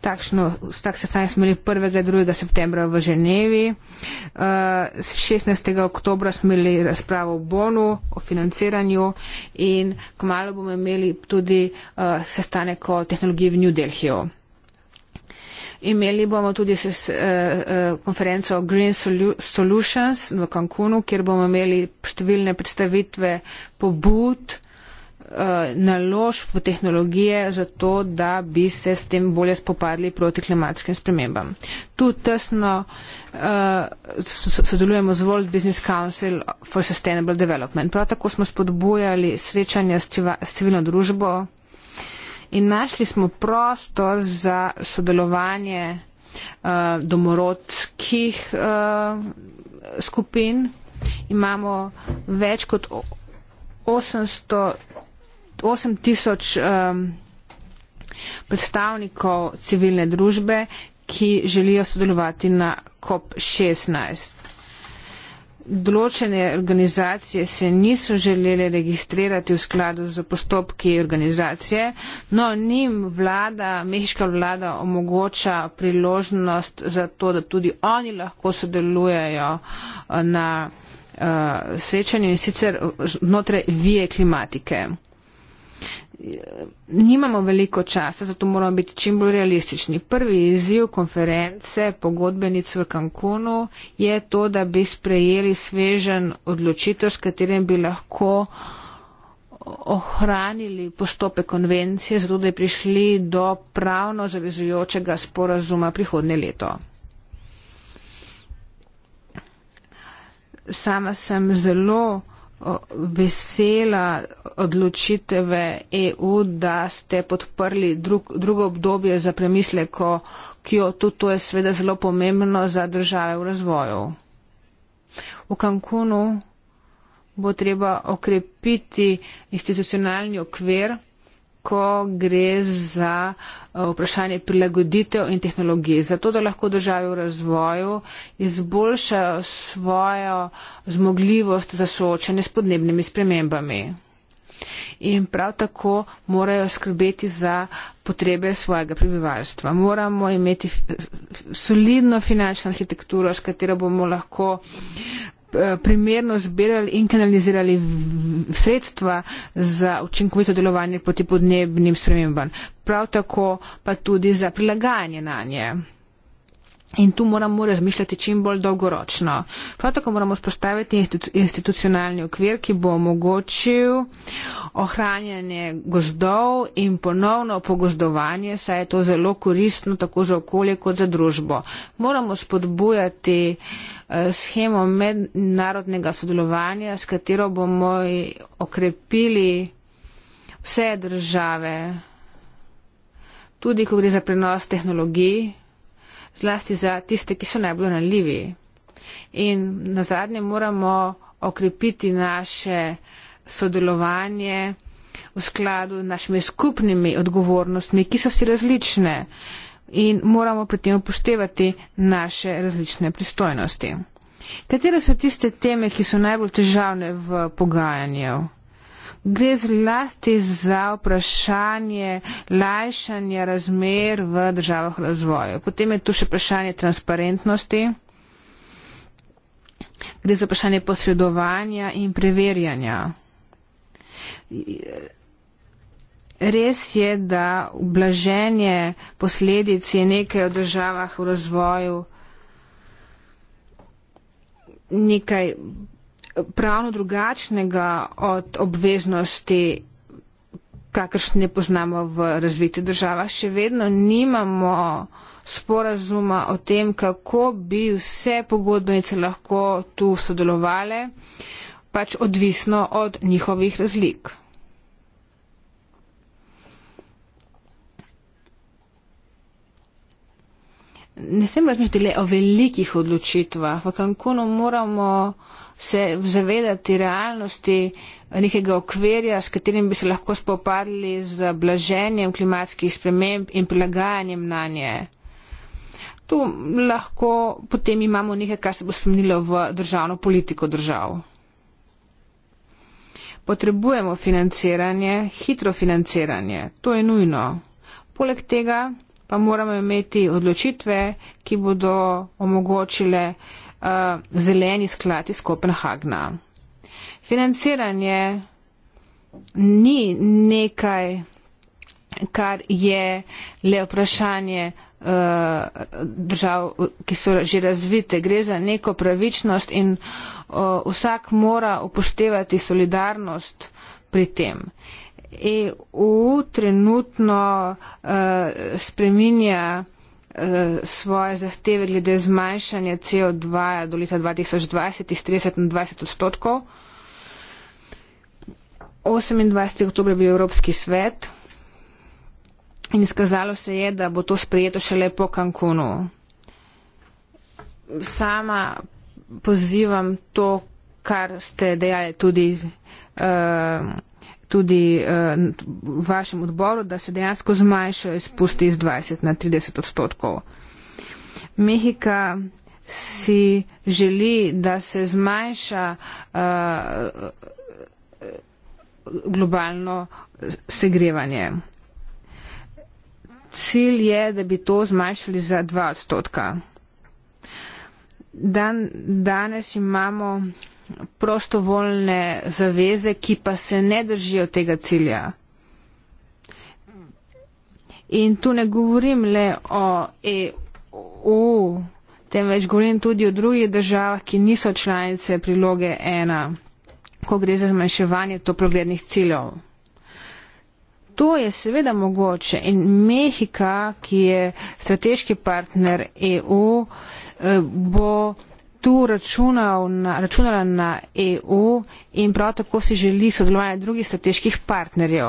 Takšno, tak sestanek smo imeli 1. in 2. septembra v Ženevi, uh, eh, 16. oktobra smo imeli razpravo v Bonu o financiranju in kmalo bomo imeli tudi uh, sestanek o tehnologiji v New Delhiju. Imeli bomo tudi se, eh, eh, konferenco Green Solutions v Cancunu, kjer bomo imeli številne predstavitve pobud eh, naložb v tehnologije za to, da bi se s tem bolje spopadli proti klimatskim spremembam. Tu tesno uh, sodelujemo z World Business Council for Sustainable Development. Prav tako smo spodbujali srečanja s civilno družbo in našli smo prostor za sodelovanje uh, domorodskih uh, skupin. Imamo več kot 8000 um, predstavnikov civilne družbe, ki želijo sodelovati na COP16 določene organizacije se niso želeli registrirati v skladu z postopki organizacije, no njim vlada, mehiška vlada omogoča priložnost za to, da tudi oni lahko sodelujejo eh, na uh, srečanju in sicer znotraj vije klimatike nimamo veliko časa, zato moramo biti čim bolj realistični. Prvi izziv konference pogodbenic v Cancunu je to, da bi sprejeli svežen odločitev, s katerim bi lahko ohranili postope konvencije, zato da bi prišli do pravno zavezujočega sporazuma prihodne leto. Sama sem zelo vesela odločiteve EU, da ste podprli drug, drugo obdobje za premisleko, ki jo tudi to je sveda zelo pomembno za države v razvoju. V Cancunu bo treba okrepiti institucionalni okvir, ko gre za eh, vprašanje prilagoditev in tehnologij. Zato, da lahko države v razvoju izboljšajo svojo zmogljivost za soočanje s podnebnimi spremembami. In prav tako morajo skrbeti za potrebe svojega prebivalstva. Moramo imeti solidno finančno arhitekturo, s katero bomo lahko Eh, primerno zbirali in kanalizirali sredstva za učinkovito delovanje proti podnebnim spremembam, prav tako pa tudi za prilagajanje na nje. In tu moramo razmišljati čim bolj dolgoročno. Prav tako moramo spostaviti institucionalni okvir, ki bo omogočil ohranjanje gozdov in ponovno pogozdovanje, saj je to zelo koristno tako za okolje kot za družbo. Moramo spodbujati eh, schemo mednarodnega sodelovanja, s katero bomo okrepili vse države, tudi ko gre za prenos tehnologij zlasti za tiste, ki so najbolj ranljivi. In na zadnje moramo okrepiti naše sodelovanje v skladu z našimi skupnimi odgovornostmi, ki so si različne in moramo pri tem upoštevati naše različne pristojnosti. Katere so tiste teme, ki so najbolj težavne v pogajanju? Gre zlasti za vprašanje lajšanja razmer v državah razvoju. Potem je tu še vprašanje transparentnosti, gre za vprašanje posredovanja in preverjanja. Res je, da oblaženje posledic je nekaj o državah v razvoju nekaj pravno drugačnega od obveznosti, kakršne poznamo v razvitih državah. Še vedno nimamo sporazuma o tem, kako bi vse pogodbenice lahko tu sodelovale, pač odvisno od njihovih razlik. ne smemo razmišljati le o velikih odločitvah, v Cancunu moramo se zavedati realnosti nekega okvirja, s katerim bi se lahko spopadli z blaženjem klimatskih sprememb in prilagajanjem na nje. Tu lahko potem imamo nekaj, kar se bo spremenilo v državno politiko držav. Potrebujemo financiranje, hitro financiranje, to je nujno. Poleg tega pa moramo imeti odločitve, ki bodo omogočile uh, zeleni sklad iz Kopenhagna. Financiranje ni nekaj, kar je le vprašanje eh, držav, ki so že razvite. Gre za neko pravičnost in uh, vsak mora upoštevati solidarnost pri tem. EU trenutno uh, spreminja eh, svoje zahteve glede zmanjšanja CO2 do leta 2020 iz 30 na 20 odstotkov. 28. oktober je bil Evropski svet in izkazalo se je, da bo to sprejeto šele po Cancunu. Sama pozivam to, kar ste dejali tudi. Uh, tudi eh, v vašem odboru, da se dejansko zmanjšajo izpusti iz 20 na 30 odstotkov. Mehika si želi, da se zmanjša eh, globalno segrevanje. Cilj je, da bi to zmanjšali za 2 odstotka. Dan, danes imamo prostovoljne zaveze, ki pa se ne držijo tega cilja. In tu ne govorim le o EU, temveč govorim tudi o drugih državah, ki niso članice priloge ena, ko gre za zmanjševanje toplogrednih ciljev. To je seveda mogoče in Mehika, ki je strateški partner EU, eh, bo tu računal na, računala na EU in prav tako si želi sodelovanje drugih strateških partnerjev.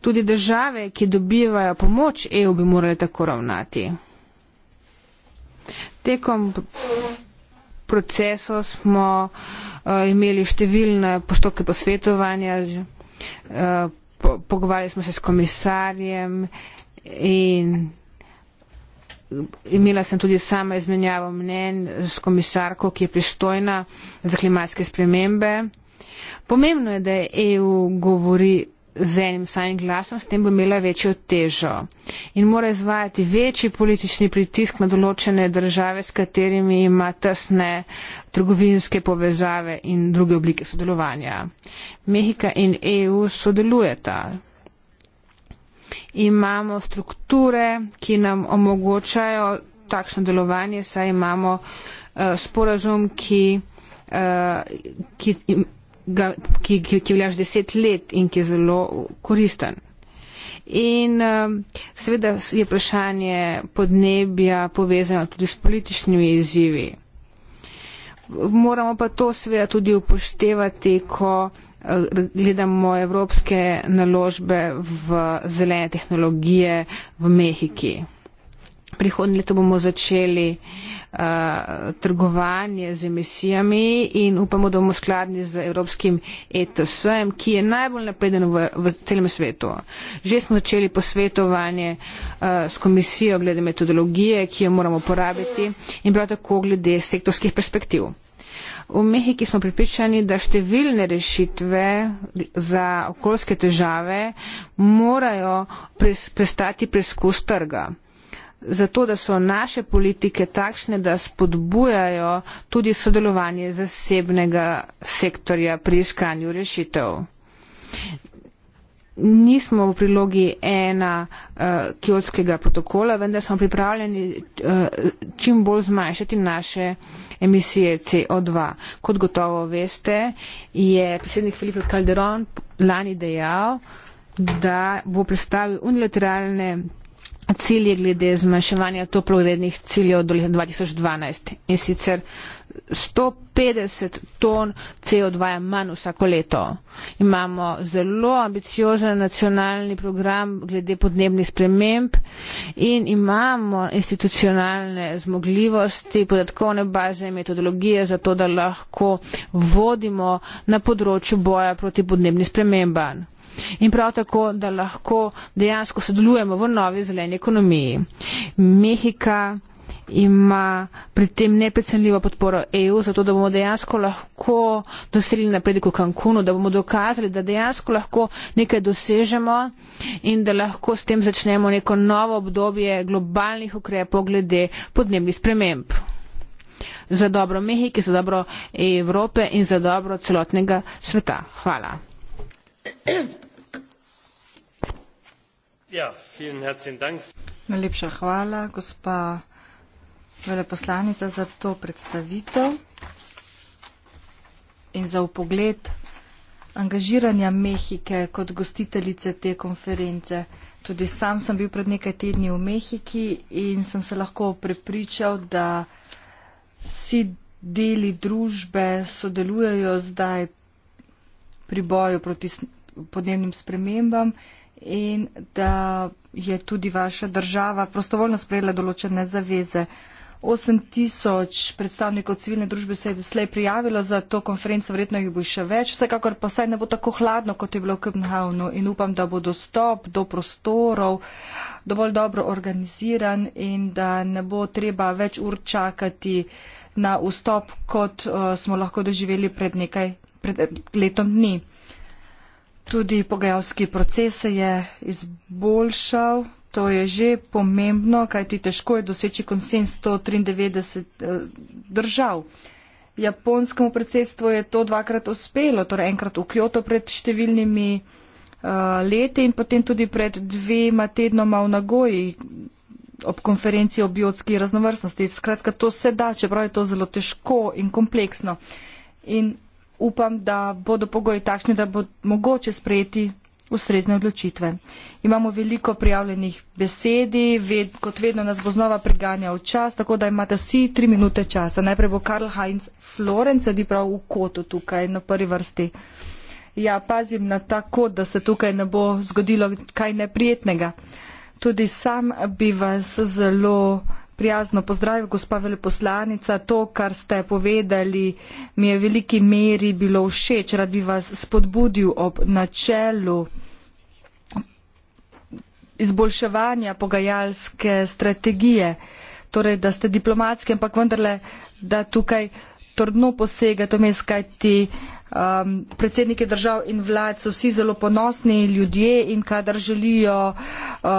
Tudi države, ki dobivajo pomoč EU, bi morali tako ravnati. Tekom procesa smo uh, imeli številne postopke posvetovanja, uh, po, pogovarjali smo se s komisarjem in imela sem tudi sama izmenjavo mnen s komisarko, ki je pristojna za klimatske spremembe. Pomembno je, da je EU govori z enim samim glasom, s tem bo imela večjo težo in mora izvajati večji politični pritisk na določene države, s katerimi ima tesne trgovinske povezave in druge oblike sodelovanja. Mehika in EU sodelujeta imamo strukture, ki nam omogočajo takšno delovanje, saj imamo uh, sporazum, ki, uh, ki, ga, ki, ki, ki vljaš deset let in ki je zelo koristen. In uh, seveda je vprašanje podnebja povezano tudi s političnimi izzivi. Moramo pa to seveda tudi upoštevati, ko gledamo evropske naložbe v zelene tehnologije v Mehiki. Prihodnje leto bomo začeli uh, trgovanje z emisijami in upamo, da bomo skladni z evropskim ETS-em, ki je najbolj napreden v, v celem svetu. Že smo začeli posvetovanje uh, s komisijo glede metodologije, ki jo moramo uporabiti in prav tako glede sektorskih perspektiv. V Mehiki smo pripričani, da številne rešitve za okoljske težave morajo prestati preskus trga. Zato, da so naše politike takšne, da spodbujajo tudi sodelovanje zasebnega sektorja pri iskanju rešitev nismo v prilogi ena uh, kiotskega protokola, vendar smo pripravljeni uh, čim bolj zmanjšati naše emisije CO2. Kot gotovo veste, je predsednik Filip Calderon lani dejal, da bo predstavil unilateralne cilje glede zmanjševanja toplovrednih ciljev do leta 2012. In sicer 150 ton CO2 manj vsako leto. Imamo zelo ambiciozen nacionalni program glede podnebnih sprememb in imamo institucionalne zmogljivosti, podatkovne baze in metodologije za to, da lahko vodimo na področju boja proti podnebnim spremembam. In prav tako, da lahko dejansko sodelujemo v novi zeleni ekonomiji. Mehika, ima pri tem neprecenljivo podporo EU, zato da bomo dejansko lahko dosegli napredek v Cancunu, da bomo dokazali, da dejansko lahko nekaj dosežemo in da lahko s tem začnemo neko novo obdobje globalnih ukrepov glede podnebnih sprememb. Za dobro Mehike, za dobro Evrope in za dobro celotnega sveta. Hvala. Ja, Najlepša hvala, gospa veleposlanica za to predstavitev in za upogled angažiranja Mehike kot gostiteljice te konference. Tudi sam sem bil pred nekaj tedni v Mehiki in sem se lahko prepričal, da vsi deli družbe sodelujejo zdaj pri boju proti podnebnim spremembam in da je tudi vaša država prostovoljno sprejela določene zaveze. 8 tisoč predstavnikov civilne družbe se je doslej prijavilo za to konferenco, verjetno jih bo še več, vsekakor pa vsaj ne bo tako hladno, kot je bilo v Kopenhavnu in upam, da bo dostop do prostorov dovolj dobro organiziran in da ne bo treba več ur čakati na vstop, kot uh, smo lahko doživeli pred nekaj pred eh, letom dni. Tudi pogajalski proces se je izboljšal, To je že pomembno, kajti težko je doseči konsens 193 eh, držav. Japonskemu predsedstvu je to dvakrat uspelo, torej enkrat v Kyoto pred številnimi eh, leti in potem tudi pred dvema tednoma v Nagoji ob konferenci o biotski raznovrstnosti. Skratka, to se da, čeprav je to zelo težko in kompleksno. In upam, da bodo pogoji takšni, da bo mogoče sprejeti ustrezne odločitve. Imamo veliko prijavljenih besedi, ved, kot vedno nas bo znova priganjal čas, tako da imate vsi tri minute časa. Najprej bo Karl Heinz Florenc, sedi prav v kotu tukaj na prvi vrsti. Ja, pazim na ta kot, da se tukaj ne bo zgodilo kaj neprijetnega. Tudi sam bi vas zelo prijazno pozdravil, gospa veleposlanica. To, kar ste povedali, mi je v veliki meri bilo všeč. Rad bi vas spodbudil ob načelu izboljševanja pogajalske strategije, torej da ste diplomatski, ampak vendarle, da tukaj trdno posegate, omeskajte um, predsednike držav in vlad so vsi zelo ponosni ljudje in kadar želijo uh,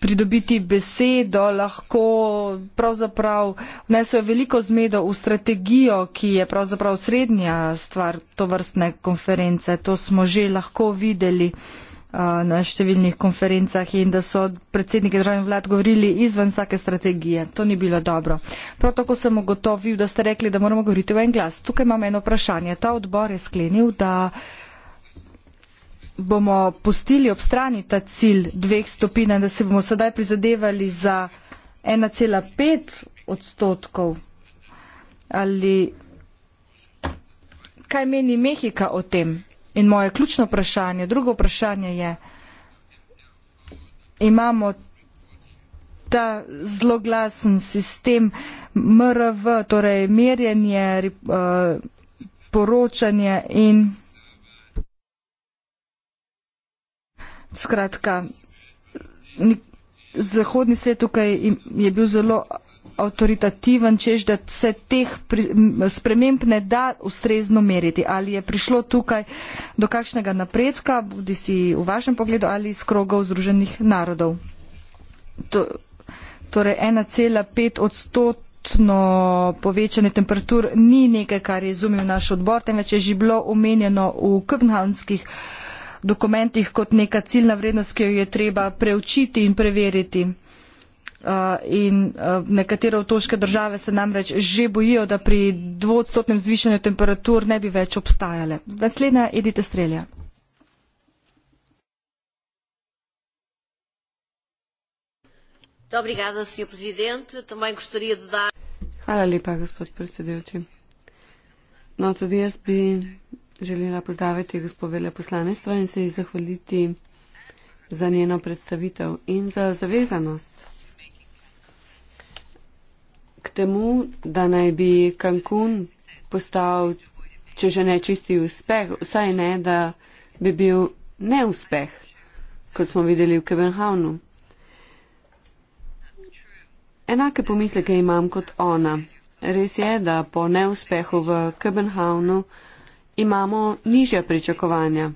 pridobiti besedo, lahko pravzaprav vnesejo veliko zmedo v strategijo, ki je pravzaprav srednja stvar to vrstne konference. To smo že lahko videli na številnih konferencah in da so predsednike državnih vlad govorili izven vsake strategije. To ni bilo dobro. Prav tako sem ugotovil, da ste rekli, da moramo govoriti v en glas. Tukaj imam eno vprašanje. Ta odbor je sklenil, da bomo pustili ob strani ta cilj dveh stopinj in da se bomo sedaj prizadevali za 1,5 odstotkov. Ali kaj meni Mehika o tem? In moje ključno vprašanje, drugo vprašanje je, imamo ta zloglasen sistem MRV, torej merjenje, eh, poročanje in skratka, zahodni svet tukaj je bil zelo avtoritativen, čež da se teh sprememb ne da ustrezno meriti. Ali je prišlo tukaj do kakšnega napredka, bodi si v vašem pogledu ali iz kroga vzruženih narodov. To, torej 1,5 odstotno povečanje temperatur ni nekaj, kar je izumil naš odbor, temveč je že bilo omenjeno v kopenhavnskih dokumentih kot neka ciljna vrednost, ki jo je treba preučiti in preveriti. Eh, in eh, nekatere otoške države se namreč že bojijo, da pri dvodstotnem zvišanju temperatur ne bi več obstajale. Naslednja Edita Strelja. Hvala lepa, gospod predsedevči. No, tudi jaz bi želela pozdraviti gospod vele poslanestva in se ji zahvaliti za njeno predstavitev in za zavezanost k temu, da naj bi Cancun postal, če že ne čisti uspeh, vsaj ne, da bi bil neuspeh, kot smo videli v Kevenhavnu. Enake pomisleke imam kot ona. Res je, da po neuspehu v Kebenhavnu imamo nižja pričakovanja.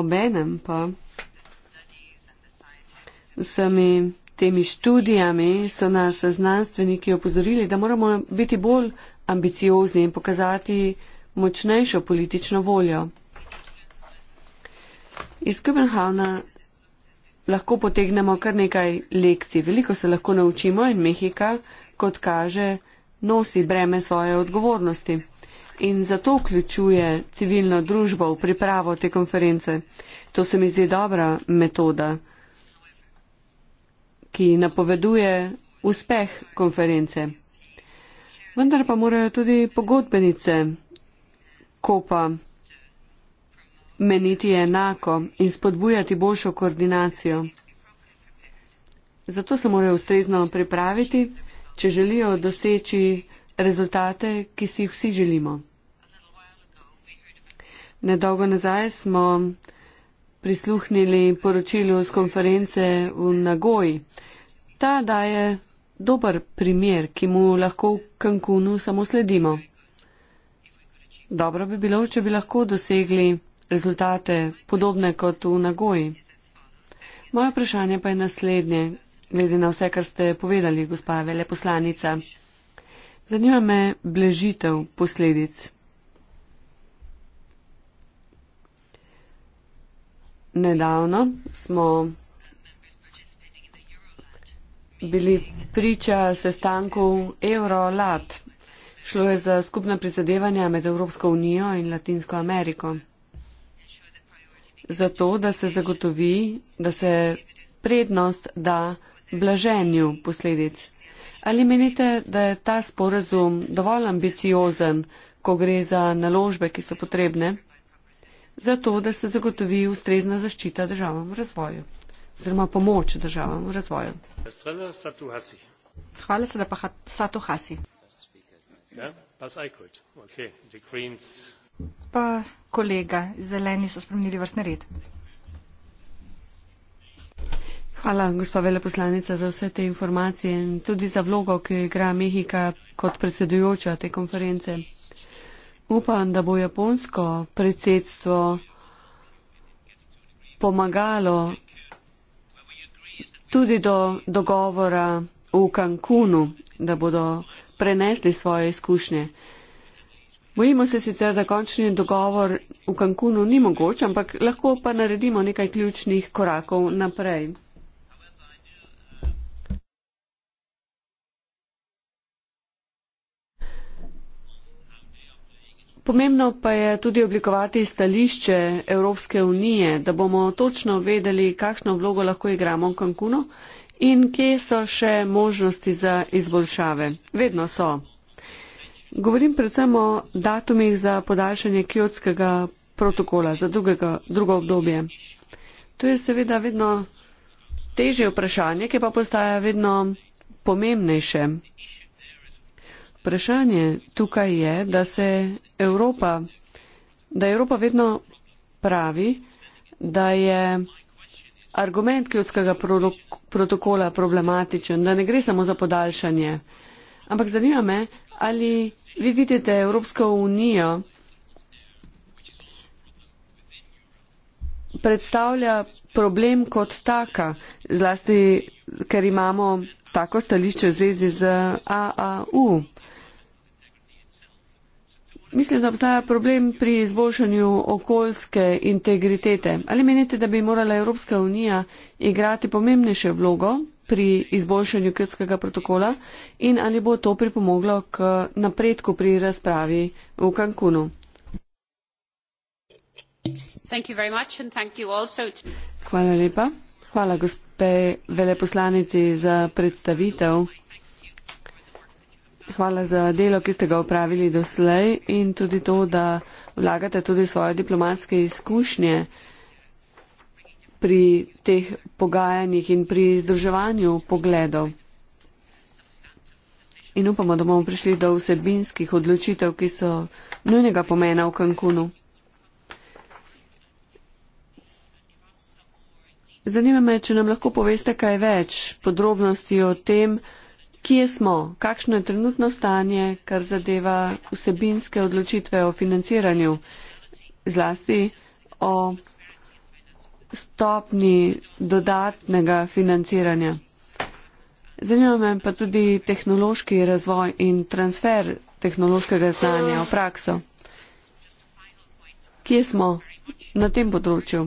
Obenem pa vsemi temi študijami so nas znanstveniki opozorili, da moramo biti bolj ambiciozni in pokazati močnejšo politično voljo. Iz Kopenhavna lahko potegnemo kar nekaj lekcij. Veliko se lahko naučimo in Mehika, kot kaže, nosi breme svoje odgovornosti. In zato vključuje civilno družbo v pripravo te konference. To se mi zdi dobra metoda ki napoveduje uspeh konference. Vendar pa morajo tudi pogodbenice kopa meniti enako in spodbujati boljšo koordinacijo. Zato se morajo ustrezno pripraviti, če želijo doseči rezultate, ki si jih vsi želimo. Nedolgo nazaj smo prisluhnili poročilu z konference v Nagoji. Ta daje dober primer, ki mu lahko v Cancunu samo sledimo. Dobro bi bilo, če bi lahko dosegli rezultate podobne kot v Nagoji. Moje vprašanje pa je naslednje, glede na vse, kar ste povedali, gospa veleposlanica. Zanima me bležitev posledic Nedavno smo bili priča sestanku Eurolat. Šlo je za skupna prizadevanja med Evropsko unijo in Latinsko Ameriko. Zato, da se zagotovi, da se prednost da blaženju posledic. Ali menite, da je ta sporazum dovolj ambiciozen, ko gre za naložbe, ki so potrebne? zato, da se zagotovi ustrezna zaščita državam v razvoju oziroma pomoč državam v razvoju. Hvala se, da pa Sato Hasi. Ja, pa kolega, zeleni so spremenili vrstni red. Hvala, gospa veleposlanica, za vse te informacije in tudi za vlogo, ki jo igra Mehika kot predsedujoča te konference. Upam, da bo japonsko predsedstvo pomagalo tudi do dogovora v Cancunu, da bodo prenesli svoje izkušnje. Bojimo se sicer, da končni dogovor v Cancunu ni mogoč, ampak lahko pa naredimo nekaj ključnih korakov naprej. Pomembno pa je tudi oblikovati stališče Evropske unije, da bomo točno vedeli, kakšno vlogo lahko igramo v Cancunu in kje so še možnosti za izboljšave. Vedno so. Govorim predvsem o datumih za podaljšanje kjotskega protokola za drugega, drugo obdobje. To je seveda vedno težje vprašanje, ki pa postaja vedno pomembnejše. Vprašanje tukaj je, da se Evropa, da Evropa vedno pravi, da je argument kjotskega protokola problematičen, da ne gre samo za podaljšanje. Ampak zanima me, ali vi vidite Evropsko unijo predstavlja problem kot taka, zlasti ker imamo tako stališče v zvezi z AAU. Mislim, da obstaja problem pri izboljšanju okoljske integritete. Ali menite, da bi morala Evropska unija igrati pomembnejše vlogo pri izboljšanju kjotskega protokola in ali bo to pripomoglo k napredku pri razpravi v Cancunu? Hvala lepa. Hvala gospe veleposlanici za predstavitev. Hvala za delo, ki ste ga upravili doslej in tudi to, da vlagate tudi svoje diplomatske izkušnje pri teh pogajanjih in pri združevanju pogledov. In upamo, da bomo prišli do vsebinskih odločitev, ki so nujnega pomena v Kankunu. Zanima me, če nam lahko poveste kaj več podrobnosti o tem, Kje smo, kakšno je trenutno stanje, kar zadeva vsebinske odločitve o financiranju, zlasti o stopni dodatnega financiranja. Zanima me pa tudi tehnološki razvoj in transfer tehnološkega znanja v prakso. Kje smo na tem področju?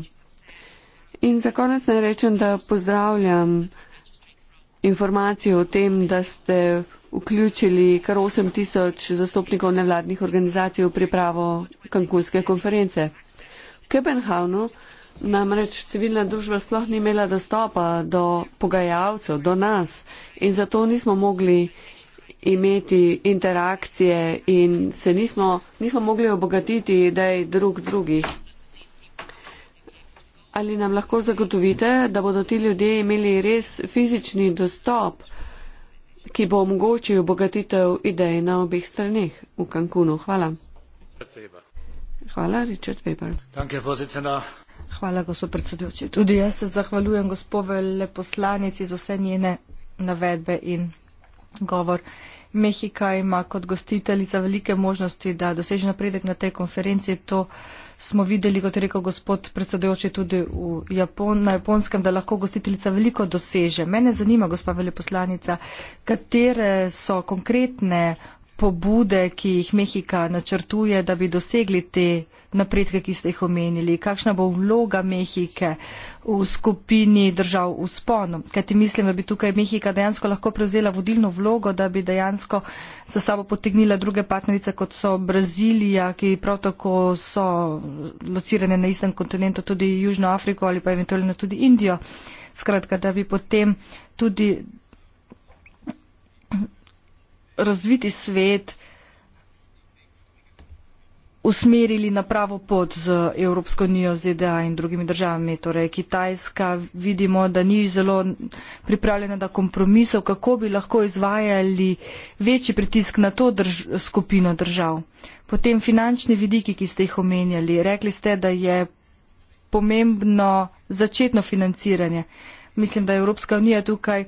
In za konec naj rečem, da pozdravljam informacijo o tem, da ste vključili kar 8 tisoč zastopnikov nevladnih organizacij v pripravo kankunske konference. V Kebenhavnu namreč civilna družba sploh ni imela dostopa do pogajalcev, do nas in zato nismo mogli imeti interakcije in se nismo, nismo mogli obogatiti idej drug drugih ali nam lahko zagotovite, da bodo ti ljudje imeli res fizični dostop, ki bo omogočil bogatitev idej na obeh straneh v Cancunu. Hvala. Hvala, Richard Weber. Hvala, gospod predsedujoči. Tudi jaz se zahvaljujem gospove leposlanici za vse njene navedbe in govor. Mehika ima kot gostiteljica velike možnosti, da doseže napredek na tej konferenci. To uh, smo videli, kot je rekel gospod predsedojoči tudi Japon, na japonskem, da lahko gostiteljica veliko doseže. Mene zanima, gospa veleposlanica, katere so konkretne pobude, ki jih Mehika načrtuje, da bi dosegli te napredke, ki ste jih omenili? Kakšna bo vloga Mehike v skupini držav v sponu? Kajti mislim, da bi tukaj Mehika dejansko lahko prevzela vodilno vlogo, da bi dejansko za sabo potegnila druge partnerice, kot so Brazilija, ki prav tako so locirane na istem kontinentu, tudi Južno Afriko ali pa eventualno tudi Indijo. Skratka, da bi potem tudi razviti svet usmerili na pravo pot z Evropsko unijo, ZDA in drugimi državami. Torej, Kitajska vidimo, da ni zelo pripravljena na kompromisov, kako bi lahko izvajali večji pritisk na to drž skupino držav. Potem finančni vidiki, ki ste jih omenjali. Rekli ste, da je pomembno začetno financiranje. Uh, mislim, da je Evropska unija tukaj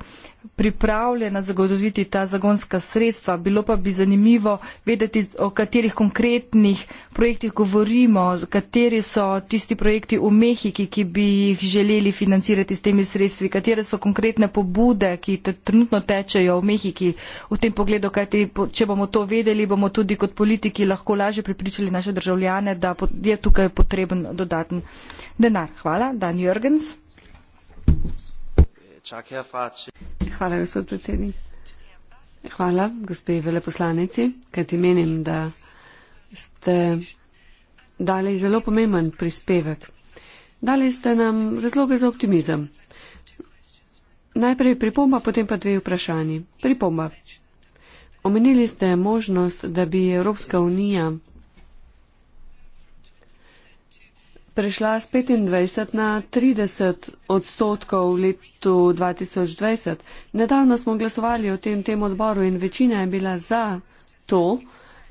pripravljena zagotoviti ta zagonska sredstva. Bilo pa bi zanimivo vedeti, o katerih konkretnih projektih govorimo, kateri so tisti projekti v Mehiki, ki bi jih želeli financirati s temi sredstvi, katere so konkretne pobude, ki trenutno tečejo v Mehiki v tem pogledu, kajti če bomo to vedeli, bomo tudi kot politiki lahko lažje pripričali naše državljane, da je tukaj potreben dodaten denar. Hvala. Dan Jürgens. Hvala, gospod predsednik. Hvala, gospe veleposlanici, ker ti menim, da ste dali zelo pomemben prispevek. Dali ste nam razloge za optimizem. Najprej pripomba, potem pa dve vprašanji. Pripomba. Omenili ste možnost, da bi Evropska unija prešla z 25 na 30 odstotkov v letu 2020. Nedavno smo glasovali o tem, tem odboru in večina je bila za to,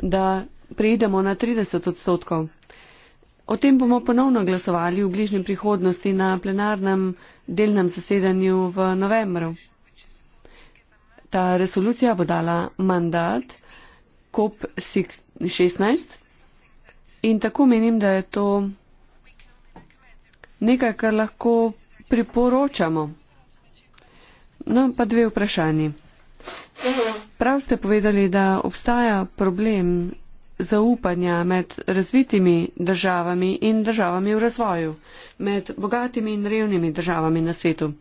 da prejdemo na 30 odstotkov. O tem bomo ponovno glasovali v bližnjem prihodnosti na plenarnem delnem zasedanju v novembru. Ta resolucija bo dala mandat COP16 in tako menim, da je to nekaj, kar lahko priporočamo. No, pa dve vprašanji. Prav ste povedali, da obstaja problem zaupanja med razvitimi državami in državami v razvoju, med bogatimi in revnimi državami na svetu.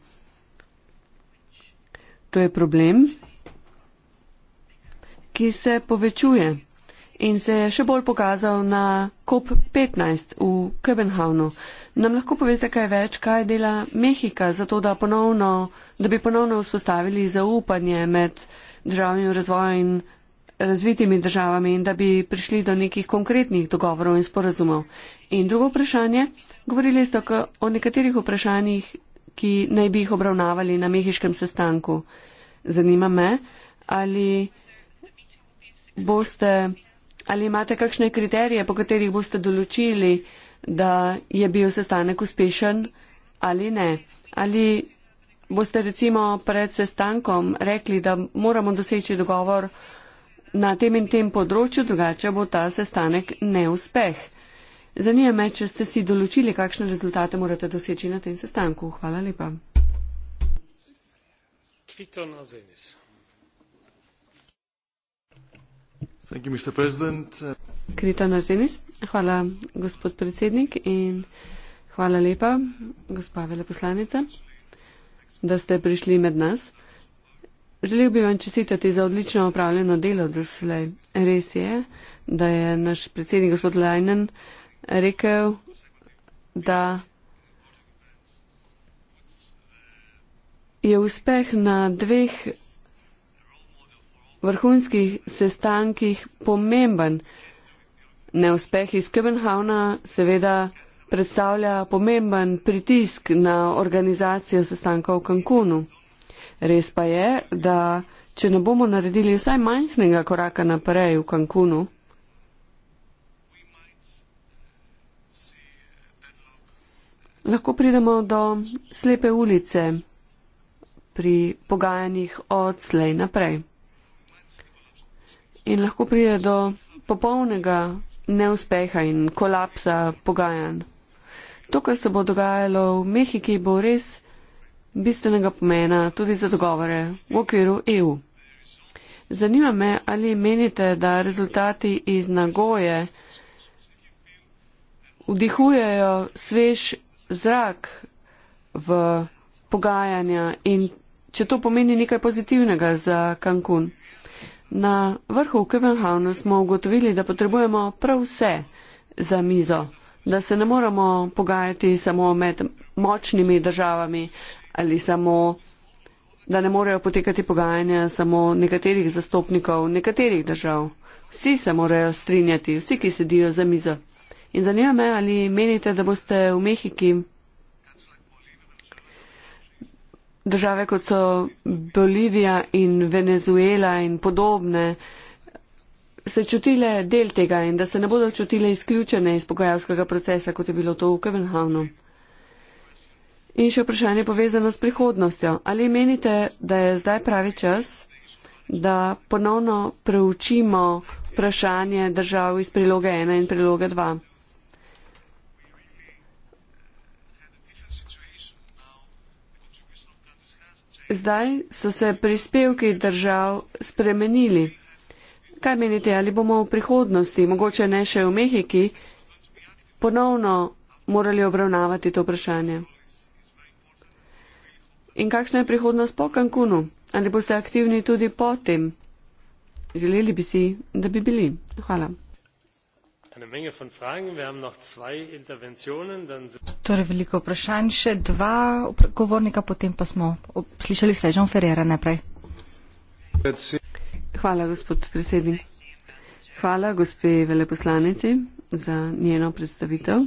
To je problem, ki se povečuje in se je še bolj pokazal na COP15 v Kebenhavnu. Nam lahko poveste kaj več, kaj dela Mehika za to, da, ponovno, da bi ponovno vzpostavili zaupanje med državami v razvoju in razvitimi državami in da bi prišli do nekih konkretnih dogovorov in sporazumov. In drugo vprašanje, govorili ste o nekaterih vprašanjih, ki naj bi jih obravnavali na mehiškem sestanku. Zanima me, ali boste Ali imate kakšne kriterije, po katerih boste določili, da je bil sestanek uspešen ali ne? Ali boste recimo pred sestankom rekli, da moramo doseči dogovor na tem in tem področju, drugače bo ta sestanek neuspeh? Zanima me, če ste si določili, kakšne rezultate morate doseči na tem sestanku. Hvala lepa. Thank you, Mr. President. Krita Nazemis, hvala, gospod predsednik, in hvala lepa, gospa veleposlanica, da ste prišli med nas. Želel bi vam čestitati za odlično opravljeno delo do slej. Res je, da je naš predsednik, gospod Leinen, rekel, da je uspeh na dveh vrhunskih sestankih pomemben. Neuspeh iz Köbenhavna seveda predstavlja pomemben pritisk na organizacijo sestanka v Cancunu. Res pa je, da če ne bomo naredili vsaj manjhnega koraka naprej v Cancunu, lahko pridemo do slepe ulice pri pogajanjih od slej naprej in lahko pride do popolnega neuspeha in kolapsa pogajanj. To, kar se bo dogajalo v Mehiki, bo res bistvenega pomena tudi za dogovore v okviru EU. Zanima me, ali menite, da rezultati iz Nagoje vdihujejo svež zrak v pogajanja in če to pomeni nekaj pozitivnega za Cancun. Na vrhu v Kopenhavnu smo ugotovili, da potrebujemo prav vse za mizo, da se ne moramo pogajati samo med močnimi državami ali samo, da ne morejo potekati pogajanja samo nekaterih zastopnikov nekaterih držav. Vsi se morajo strinjati, vsi, ki sedijo za mizo. In zanima me, ali menite, da boste v Mehiki države kot so Bolivija in Venezuela in podobne se čutile del tega in da se ne bodo čutile izključene iz pogajalskega procesa, kot je bilo to v Kevenhavnu. In še vprašanje povezano s prihodnostjo. Ali menite, da je zdaj pravi čas, da ponovno preučimo vprašanje držav iz priloge 1 in priloge 2? zdaj so se prispevki držav spremenili. Kaj menite, ali bomo v prihodnosti, mogoče ne še v Mehiki, ponovno morali obravnavati to vprašanje? In kakšna je prihodnost po Cancunu? Ali boste aktivni tudi po tem? Želeli bi si, da bi bili. Hvala. Torej veliko vprašanj, še dva govornika, potem pa smo slišali vse. Jean Ferreira najprej. Hvala, gospod predsednik. Hvala, gospe veleposlanici, za njeno predstavitev.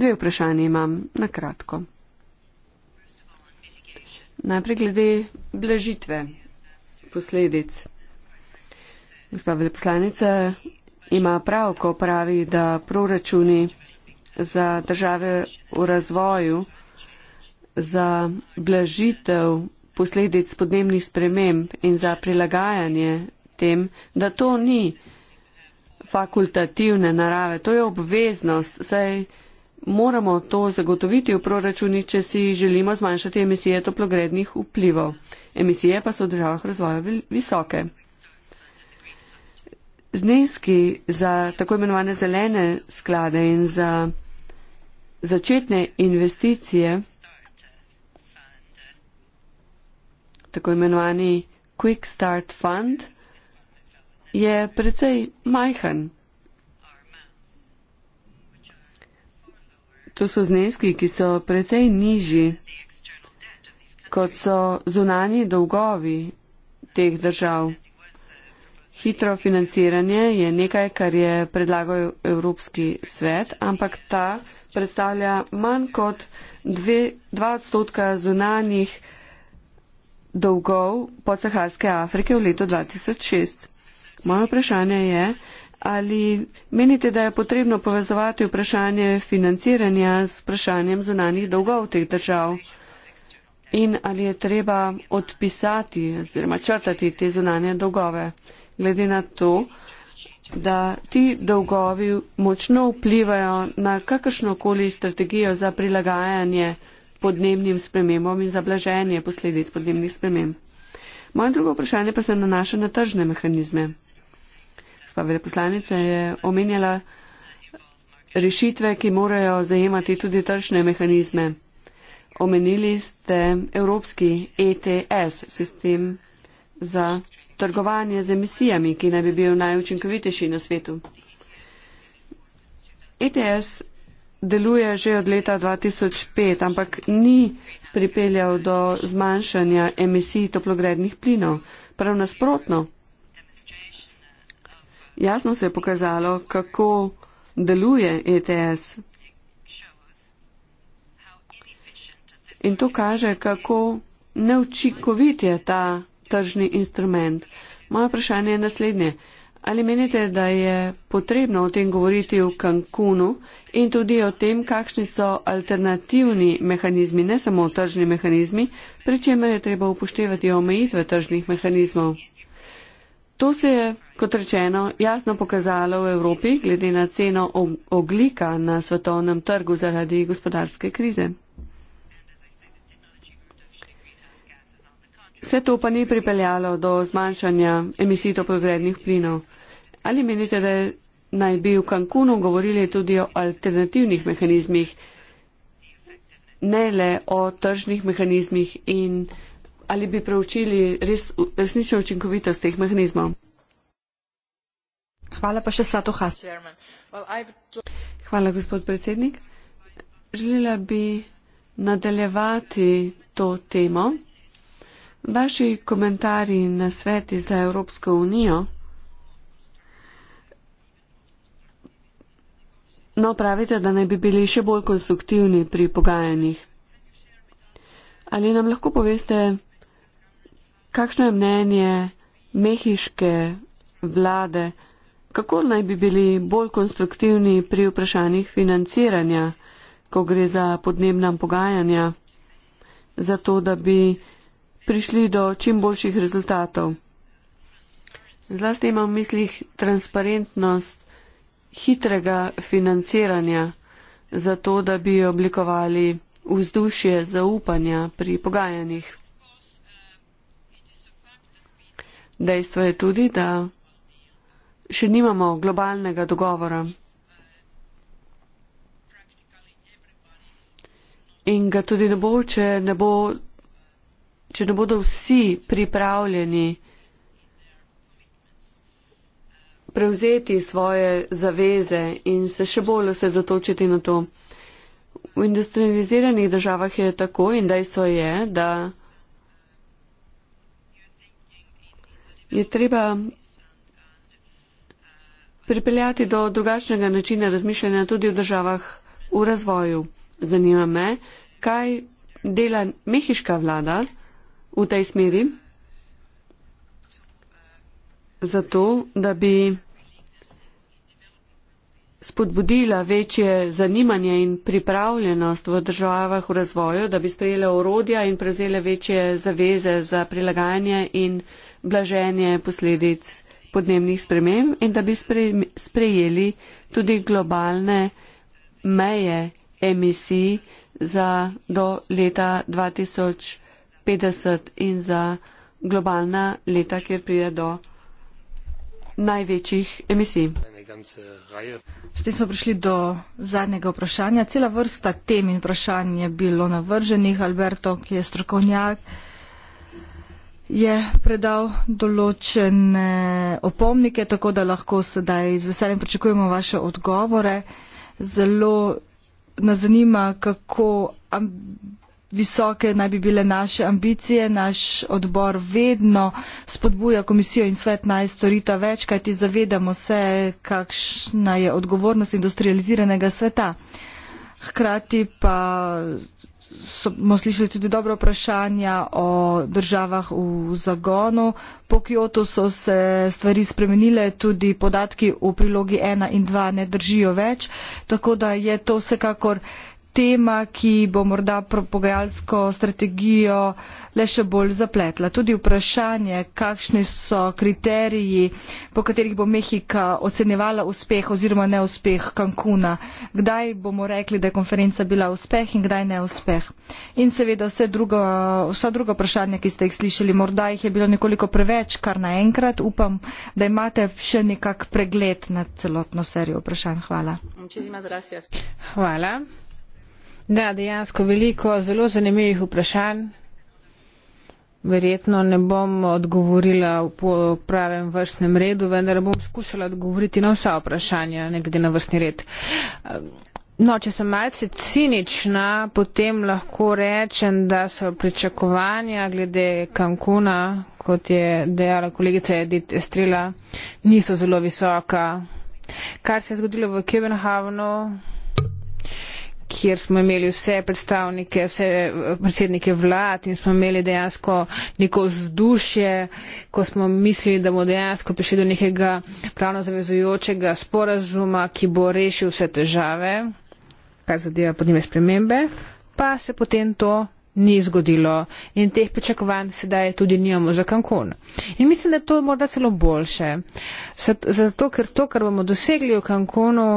Dve vprašanje imam na kratko. Najprej glede blažitve posledic. Gospa veleposlanica, ima prav, ko pravi, da proračuni za države v razvoju, za blažitev posledic podnebnih sprememb in za prilagajanje tem, da to ni fakultativne narave, to je obveznost, saj moramo to zagotoviti v proračuni, če si želimo zmanjšati emisije toplogrednih vplivov. Emisije pa so v državah razvoja visoke. Zneski za tako imenovane zelene sklade in za začetne investicije, tako imenovani Quick Start Fund, je precej majhen. To so zneski, ki so precej nižji, kot so zunani dolgovi teh držav. Hitro financiranje je nekaj, kar je predlagal Evropski svet, ampak ta predstavlja manj kot 2 odstotka zunanjih dolgov podsaharske Afrike v letu 2006. Moje vprašanje je, ali menite, da je potrebno povezovati vprašanje financiranja z vprašanjem zunanjih dolgov teh držav in ali je treba odpisati oziroma črtati te zunanje dolgove? glede na to, da ti dolgovi močno vplivajo na kakršnokoli strategijo za prilagajanje podnebnim spremembom in za blaženje posledic podnebnih sprememb. Moje drugo vprašanje pa se nanaša na tržne mehanizme. Gospa veleposlanica je omenjala rešitve, ki morajo zajemati tudi tržne mehanizme. Omenili ste evropski ETS, sistem za trgovanje z emisijami, ki naj bi bil najučinkovitejši na svetu. ETS deluje že od leta 2005, ampak ni pripeljal do zmanjšanja emisij toplogrednih plinov. Prav nasprotno, jasno se je pokazalo, kako deluje ETS. In to kaže, kako neučinkovit je ta tržni instrument. Moje vprašanje je naslednje. Ali menite, da je potrebno o tem govoriti v Cancunu in tudi o tem, kakšni so alternativni mehanizmi, ne samo tržni mehanizmi, pri čemer je treba upoštevati omejitve tržnih mehanizmov? To se je, kot rečeno, jasno pokazalo v Evropi glede na ceno oglika na svetovnem trgu zaradi gospodarske krize. Vse to pa ni pripeljalo do zmanjšanja emisij toplogrednih plinov. Ali menite, da naj bi v Cancunu govorili tudi o alternativnih mehanizmih, ne le o tržnih mehanizmih in ali bi preučili res, resnično učinkovitost teh mehanizmov? Hvala pa še Sato Has. Hvala, gospod predsednik. Želela bi nadaljevati to temo. Vaši komentarji na sveti za Evropsko unijo. No, pravite, da naj bi bili še bolj konstruktivni pri pogajanjih. Ali nam lahko poveste, kakšno je mnenje mehiške vlade, kako naj bi bili bolj konstruktivni pri vprašanjih financiranja, ko gre za podnebna pogajanja, zato da bi prišli do čim boljših rezultatov. Zlasti imam v mislih transparentnost hitrega financiranja, zato da bi oblikovali vzdušje zaupanja pri pogajanjih. Dejstvo je tudi, da še nimamo globalnega dogovora in ga tudi ne bo, če ne bo če ne bodo vsi pripravljeni prevzeti svoje zaveze in se še bolj osredotočiti na to. V industrializiranih državah je tako in dejstvo je, da je treba pripeljati do drugačnega načina razmišljanja tudi v državah v razvoju. Zanima me, kaj dela mehiška vlada v tej smeri, zato da bi spodbudila večje zanimanje in pripravljenost v državah v razvoju, da bi sprejele orodja in prevzele večje zaveze za prilagajanje in blaženje posledic podnebnih sprememb in da bi sprejeli tudi globalne meje emisij za do leta 2020. 50 in za globalna leta, kjer pride do največjih emisij. S tem smo prišli do zadnjega vprašanja. Cela vrsta tem in vprašanj je bilo navrženih. Alberto, ki je strokovnjak, je predal določene opomnike, tako da lahko sedaj z veseljem pričakujemo vaše odgovore. Zelo nas zanima, kako visoke naj bi bile naše ambicije. Naš odbor vedno spodbuja komisijo in svet naj storita več, kajti zavedamo se, kakšna je odgovornost industrializiranega sveta. Hkrati pa smo slišali tudi dobro vprašanja o državah v zagonu. Po Kyoto so se stvari spremenile, tudi podatki v prilogi 1 in 2 ne držijo več, tako da je to vsekakor tema, ki bo morda pogajalsko strategijo le še bolj zapletla. Tudi vprašanje, kakšni so kriteriji, po katerih bo Mehika ocenjevala uspeh oziroma neuspeh Cancuna, kdaj bomo rekli, da je konferenca bila uspeh in kdaj neuspeh. In seveda vse drugo, vsa druga vprašanja, ki ste jih slišali, morda jih je bilo nekoliko preveč, kar naenkrat. Upam, da imate še nekak pregled nad celotno serijo vprašanj. Hvala. Hvala. Da, dejansko veliko zelo zanimivih vprašanj. Verjetno ne bom odgovorila po pravem vrstnem redu, vendar bom skušala odgovoriti na vsa vprašanja, ne glede na vrstni red. No, če sem malce cinična, potem lahko rečem, da so pričakovanja glede Cancuna, kot je dejala kolegica Edith Estrela, niso zelo visoka. Kar se je zgodilo v Kebenhavnu kjer smo imeli vse predstavnike, vse eh, predsednike vlad in smo imeli dejansko neko vzdušje, ko smo mislili, da bomo dejansko prišli do nekega pravno zavezujočega sporazuma, ki bo rešil vse težave, kar zadeva podnebne spremembe, pa se potem to ni zgodilo in teh pričakovanj sedaj tudi nimamo za Cancun. In mislim, da je to morda celo boljše, zato ker to, kar bomo dosegli v Cancunu,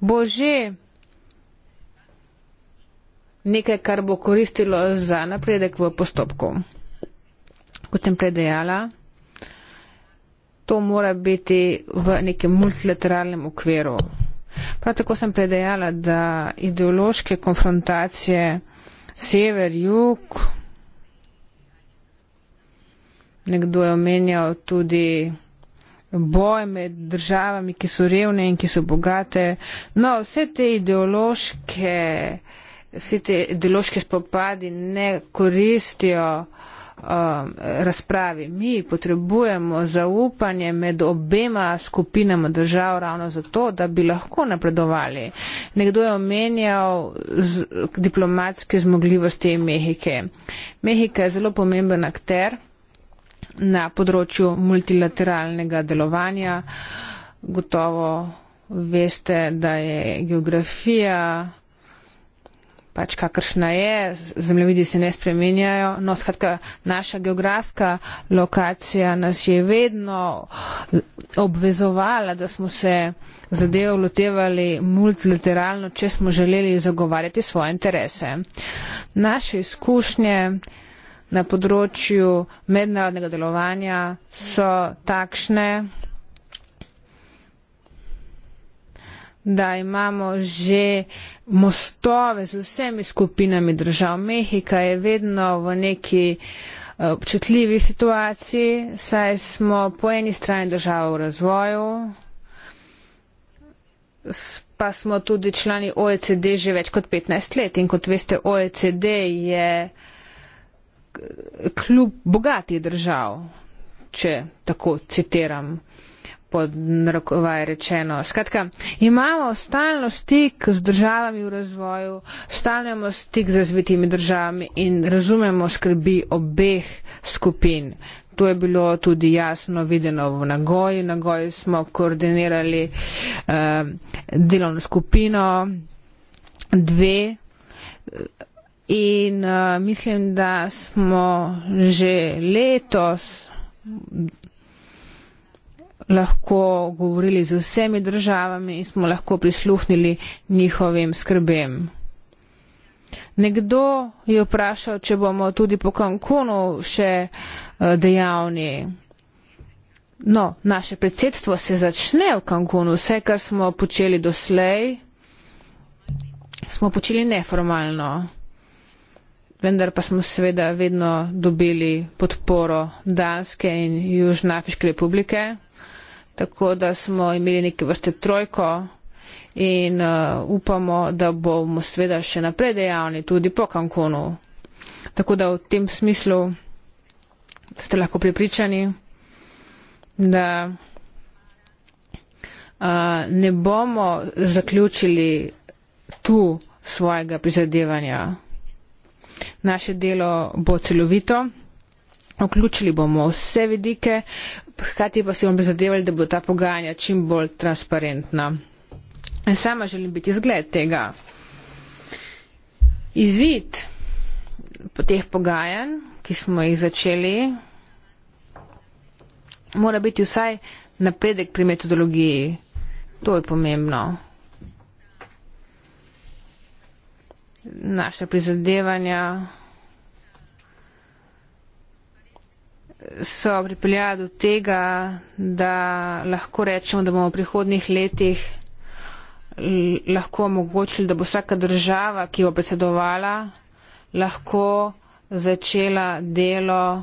bo že nekaj, kar bo koristilo za napredek v postopku. Kot sem predejala, to mora biti v nekem multilateralnem okviru. Prav tako sem predejala, da ideološke konfrontacije sever-jug, nekdo je omenjal tudi boj med državami, ki so revne in ki so bogate. No, vse te ideološke vsi te ideološki spopadi ne koristijo um, razpravi. Mi potrebujemo zaupanje med obema skupinama držav ravno zato, da bi lahko napredovali. Nekdo je omenjal z, diplomatske zmogljivosti Mehike. Mehika je zelo pomemben akter na področju multilateralnega delovanja. Gotovo veste, da je geografija pač kakršna je, zemljevidi se ne spremenjajo. No, skratka, naša geografska lokacija nas je vedno obvezovala, da smo se zadevo lotevali multilateralno, če smo želeli zagovarjati svoje interese. Naše izkušnje na področju mednarodnega delovanja so takšne, da imamo že mostove z vsemi skupinami držav. Mehika je vedno v neki eh, občutljivi situaciji, saj smo po eni strani država v razvoju, pa smo tudi člani OECD že več kot 15 let in kot veste, OECD je kljub bogatih držav, če tako citiram pod narokovaj rečeno. Skratka, imamo stalno stik z državami v razvoju, stalno imamo stik z razvitimi državami in razumemo skrbi obeh skupin. To je bilo tudi jasno videno v Nagoji. V Nagoji smo koordinirali eh, delovno skupino dve in eh, mislim, da smo že letos lahko govorili z vsemi državami in smo lahko prisluhnili njihovim skrbem. Nekdo je vprašal, če bomo tudi po Cancunu še eh, dejavni. No, naše predsedstvo se začne v Cancunu. Vse, kar smo počeli doslej, smo počeli neformalno. Vendar pa smo seveda vedno dobili podporo Danske in Južnoafriške republike. Tako da smo imeli neke vrste trojko in uh, upamo, da bomo sveda še naprej dejavni tudi po Cancunu. Tako da v tem smislu ste lahko pripričani, da uh, ne bomo zaključili tu svojega prizadevanja. Naše delo bo celovito, vključili bomo vse vidike, hkrati pa si bomo prizadevali, da bo ta pogajanja čim bolj transparentna. In sama želim biti zgled tega. Izid po teh pogajanj, ki smo jih začeli, mora biti vsaj napredek pri metodologiji. To je pomembno. Naše prizadevanja. so pripeljali do tega, da lahko rečemo, da bomo v prihodnih letih lahko omogočili, da bo vsaka država, ki bo predsedovala, lahko začela delo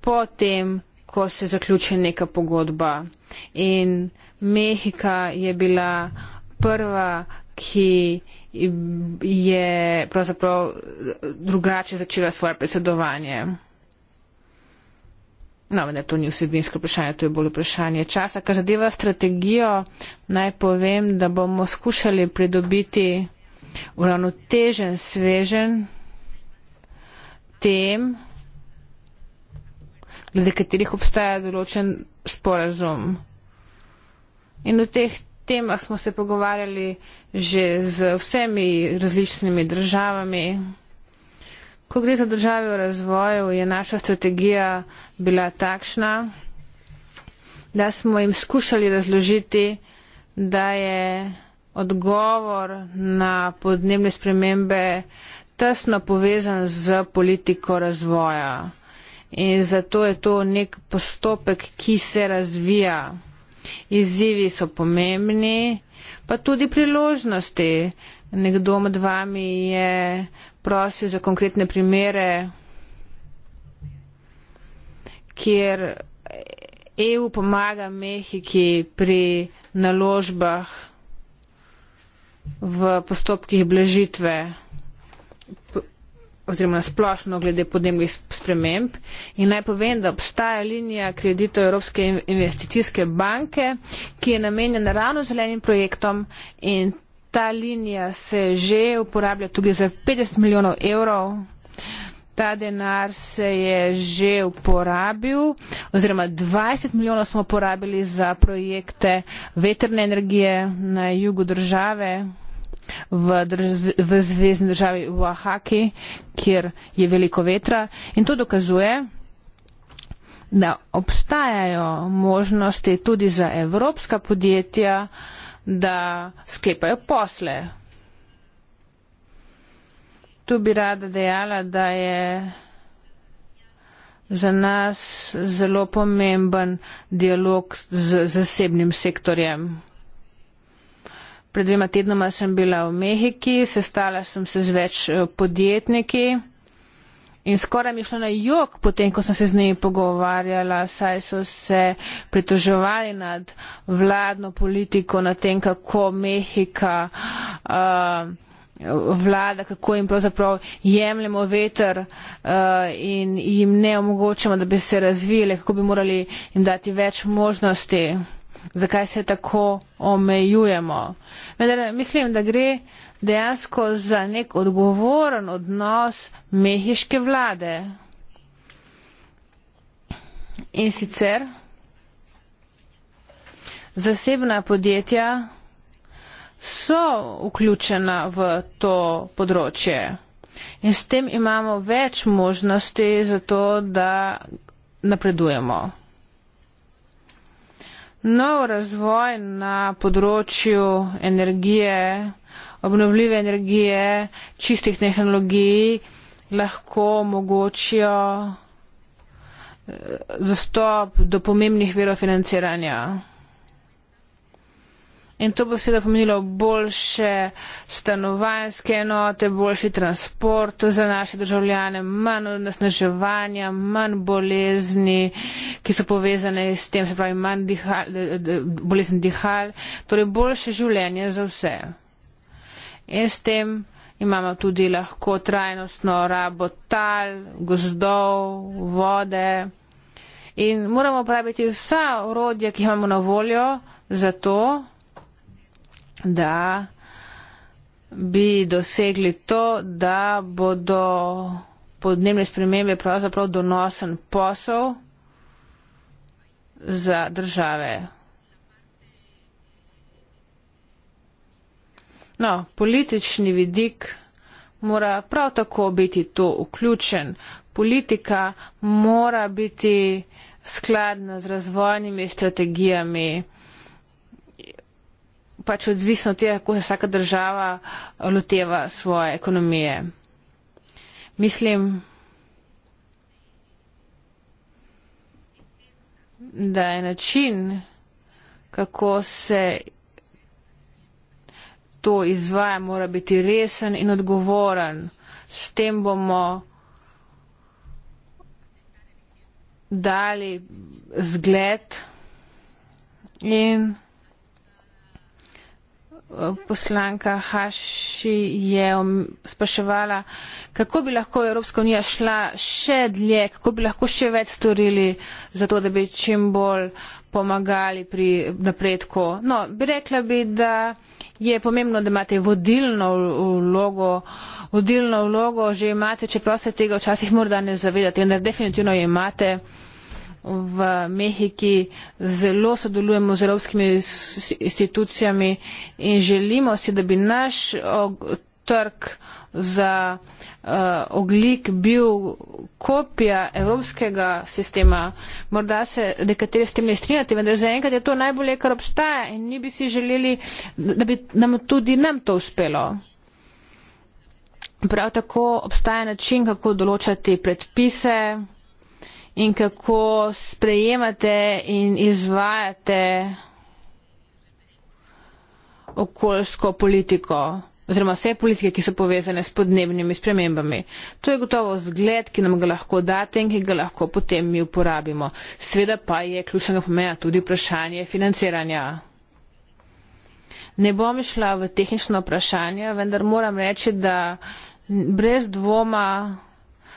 potem, ko se zaključi neka pogodba. In Mehika je bila prva, ki je pravzaprav drugače začela svoje predsedovanje. No, ne, to ni vsebinsko vprašanje, to je bolj vprašanje časa. Kar zadeva strategijo, naj povem, da bomo skušali pridobiti uravnotežen, svežen tem, glede katerih obstaja določen sporazum. In v teh temah smo se pogovarjali že z vsemi različnimi državami. Ko gre za države v razvoju, je naša strategija bila takšna, da smo jim skušali razložiti, da je odgovor na podnebne spremembe tesno povezan z politiko razvoja. In zato je to nek postopek, ki se razvija. Izzivi so pomembni, pa tudi priložnosti. Nekdo med vami je prosil za konkretne primere, kjer EU pomaga Mehiki pri naložbah v postopkih blažitve oziroma nasplošno glede podnebnih sprememb. In naj povem, da obstaja linija kreditov Evropske investicijske banke, ki je namenjena ravno zelenim projektom in Ta linija se že uporablja tudi za 50 milijonov evrov. Ta denar se je že uporabil, oziroma 20 milijonov smo porabili za projekte veterne energije na jugu države, v, drž v zvezdni državi Oaxaki, kjer je veliko vetra. In to dokazuje, da obstajajo možnosti tudi za evropska podjetja, da sklepajo posle. Tu bi rada dejala, da je za nas zelo pomemben dialog z zasebnim sektorjem. Pred dvema tednoma sem bila v Mehiki, sestala sem se z več eh, podjetniki. In skoraj mi je šlo na jog, potem ko sem se z njimi pogovarjala, saj so se pritoževali nad vladno politiko, nad tem, kako Mehika uh, vlada, kako jim pravzaprav jemljemo veter uh, in jim ne omogočamo, da bi se razvijali, kako bi morali jim dati več možnosti zakaj se tako omejujemo. Medar mislim, da gre dejansko za nek odgovoren odnos mehiške vlade. In sicer zasebna podjetja so vključena v to področje. In s tem imamo več možnosti za to, da napredujemo nov razvoj na področju energije, obnovljive energije, čistih tehnologij lahko omogočijo eh, dostop do pomembnih verofinanciranja in to bo seveda pomenilo boljše stanovanske enote, boljši transport za naše državljane, manj nasneževanja, manj bolezni, ki so povezane s tem, se pravi manj dihal, de, de, bolezni dihal, torej boljše življenje za vse. In s tem imamo tudi lahko trajnostno rabo tal, gozdov, vode. In moramo praviti vsa orodja, ki imamo na voljo za to, da bi dosegli to, da bodo podnebne spremembe pravzaprav donosen posel za države. No, politični vidik mora prav tako biti tu vključen. Politika mora biti skladna z razvojnimi strategijami pač odvisno od tega, kako se vsaka država loteva svoje ekonomije. Mislim, da je način, kako se to izvaja, mora biti resen in odgovoren. S tem bomo dali zgled in poslanka Haši je spraševala, kako bi lahko Evropska unija šla še dlje, kako bi lahko še več storili za to, da bi čim bolj pomagali pri napredku. No, bi rekla bi, da je pomembno, da imate vodilno vlogo, vodilno vlogo že imate, čeprav se tega včasih morda ne zavedate, vendar definitivno jo imate v Mehiki, zelo sodelujemo z evropskimi institucijami in želimo si, da bi naš trg za uh, eh, oglik bil kopija evropskega sistema. Morda se nekateri s tem ne strinjate, vendar zaenkrat je to najbolje, kar obstaja in mi bi si želeli, da bi nam tudi nam to uspelo. Prav tako obstaja način, kako določati predpise, in kako sprejemate in izvajate okoljsko politiko oziroma vse politike, ki so povezane s podnebnimi spremembami. To je gotovo zgled, ki nam ga lahko date in ki ga lahko potem mi uporabimo. Sveda pa je ključnega pomena tudi vprašanje financiranja. Ne bom šla v tehnično vprašanje, vendar moram reči, da brez dvoma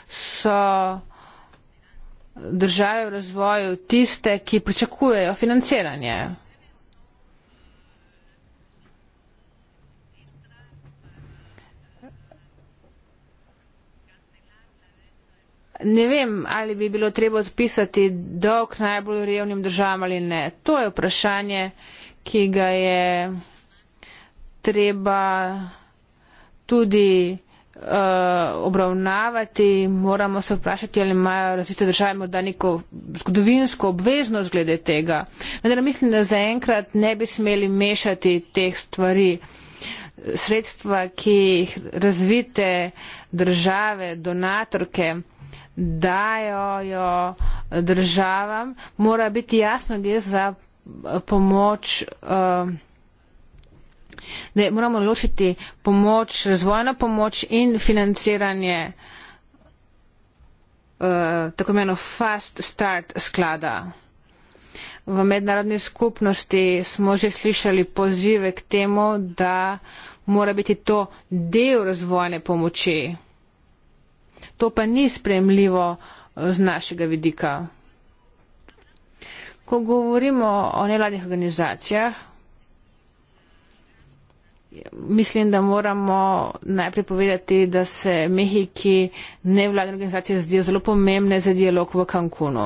so države v razvoju tiste, ki pričakujejo financiranje. Ne vem, ali bi bilo treba odpisati dolg najbolj revnim državam ali ne. To je vprašanje, ki ga je treba tudi Eh, obravnavati, moramo se vprašati, ali imajo razvite države morda neko zgodovinsko obveznost glede tega. Vendar mislim, da zaenkrat ne bi smeli mešati teh stvari. Sredstva, ki jih razvite države, donatorke dajojo državam, mora biti jasno, gre za pomoč. Uh, da moramo ločiti pomoč, razvojno pomoč in financiranje uh, tako imeno fast start sklada. V mednarodni skupnosti smo že slišali pozive k temu, da mora biti to del razvojne pomoči. To pa ni spremljivo eh, z našega vidika. Ko govorimo o nevladnih organizacijah, Mislim, da moramo najprej povedati, da se Mehiki nevladne organizacije zdijo zelo pomembne za dialog v Cancunu.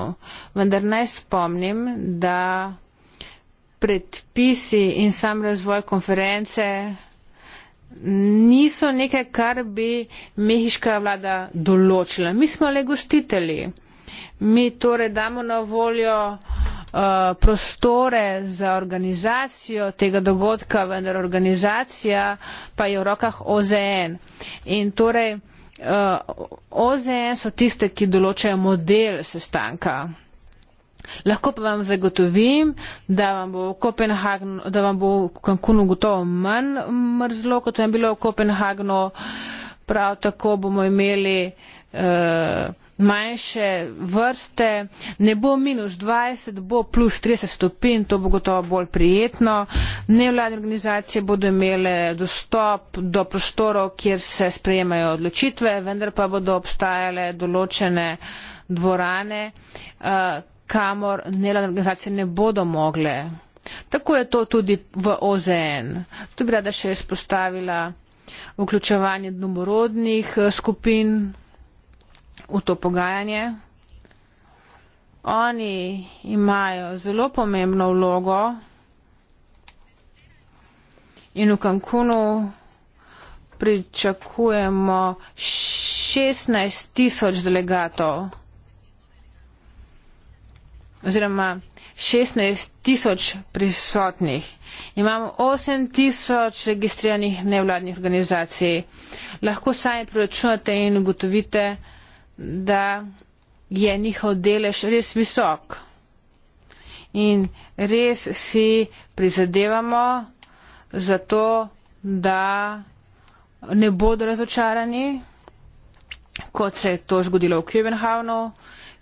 Vendar naj spomnim, da predpisi in sam razvoj konference niso nekaj, kar bi mehiška vlada določila. Mi smo le gostitelji. Mi torej damo na voljo uh, prostore za organizacijo tega dogodka, vendar organizacija pa je v rokah OZN. In torej uh, eh, OZN so tiste, ki določajo model sestanka. Lahko pa vam zagotovim, da vam bo v Kopenhagnu, da vam bo v Cancunu gotovo manj mrzlo, kot vam je bilo v Kopenhagnu. Prav tako bomo imeli uh, manjše vrste, ne bo minus 20, bo plus 30 stopinj, to bo gotovo bolj prijetno. Nevladne organizacije bodo imele dostop do prostorov, kjer se sprejemajo odločitve, vendar pa bodo obstajale določene dvorane, eh, kamor nevladne organizacije ne bodo mogle. Tako je to tudi v OZN. Tu bi rada še izpostavila vključevanje domorodnih eh, skupin v to pogajanje. Oni imajo zelo pomembno vlogo in v Cancunu pričakujemo 16 tisoč delegatov oziroma 16 tisoč prisotnih. Imamo 8 tisoč registriranih nevladnih organizacij. Lahko sami proračunate in ugotovite, da je njihov delež res visok. In res si prizadevamo za to, da ne bodo razočarani, kot se je to zgodilo v Kjubenhavnu,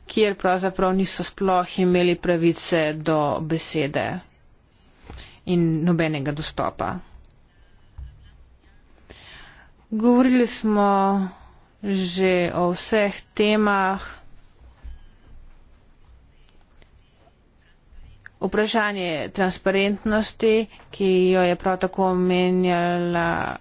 kjer pravzaprav niso sploh imeli pravice do besede in nobenega dostopa. Govorili smo že o vseh temah. Vprašanje transparentnosti, ki jo je prav tako omenjala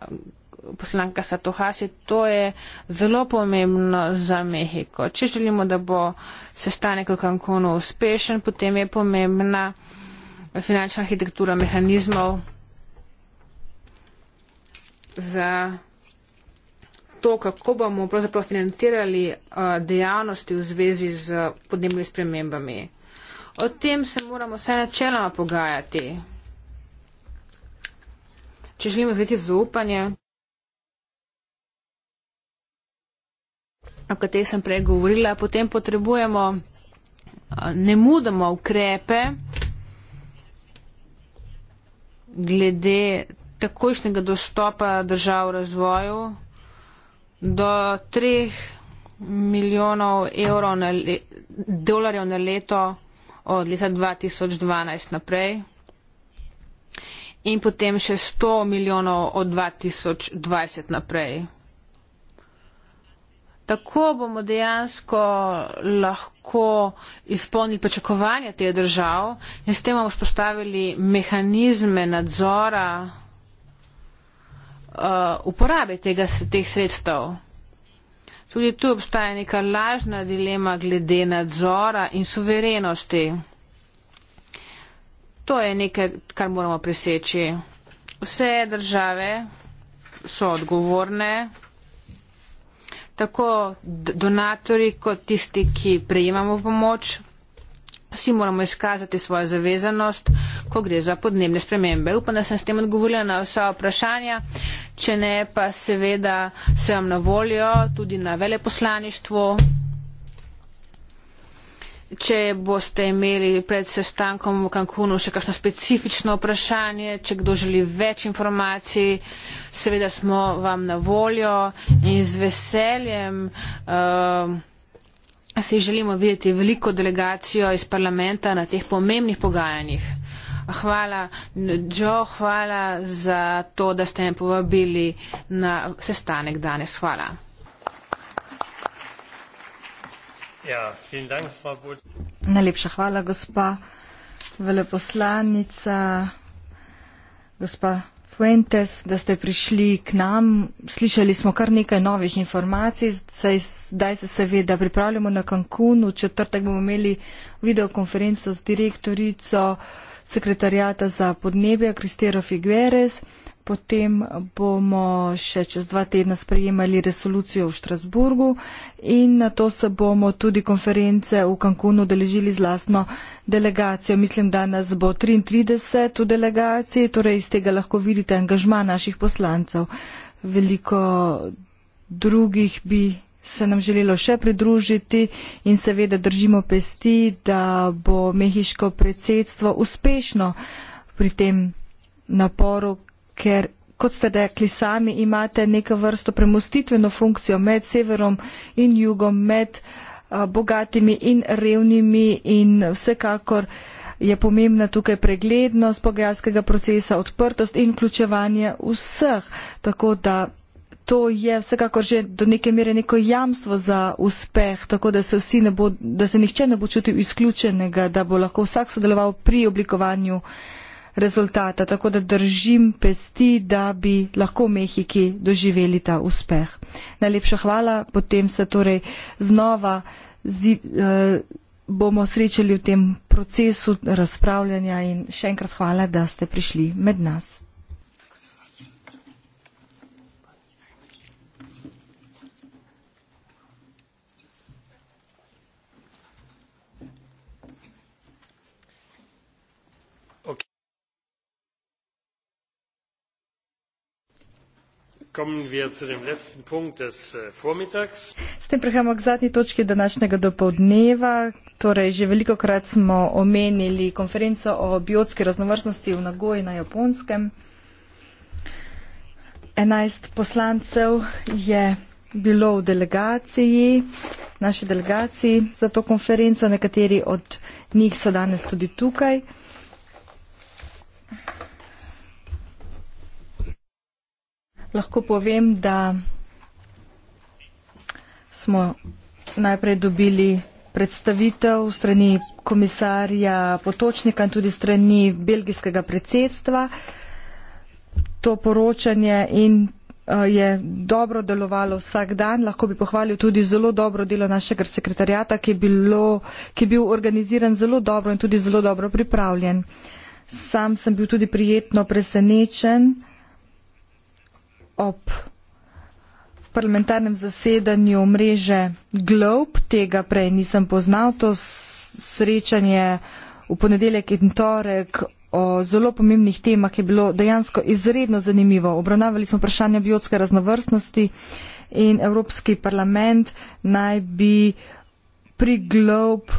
poslanka Satohasi, to je zelo pomembno za Mehiko. Če želimo, da bo sestanek v Cancunu uspešen, potem je pomembna finančna arhitektura mehanizmov za to, kako bomo pravzaprav financirali eh, dejavnosti v zvezi z eh, podnebnimi spremembami. O tem se moramo vse načeloma pogajati. Če želimo zgoditi zaupanje, o katerih sem prej govorila, potem potrebujemo eh, nemudoma ukrepe glede takojšnjega dostopa držav v razvoju, do 3 milijonov evrov na le, dolarjev na leto od leta 2012 naprej in potem še 100 milijonov od 2020 naprej. Tako bomo dejansko lahko izpolnili pričakovanja teh držav in s tem bomo spostavili mehanizme nadzora Uh, uporabe tega, teh sredstev. Tudi tu obstaja neka lažna dilema glede nadzora in suverenosti. To je nekaj, kar moramo preseči. Vse države so odgovorne, tako donatori kot tisti, ki prejemamo pomoč, vsi moramo izkazati svojo zavezanost, ko gre za podnebne spremembe. Upam, da sem s tem odgovorila na vsa vprašanja, če ne, pa seveda sem na voljo tudi na veleposlaništvu. Če boste imeli pred sestankom v Cancunu še kakšno specifično vprašanje, če kdo želi več informacij, seveda smo vam na voljo in z veseljem. Uh, se želimo videti veliko delegacijo iz parlamenta na teh pomembnih pogajanjih. Hvala, Joe, hvala za to, da ste me povabili na sestanek danes. Hvala. Ja, dank, Najlepša hvala, gospa veleposlanica, gospa Fuentes, da ste prišli k nam. Slišali smo kar nekaj novih informacij. Zdaj se seveda pripravljamo na Cancunu. Četrtek bomo imeli videokonferenco z direktorico sekretarjata za podnebje Kristero Figueres potem bomo še čez dva tedna sprejemali resolucijo v Štrasburgu in na to se bomo tudi konference v Cancunu deležili z lastno delegacijo. Mislim, da nas bo 33 v delegaciji, torej iz tega lahko vidite angažma naših poslancev. Veliko drugih bi se nam želelo še pridružiti in seveda držimo pesti, da bo mehiško predsedstvo uspešno pri tem naporu, ker kot ste rekli sami, imate neko vrsto premustitveno funkcijo med severom in jugom, med bogatimi in revnimi in vsekakor je pomembna tukaj preglednost pogajalskega procesa, odprtost in vključevanje vseh. Tako da to je vsekakor že do neke mere neko jamstvo za uspeh, tako da se, vsi ne bo, da se nihče ne bo čutil izključenega, da bo lahko vsak sodeloval pri oblikovanju uh, rezultata, tako da držim pesti, da bi lahko Mehiki doživeli ta uspeh. Najlepša hvala, potem se torej znova zi, eh, bomo srečali v tem procesu razpravljanja in še enkrat hvala, da ste prišli med nas. kommen wir zu dem letzten Punkt des äh, Vormittags. S tem prehajamo k zadnji točki današnjega dopoldneva. Torej, že veliko krat smo omenili konferenco o biotski raznovrstnosti v Nagoji na Japonskem. 11 poslancev je bilo v delegaciji, naši delegaciji za to konferenco, nekateri od njih so danes tudi tukaj. lahko povem, da smo najprej dobili predstavitev strani komisarja Potočnika in tudi strani belgijskega predsedstva. To poročanje in eh, je dobro delovalo vsak dan. Lahko bi pohvalil tudi zelo dobro delo našega sekretarjata, ki je, bilo, ki je bil organiziran zelo dobro in tudi zelo dobro pripravljen. Sam sem bil tudi prijetno presenečen, ob parlamentarnem zasedanju mreže GLOB, tega prej nisem poznal, to srečanje v ponedeljek in torek o zelo pomembnih temah je bilo dejansko izredno zanimivo. Obravnavali smo vprašanje biotske raznovrstnosti in Evropski parlament naj bi pri GLOB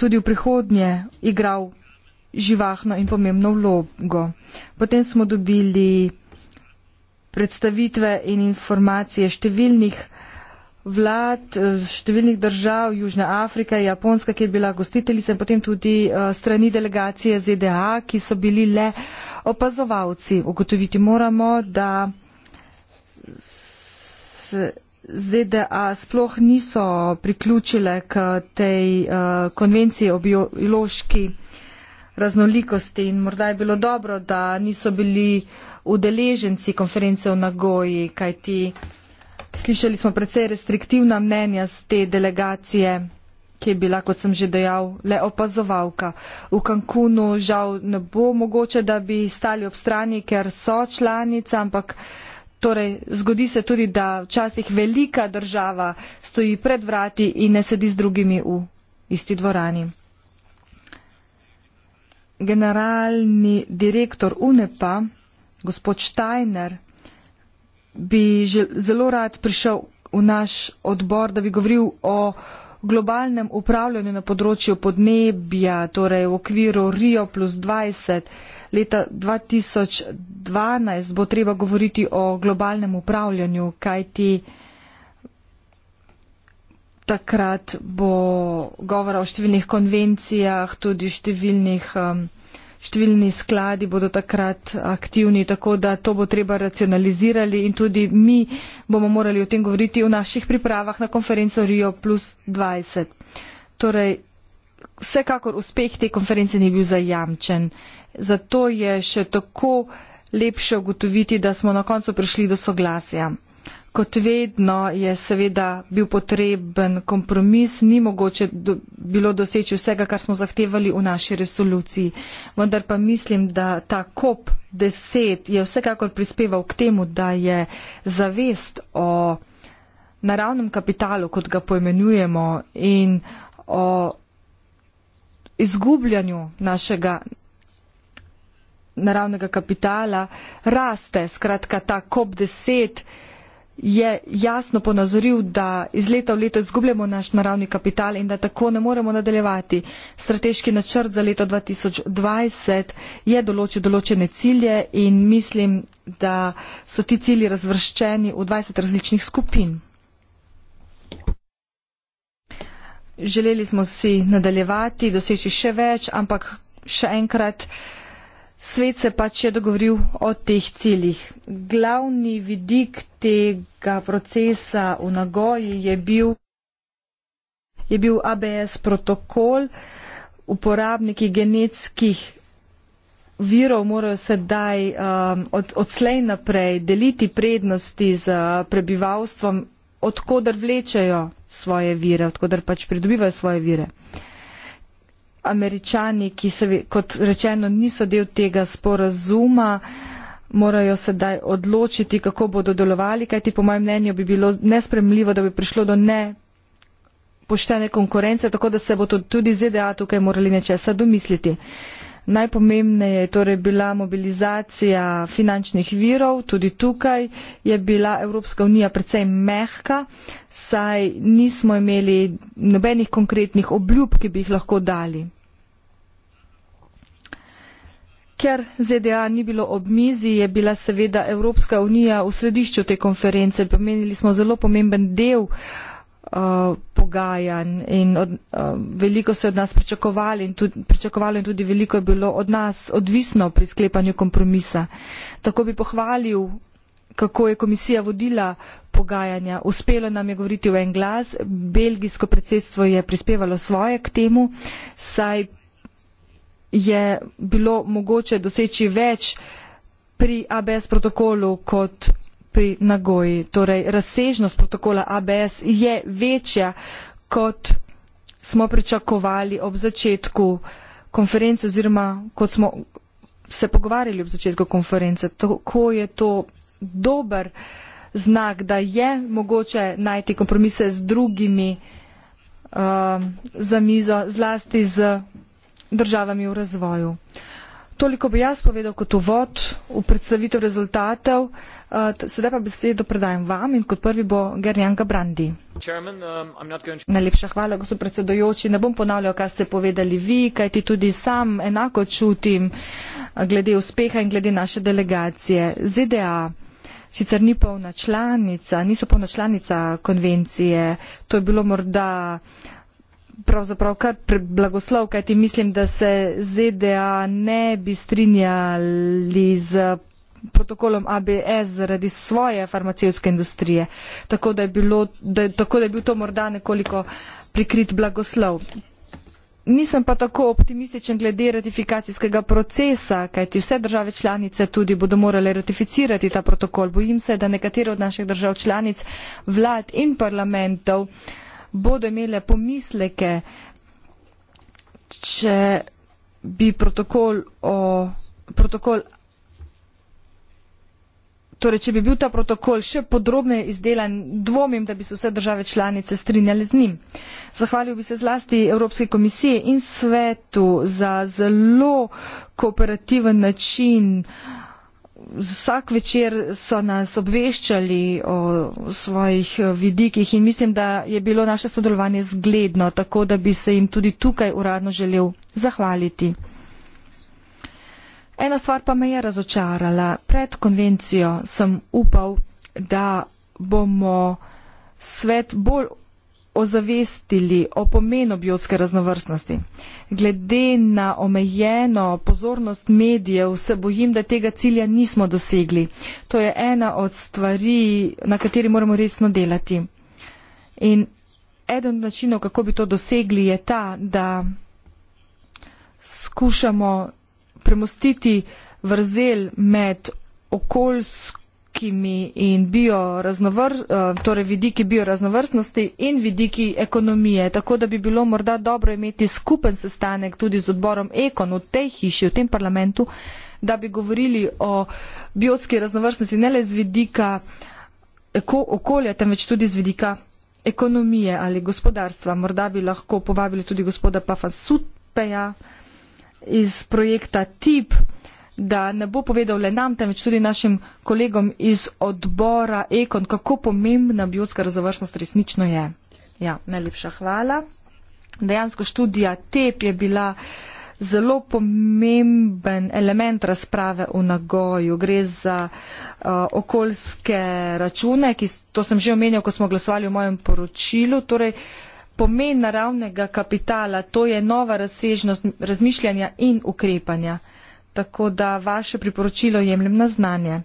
tudi v prihodnje igral živahno in pomembno vlogo. Potem smo dobili predstavitve in informacije številnih vlad, eh, številnih držav, Južna Afrika, Japonska, ki je bila gostiteljica in potem tudi eh, strani delegacije ZDA, ki so bili le opazovalci. Ugotoviti moramo, da ZDA sploh niso priključile k tej eh, konvenciji o biološki raznolikosti in morda je bilo dobro, da niso bili udeleženci konference v Nagoji, kaj ti slišali smo precej restriktivna mnenja z te delegacije, ki je bila, kot sem že dejal, le opazovalka. V Cancunu žal ne bo mogoče, da bi stali ob strani, ker so članica, ampak torej, zgodi se tudi, da včasih velika država stoji pred vrati in ne sedi z drugimi v isti dvorani. Generalni direktor UNEPA gospod Steiner, bi zelo rad prišel v naš odbor, da bi govoril o globalnem upravljanju na področju podnebja, torej v okviru Rio plus 20. Leta 2012 bo treba govoriti o globalnem upravljanju, kajti takrat bo govora o številnih konvencijah, tudi številnih um, številni skladi bodo takrat aktivni, tako da to bo treba racionalizirati in tudi mi bomo morali o tem govoriti v naših pripravah na konferenco Rio plus 20. Torej, vsekakor uspeh te konference ni bil zajamčen. Zato je še tako lepše ugotoviti, da smo na koncu prišli do soglasja kot vedno je seveda bil potreben kompromis, ni mogoče do, bilo doseči vsega, kar smo zahtevali v naši resoluciji. Vendar pa mislim, da ta COP10 je vsekakor prispeval k temu, da je zavest o naravnem kapitalu, kot ga poimenujemo, in o izgubljanju našega naravnega kapitala raste. Skratka, ta COP10 je jasno ponazoril, da iz leta v leto izgubljamo naš naravni kapital in da tako ne moremo nadaljevati. Strateški načrt za leto 2020 je določil določene cilje in mislim, da so ti cilji razvrščeni v 20 različnih skupin. Želeli smo si nadaljevati, doseči še več, ampak še enkrat. Svet se pač je dogovoril o teh ciljih. Glavni vidik tega procesa v Nagoji je bil, je bil ABS protokol. Uporabniki genetskih virov morajo sedaj um, od, odslej naprej deliti prednosti z uh, prebivalstvom, odkudar vlečejo svoje vire, odkudar pač pridobivajo svoje vire. Uh, američani, ki se kot rečeno niso del tega sporazuma, morajo sedaj odločiti, kako bodo delovali, kajti po mojem mnenju bi bilo nespremljivo, da bi prišlo do ne poštene konkurence, tako da se bo tudi ZDA tukaj morali nečesa domisliti. Najpomembneje je torej bila mobilizacija finančnih virov, tudi tukaj je bila Evropska unija precej mehka, saj nismo imeli nobenih konkretnih obljub, ki bi jih lahko dali. Ker ZDA ni bilo ob mizi, je bila seveda Evropska unija v središču te konference. Pomenili smo zelo pomemben del uh, pogajanj in od, uh, veliko se je od nas pričakovali in tudi, pričakovalo in tudi veliko je bilo od nas odvisno pri sklepanju kompromisa. Tako bi pohvalil, kako je komisija vodila pogajanja. Uspelo nam je govoriti v en glas. Belgijsko predsedstvo je prispevalo svoje k temu, saj je bilo mogoče doseči več pri abs protokolu kot pri nagoji torej razsežnost protokola abs je večja kot smo pričakovali ob začetku konference oziroma kot smo se pogovarjali ob začetku konference tako je to dober znak da je mogoče najti kompromise z drugimi uh, za mizo zlasti z državami v razvoju. Toliko bi jaz povedal kot uvod v predstavitev rezultatov. Eh, sedaj pa besedo predajam vam in kot prvi bo Gerjan Gabrandi. Um, Najlepša hvala, gospod predsedojoči. Ne bom ponavljal, kaj ste povedali vi, kaj ti tudi sam enako čutim eh, glede uspeha in glede naše delegacije. ZDA sicer ni polna članica, niso polna članica konvencije, to je bilo morda pravzaprav kar blagoslov, kajti mislim, da se ZDA ne bi strinjali z protokolom ABS zaradi svoje farmacevske industrije. Tako da, bilo, da, tako da je bil to morda nekoliko prikrit blagoslov. Nisem pa tako optimističen glede ratifikacijskega procesa, kajti vse države članice tudi bodo morale ratificirati ta protokol. Bojim se, da nekatere od naših držav članic, vlad in parlamentov uh, bodo imele pomisleke, če bi protokol o protokol Torej, če bi bil ta protokol še podrobneje izdelan, dvomim, da bi se vse države članice strinjali z njim. Zahvalil bi se zlasti Evropske komisije in svetu za zelo kooperativen način uh, vsak večer so nas obveščali o svojih vidikih in mislim, da je bilo naše sodelovanje zgledno, tako da bi se jim tudi tukaj uradno želel zahvaliti. Ena stvar pa me je razočarala. Pred konvencijo sem upal, da bomo svet bolj ozavestili o pomenu biotske raznovrstnosti. Glede na omejeno pozornost medijev se bojim, da tega cilja nismo dosegli. To je ena od stvari, na kateri moramo resno delati. In eden od načinov, kako bi to dosegli, je ta, da skušamo premostiti vrzel med okoljsko vidikimi in bioraznovr, eh, torej vidiki bioraznovrstnosti in vidiki ekonomije. Tako da bi bilo morda dobro imeti skupen sestanek tudi z odborom Ekon v tej hiši, v tem parlamentu, da bi govorili o biotski raznovrstnosti ne le z vidika okolja, temveč tudi z vidika ekonomije ali gospodarstva. Morda bi lahko povabili tudi gospoda Pafa Sutpeja iz projekta TIP da ne bo povedal le nam, temveč tudi našim kolegom iz odbora Ekon, kako pomembna biotska raznovrstnost resnično je. Ja, najlepša hvala. Dejansko študija TEP je bila zelo pomemben element razprave v Nagoju. Gre za uh, okoljske račune, ki, to sem že omenjal, ko smo glasovali v mojem poročilu. Torej, pomen naravnega kapitala, to je nova razsežnost razmišljanja in ukrepanja tako da vaše priporočilo jemljem na znanje.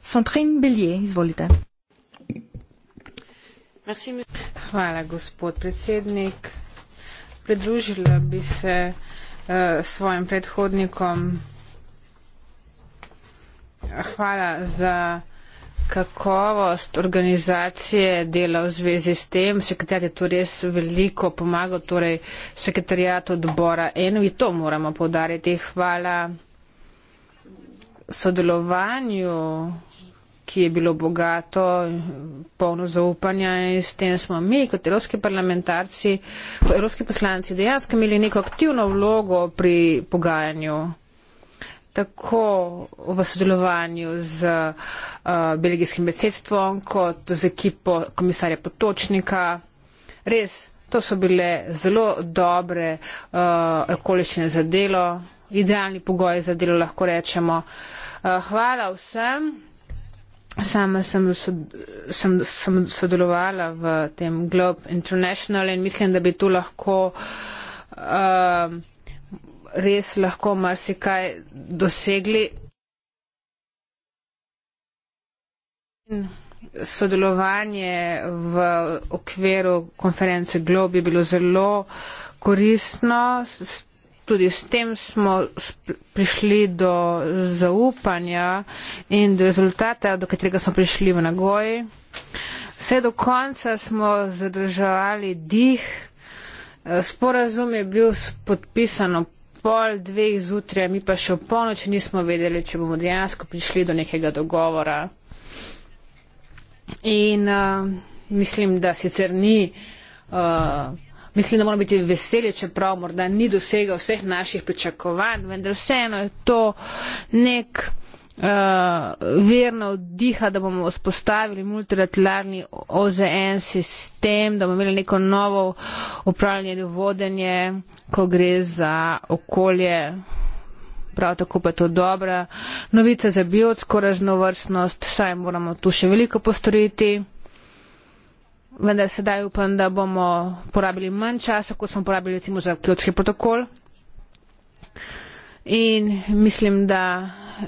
Sontrine Belier, izvolite. Hvala, gospod predsednik. Pridružila bi se uh, svojim predhodnikom. Hvala za kakovost organizacije dela v zvezi s tem. Sekretar je to res veliko pomagal, torej sekretarjat odbora eno in to moramo podariti. Hvala sodelovanju, ki je bilo bogato, polno zaupanja in s tem smo mi kot evropski parlamentarci, evropski poslanci dejansko imeli neko aktivno vlogo pri pogajanju. Tako v sodelovanju z uh, belgijskim besedstvom, kot z ekipo komisarja Potočnika. Res, to so bile zelo dobre uh, okoliščine za delo idealni pogoji za delo, lahko rečemo. Eh, hvala vsem. Sama sem, sod, sem, sem sodelovala v tem Globe International in mislim, da bi tu lahko um, res lahko marsikaj dosegli. Sodelovanje v okviru konference Globe je bilo zelo koristno. S, s, tudi s tem smo prišli do zaupanja in do rezultata, do katerega smo prišli v nagoji. Vse do konca smo zadržavali dih. Sporazum je bil podpisan pol dveh zjutraj, mi pa še v polnoči nismo vedeli, če bomo dejansko prišli do nekega dogovora. In uh, mislim, da sicer ni. Uh, Mislim, da mora biti veselje, čeprav morda ni dosegel vseh naših pričakovanj, vendar vseeno je to nek uh, verno vdiha, da bomo vzpostavili multilateralni OZN sistem, da bomo imeli neko novo upravljanje in vodenje, ko gre za okolje. Prav tako pa je to dobra novica za biotsko raznovrstnost, saj moramo tu še veliko postoriti vendar sedaj upam, da bomo porabili manj časa, kot smo porabili recimo za ključni protokol. In mislim, da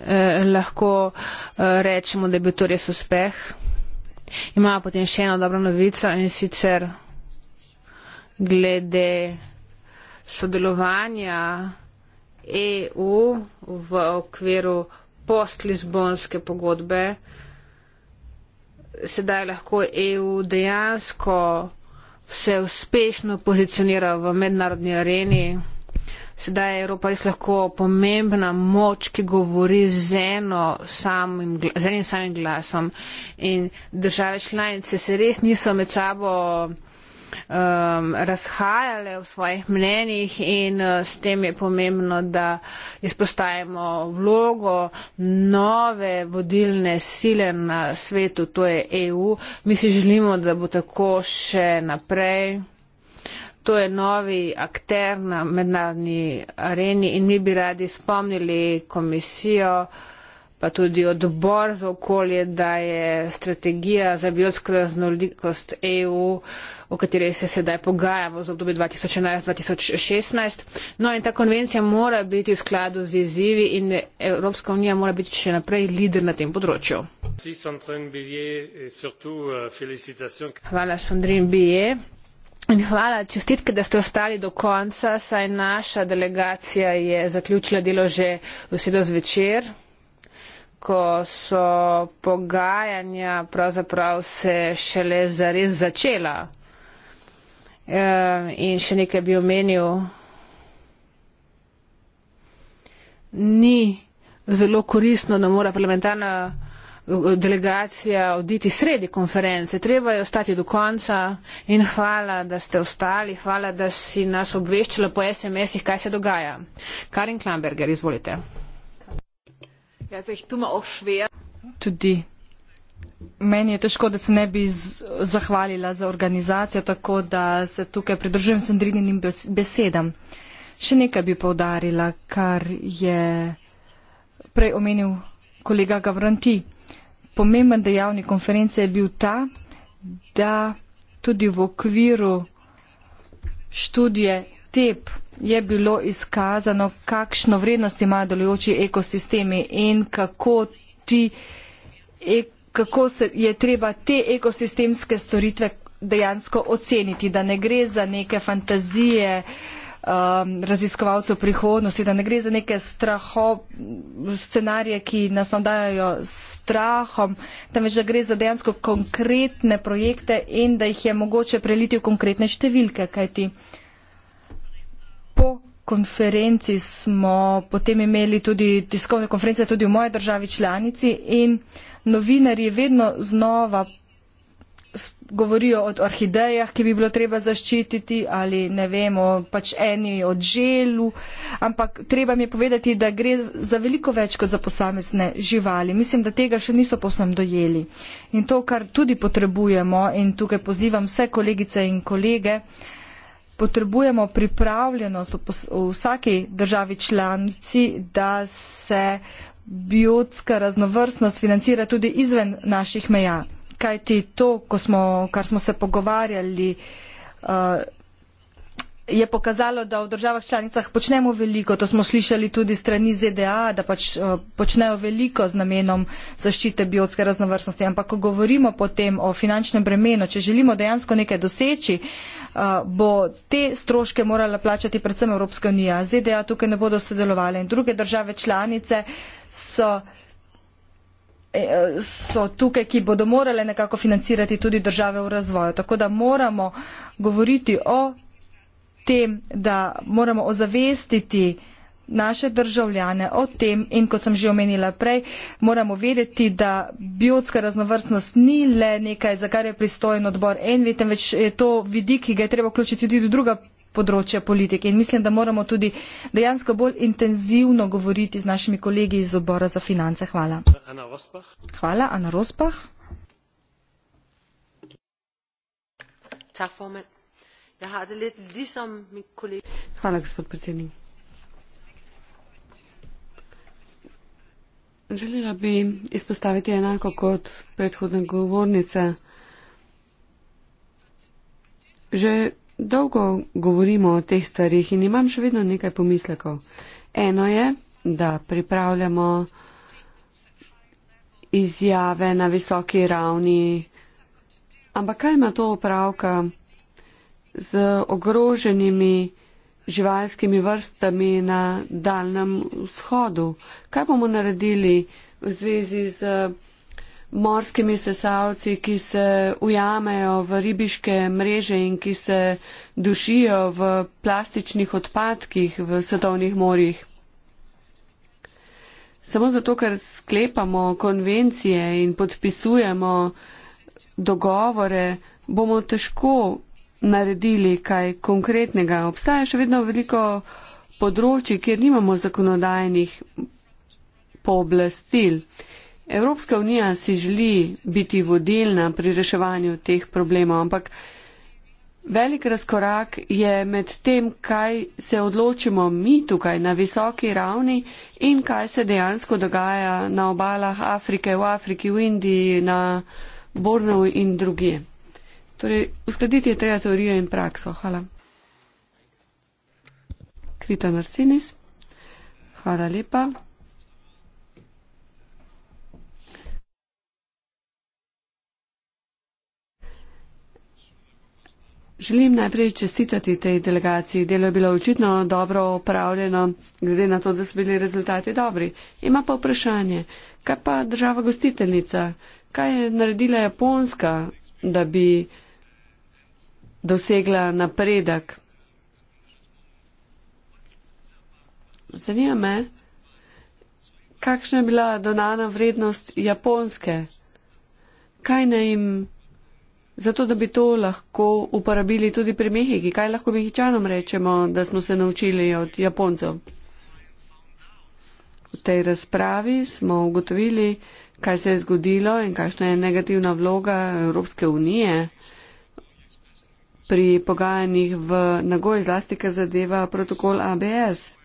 eh, lahko eh, rečemo, da je bil to res uspeh. Imamo potem še eno dobro novico in sicer glede sodelovanja EU v okviru post-Lizbonske pogodbe. Eh, sedaj lahko EU dejansko se uspešno pozicionira v mednarodni areni. Sedaj je Evropa res lahko pomembna moč, ki govori z, eno samim, z enim samim glasom. In države članice se res niso med sabo um, razhajale v svojih mnenjih in uh, s tem je pomembno, da izpostavimo vlogo nove vodilne sile na svetu, to je EU. Mi si želimo, da bo tako še naprej. To je novi akter na mednarodni areni in mi bi radi spomnili komisijo, uh, pa tudi odbor za okolje, da je strategija za biotsko raznolikost EU, o kateri se sedaj pogajamo z obdobje 2011-2016. No in ta konvencija mora biti v skladu z izzivi in Evropska unija mora biti še naprej lider na tem področju. Hvala, Sandrin Bije. In hvala, čestitke, da ste ostali do konca, saj naša delegacija je zaključila delo že v sredo zvečer ko so pogajanja pravzaprav se šele zares začela. Ehm, in še nekaj bi omenil, ni zelo koristno, da mora parlamentarna eh, delegacija oditi sredi konference. Treba je ostati do konca in hvala, da ste ostali, hvala, da si nas obveščala po SMS-ih, kaj se dogaja. Karin Klamberger, izvolite tudi meni je težko, da se ne bi zahvalila za organizacijo, tako da se tukaj pridržujem sandrininim besedam. Še nekaj bi povdarila, kar je prej omenil kolega Gavranti. Pomemben dejavnik konference je bil ta, da tudi v okviru študije TEP je bilo izkazano, kakšno vrednost imajo delujoči ekosistemi in kako, ti, e, kako se je treba te ekosistemske storitve dejansko oceniti, da ne gre za neke fantazije um, raziskovalcev prihodnosti, da ne gre za neke straho, scenarije, ki nas navdajajo strahom, temveč da gre za dejansko konkretne projekte in da jih je mogoče preliti v konkretne številke, kajti uh, Po konferenci smo potem imeli tudi tiskovne konference tudi v moji državi članici in novinarji vedno znova govorijo o orhidejah, ki bi bilo treba zaščititi ali ne vemo, pač eni od želu, ampak treba mi je povedati, da gre za veliko več kot za posamezne živali. Mislim, da tega še niso posem dojeli. In to, kar tudi potrebujemo in tukaj pozivam vse kolegice in kolege, uh, potrebujemo pripravljenost v vsaki državi članici, da se biotska raznovrstnost financira tudi izven naših meja. Kaj ti to, ko smo, kar smo se pogovarjali, uh, je pokazalo, da v državah članicah počnemo veliko, to smo slišali tudi strani ZDA, da pač uh, počnejo veliko z namenom zaščite biotske raznovrstnosti, ampak ko govorimo potem o finančnem bremenu, če želimo dejansko nekaj doseči, uh, bo te stroške morala plačati predvsem Evropska unija. ZDA tukaj ne bodo sodelovali in druge države članice so eh, so tukaj, ki bodo morale nekako financirati tudi države v razvoju. Tako da moramo govoriti o tem, da moramo ozavestiti naše državljane o tem in kot sem že omenila prej, moramo vedeti, da biotska raznovrstnost ni le nekaj, za kar je pristojen odbor Envi, temveč je to vidik, ki ga je treba vključiti tudi v druga področja politike. In mislim, da moramo tudi dejansko bolj intenzivno govoriti z našimi kolegi iz obora za finance. Hvala. Hvala, Ana Rospah. Tak, formand. Hvala, gospod predsednik. Želela bi izpostaviti enako kot predhodna govornica. Že dolgo govorimo o teh stvarih in imam še vedno nekaj pomislekov. Eno je, da pripravljamo izjave na visoki ravni, ampak kaj ima to opravka? z ogroženimi živalskimi vrstami na Daljnem vzhodu. Kaj bomo naredili v zvezi z morskimi sesalci, ki se ujamejo v ribiške mreže in ki se dušijo v plastičnih odpadkih v svetovnih morjih? Samo zato, ker sklepamo konvencije in podpisujemo dogovore, bomo težko naredili kaj konkretnega. Obstaja še vedno veliko področji, kjer nimamo zakonodajnih pooblastil. Evropska unija si želi biti vodilna pri reševanju teh problemov, ampak velik razkorak je med tem, kaj se odločimo mi tukaj na visoki ravni in kaj se dejansko dogaja na obalah Afrike, v Afriki, v Indiji, na Borneu in drugje. Torej, uskladiti je treba teorijo in prakso. Hvala. Krita Narcinis. Hvala lepa. Želim najprej čestitati tej delegaciji. Delo je bilo očitno dobro upravljeno, glede na to, da so bili rezultati dobri. Ima pa vprašanje, kaj pa država gostiteljica, kaj je naredila Japonska, da bi dosegla napredek. Zanima me, kakšna je bila donana vrednost japonske, kaj ne jim, zato da bi to lahko uporabili tudi pri Mehiki, kaj lahko mehičanom rečemo, da smo se naučili od japoncev. V tej razpravi smo ugotovili, kaj se je zgodilo in kakšna je negativna vloga Evropske unije pri pogajanjih v Nagoji, zlasti, ker zadeva protokol ABS.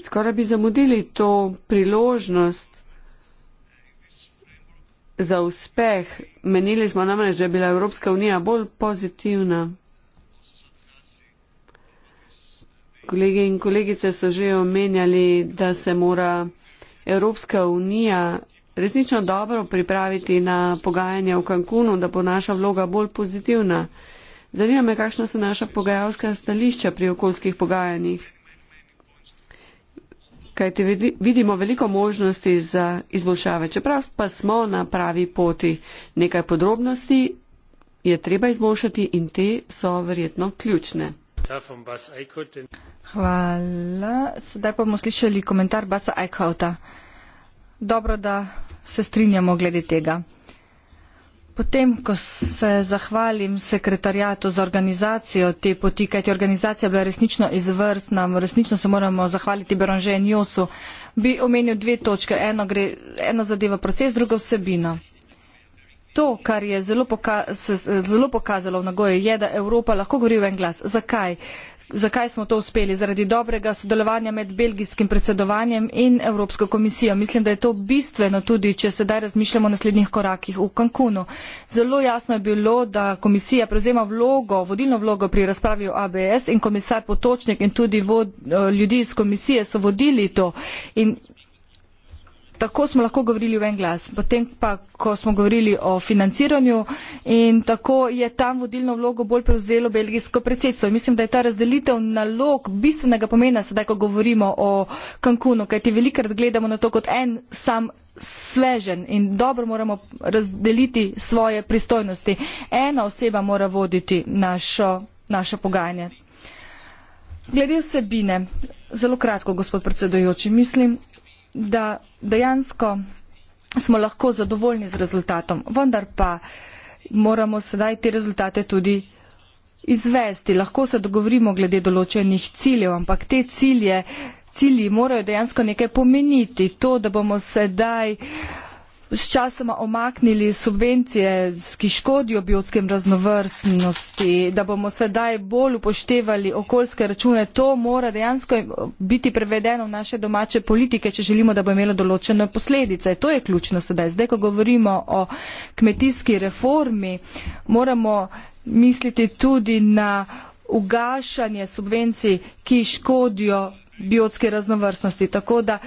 Skoraj bi zamudili to priložnost za uspeh. Menili smo namreč, da je bila Evropska unija bolj pozitivna. Kolegi in kolegice so že omenjali, da se mora Evropska unija resnično dobro pripraviti na pogajanje v Cancunu, da bo naša vloga bolj pozitivna. Zanima me, kakšna so naša pogajalska stališča pri okoljskih pogajanjih. Kaj te vidi, vidimo veliko možnosti za izboljšave, čeprav pa smo na pravi poti. Nekaj podrobnosti je treba izboljšati in te so verjetno ključne. Hvala. Sedaj pa bomo slišali komentar Basa Eichhauta dobro, da se strinjamo glede tega. Potem, ko se zahvalim sekretarjatu za organizacijo te poti, kajti organizacija je bila resnično izvrstna, resnično se moramo zahvaliti Beronže in Josu, bi omenil dve točke. Eno, gre, eno zadeva proces, drugo vsebino. To, kar je zelo, poka se zelo pokazalo v Nagoji, je, da Evropa lahko govori v en glas. Zakaj? zakaj smo to uspeli zaradi dobrega sodelovanja med belgijskim predsedovanjem in evropsko komisijo mislim da je to bistveno tudi če sedaj razmišljamo o naslednjih korakih v cancunu zelo jasno je bilo da komisija prevzema vlogo vodilno vlogo pri razpravi o abs in komisar potočnik in tudi eh, ljudje iz komisije so vodili to in tako smo lahko govorili v en glas. Potem pa, ko smo govorili o financiranju in tako je tam vodilno vlogo bolj prevzelo belgijsko predsedstvo. Mislim, da je ta razdelitev nalog bistvenega pomena sedaj, ko govorimo o Cancunu, kajti velikrat gledamo na to kot en sam svežen in dobro moramo razdeliti svoje pristojnosti. Ena oseba mora voditi našo, naše pogajanje. Glede vsebine, zelo kratko, gospod predsedujoči, mislim, da dejansko smo lahko zadovoljni z rezultatom, vendar pa moramo sedaj te rezultate tudi izvesti. Lahko se dogovorimo glede določenih ciljev, ampak te cilje, cilji morajo dejansko nekaj pomeniti. To, da bomo sedaj uh, sčasoma omaknili subvencije, ki škodijo biotskem raznovrstnosti, da bomo sedaj bolj upoštevali okoljske račune, to mora dejansko biti prevedeno v naše domače politike, če želimo, da bo imelo določene posledice. To je ključno sedaj. Zdaj, ko govorimo o kmetijski reformi, moramo misliti tudi na ugašanje subvencij, ki škodijo biotske raznovrstnosti. Tako da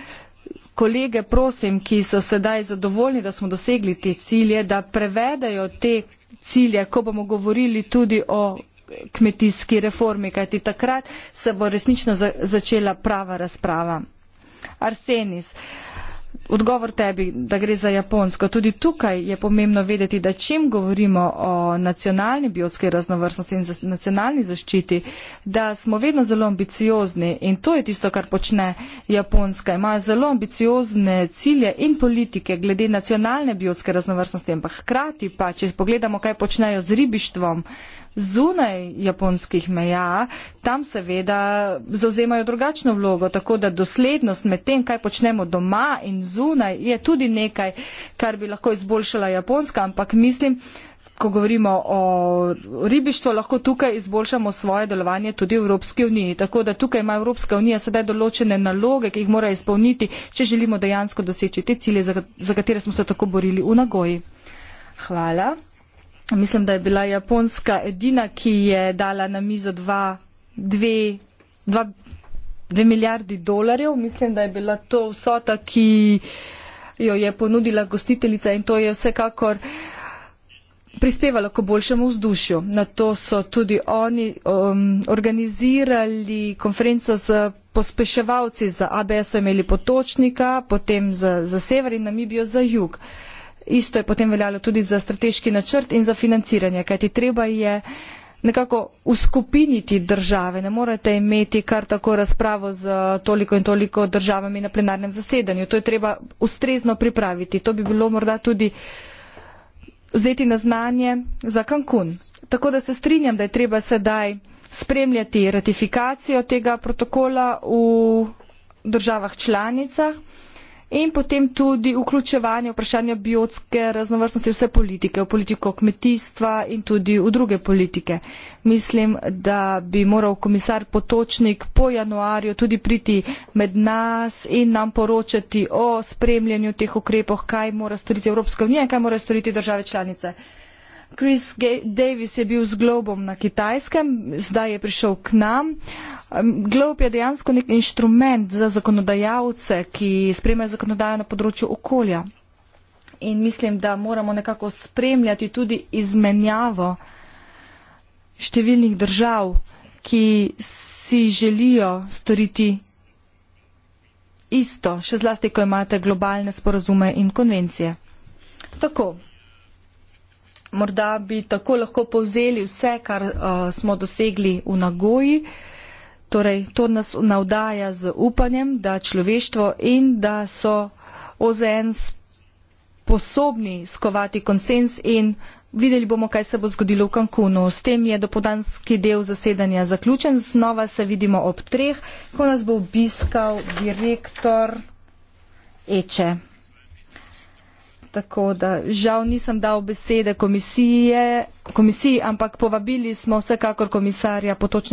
kolege prosim, ki so sedaj zadovoljni, da smo dosegli te cilje, da prevedajo te cilje, ko bomo govorili tudi o kmetijski reformi, kajti takrat se bo resnično začela prava razprava. Arsenis. Uh, Odgovor tebi, da gre za Japonsko. Tudi tukaj je pomembno vedeti, da čim govorimo o nacionalni biotski raznovrstnosti in nacionalni zaščiti, da smo vedno zelo ambiciozni in to je tisto, kar počne Japonska. Imajo zelo ambiciozne cilje in politike glede nacionalne biotske raznovrstnosti, ampak hkrati pa, če pogledamo, kaj počnejo z ribištvom, zunaj japonskih meja, tam seveda zauzemajo drugačno vlogo, tako da doslednost med tem, kaj počnemo doma in zunaj, je tudi nekaj, kar bi lahko izboljšala Japonska, ampak mislim, ko govorimo o ribištvu, lahko tukaj izboljšamo svoje delovanje tudi v Evropski uniji. Tako da tukaj ima Evropska unija sedaj določene naloge, ki jih mora izpolniti, če želimo dejansko doseči te cilje, za katere smo se tako borili v Nagoji. Hvala mislim, da je bila Japonska edina, ki je dala na mizo dva, dve, dva, dve milijardi dolarjev. Mislim, da je bila to vsota, ki jo je ponudila gostiteljica in to je vsekakor prispevalo k boljšemu vzdušju. Na to so tudi oni um, organizirali konferenco z pospeševalci za ABS, so imeli potočnika, potem za, za sever in Namibijo za jug. Uh, Isto je potem veljalo tudi za strateški načrt in za financiranje, kajti treba je nekako uskupiniti države. Ne morete imeti kar tako razpravo z toliko in toliko državami na plenarnem zasedanju. To je treba ustrezno pripraviti. To bi bilo morda tudi vzeti na znanje za Cancun. Tako da se strinjam, da je treba sedaj spremljati ratifikacijo tega protokola v državah članicah in potem tudi vključevanje vprašanja biotske raznovrstnosti vse politike, v politiko kmetijstva in tudi v druge politike. Mislim, da bi moral komisar Potočnik po januarju tudi priti med nas in nam poročati o spremljanju teh ukrepov, kaj mora storiti Evropska unija in kaj mora storiti države članice. Chris Davis je bil z globom na Kitajskem, zdaj je prišel k nam. Um, glob je dejansko nek inštrument za zakonodajalce, ki spremljajo zakonodajo na področju okolja. In mislim, da moramo nekako spremljati tudi izmenjavo številnih držav, ki si želijo storiti isto, še zlasti, ko imate globalne sporazume in konvencije. Tako morda bi tako lahko povzeli vse, kar uh, smo dosegli v Nagoji. Torej, to nas navdaja z upanjem, da človeštvo in da so OZN sposobni skovati konsens in videli bomo, kaj se bo zgodilo v Kankunu. S tem je dopodanski del zasedanja zaključen. Znova se vidimo ob treh, ko nas bo obiskal direktor Eče tako da žal nisem dal besede komisije, komisiji, ampak povabili smo vsekakor komisarja Potočnik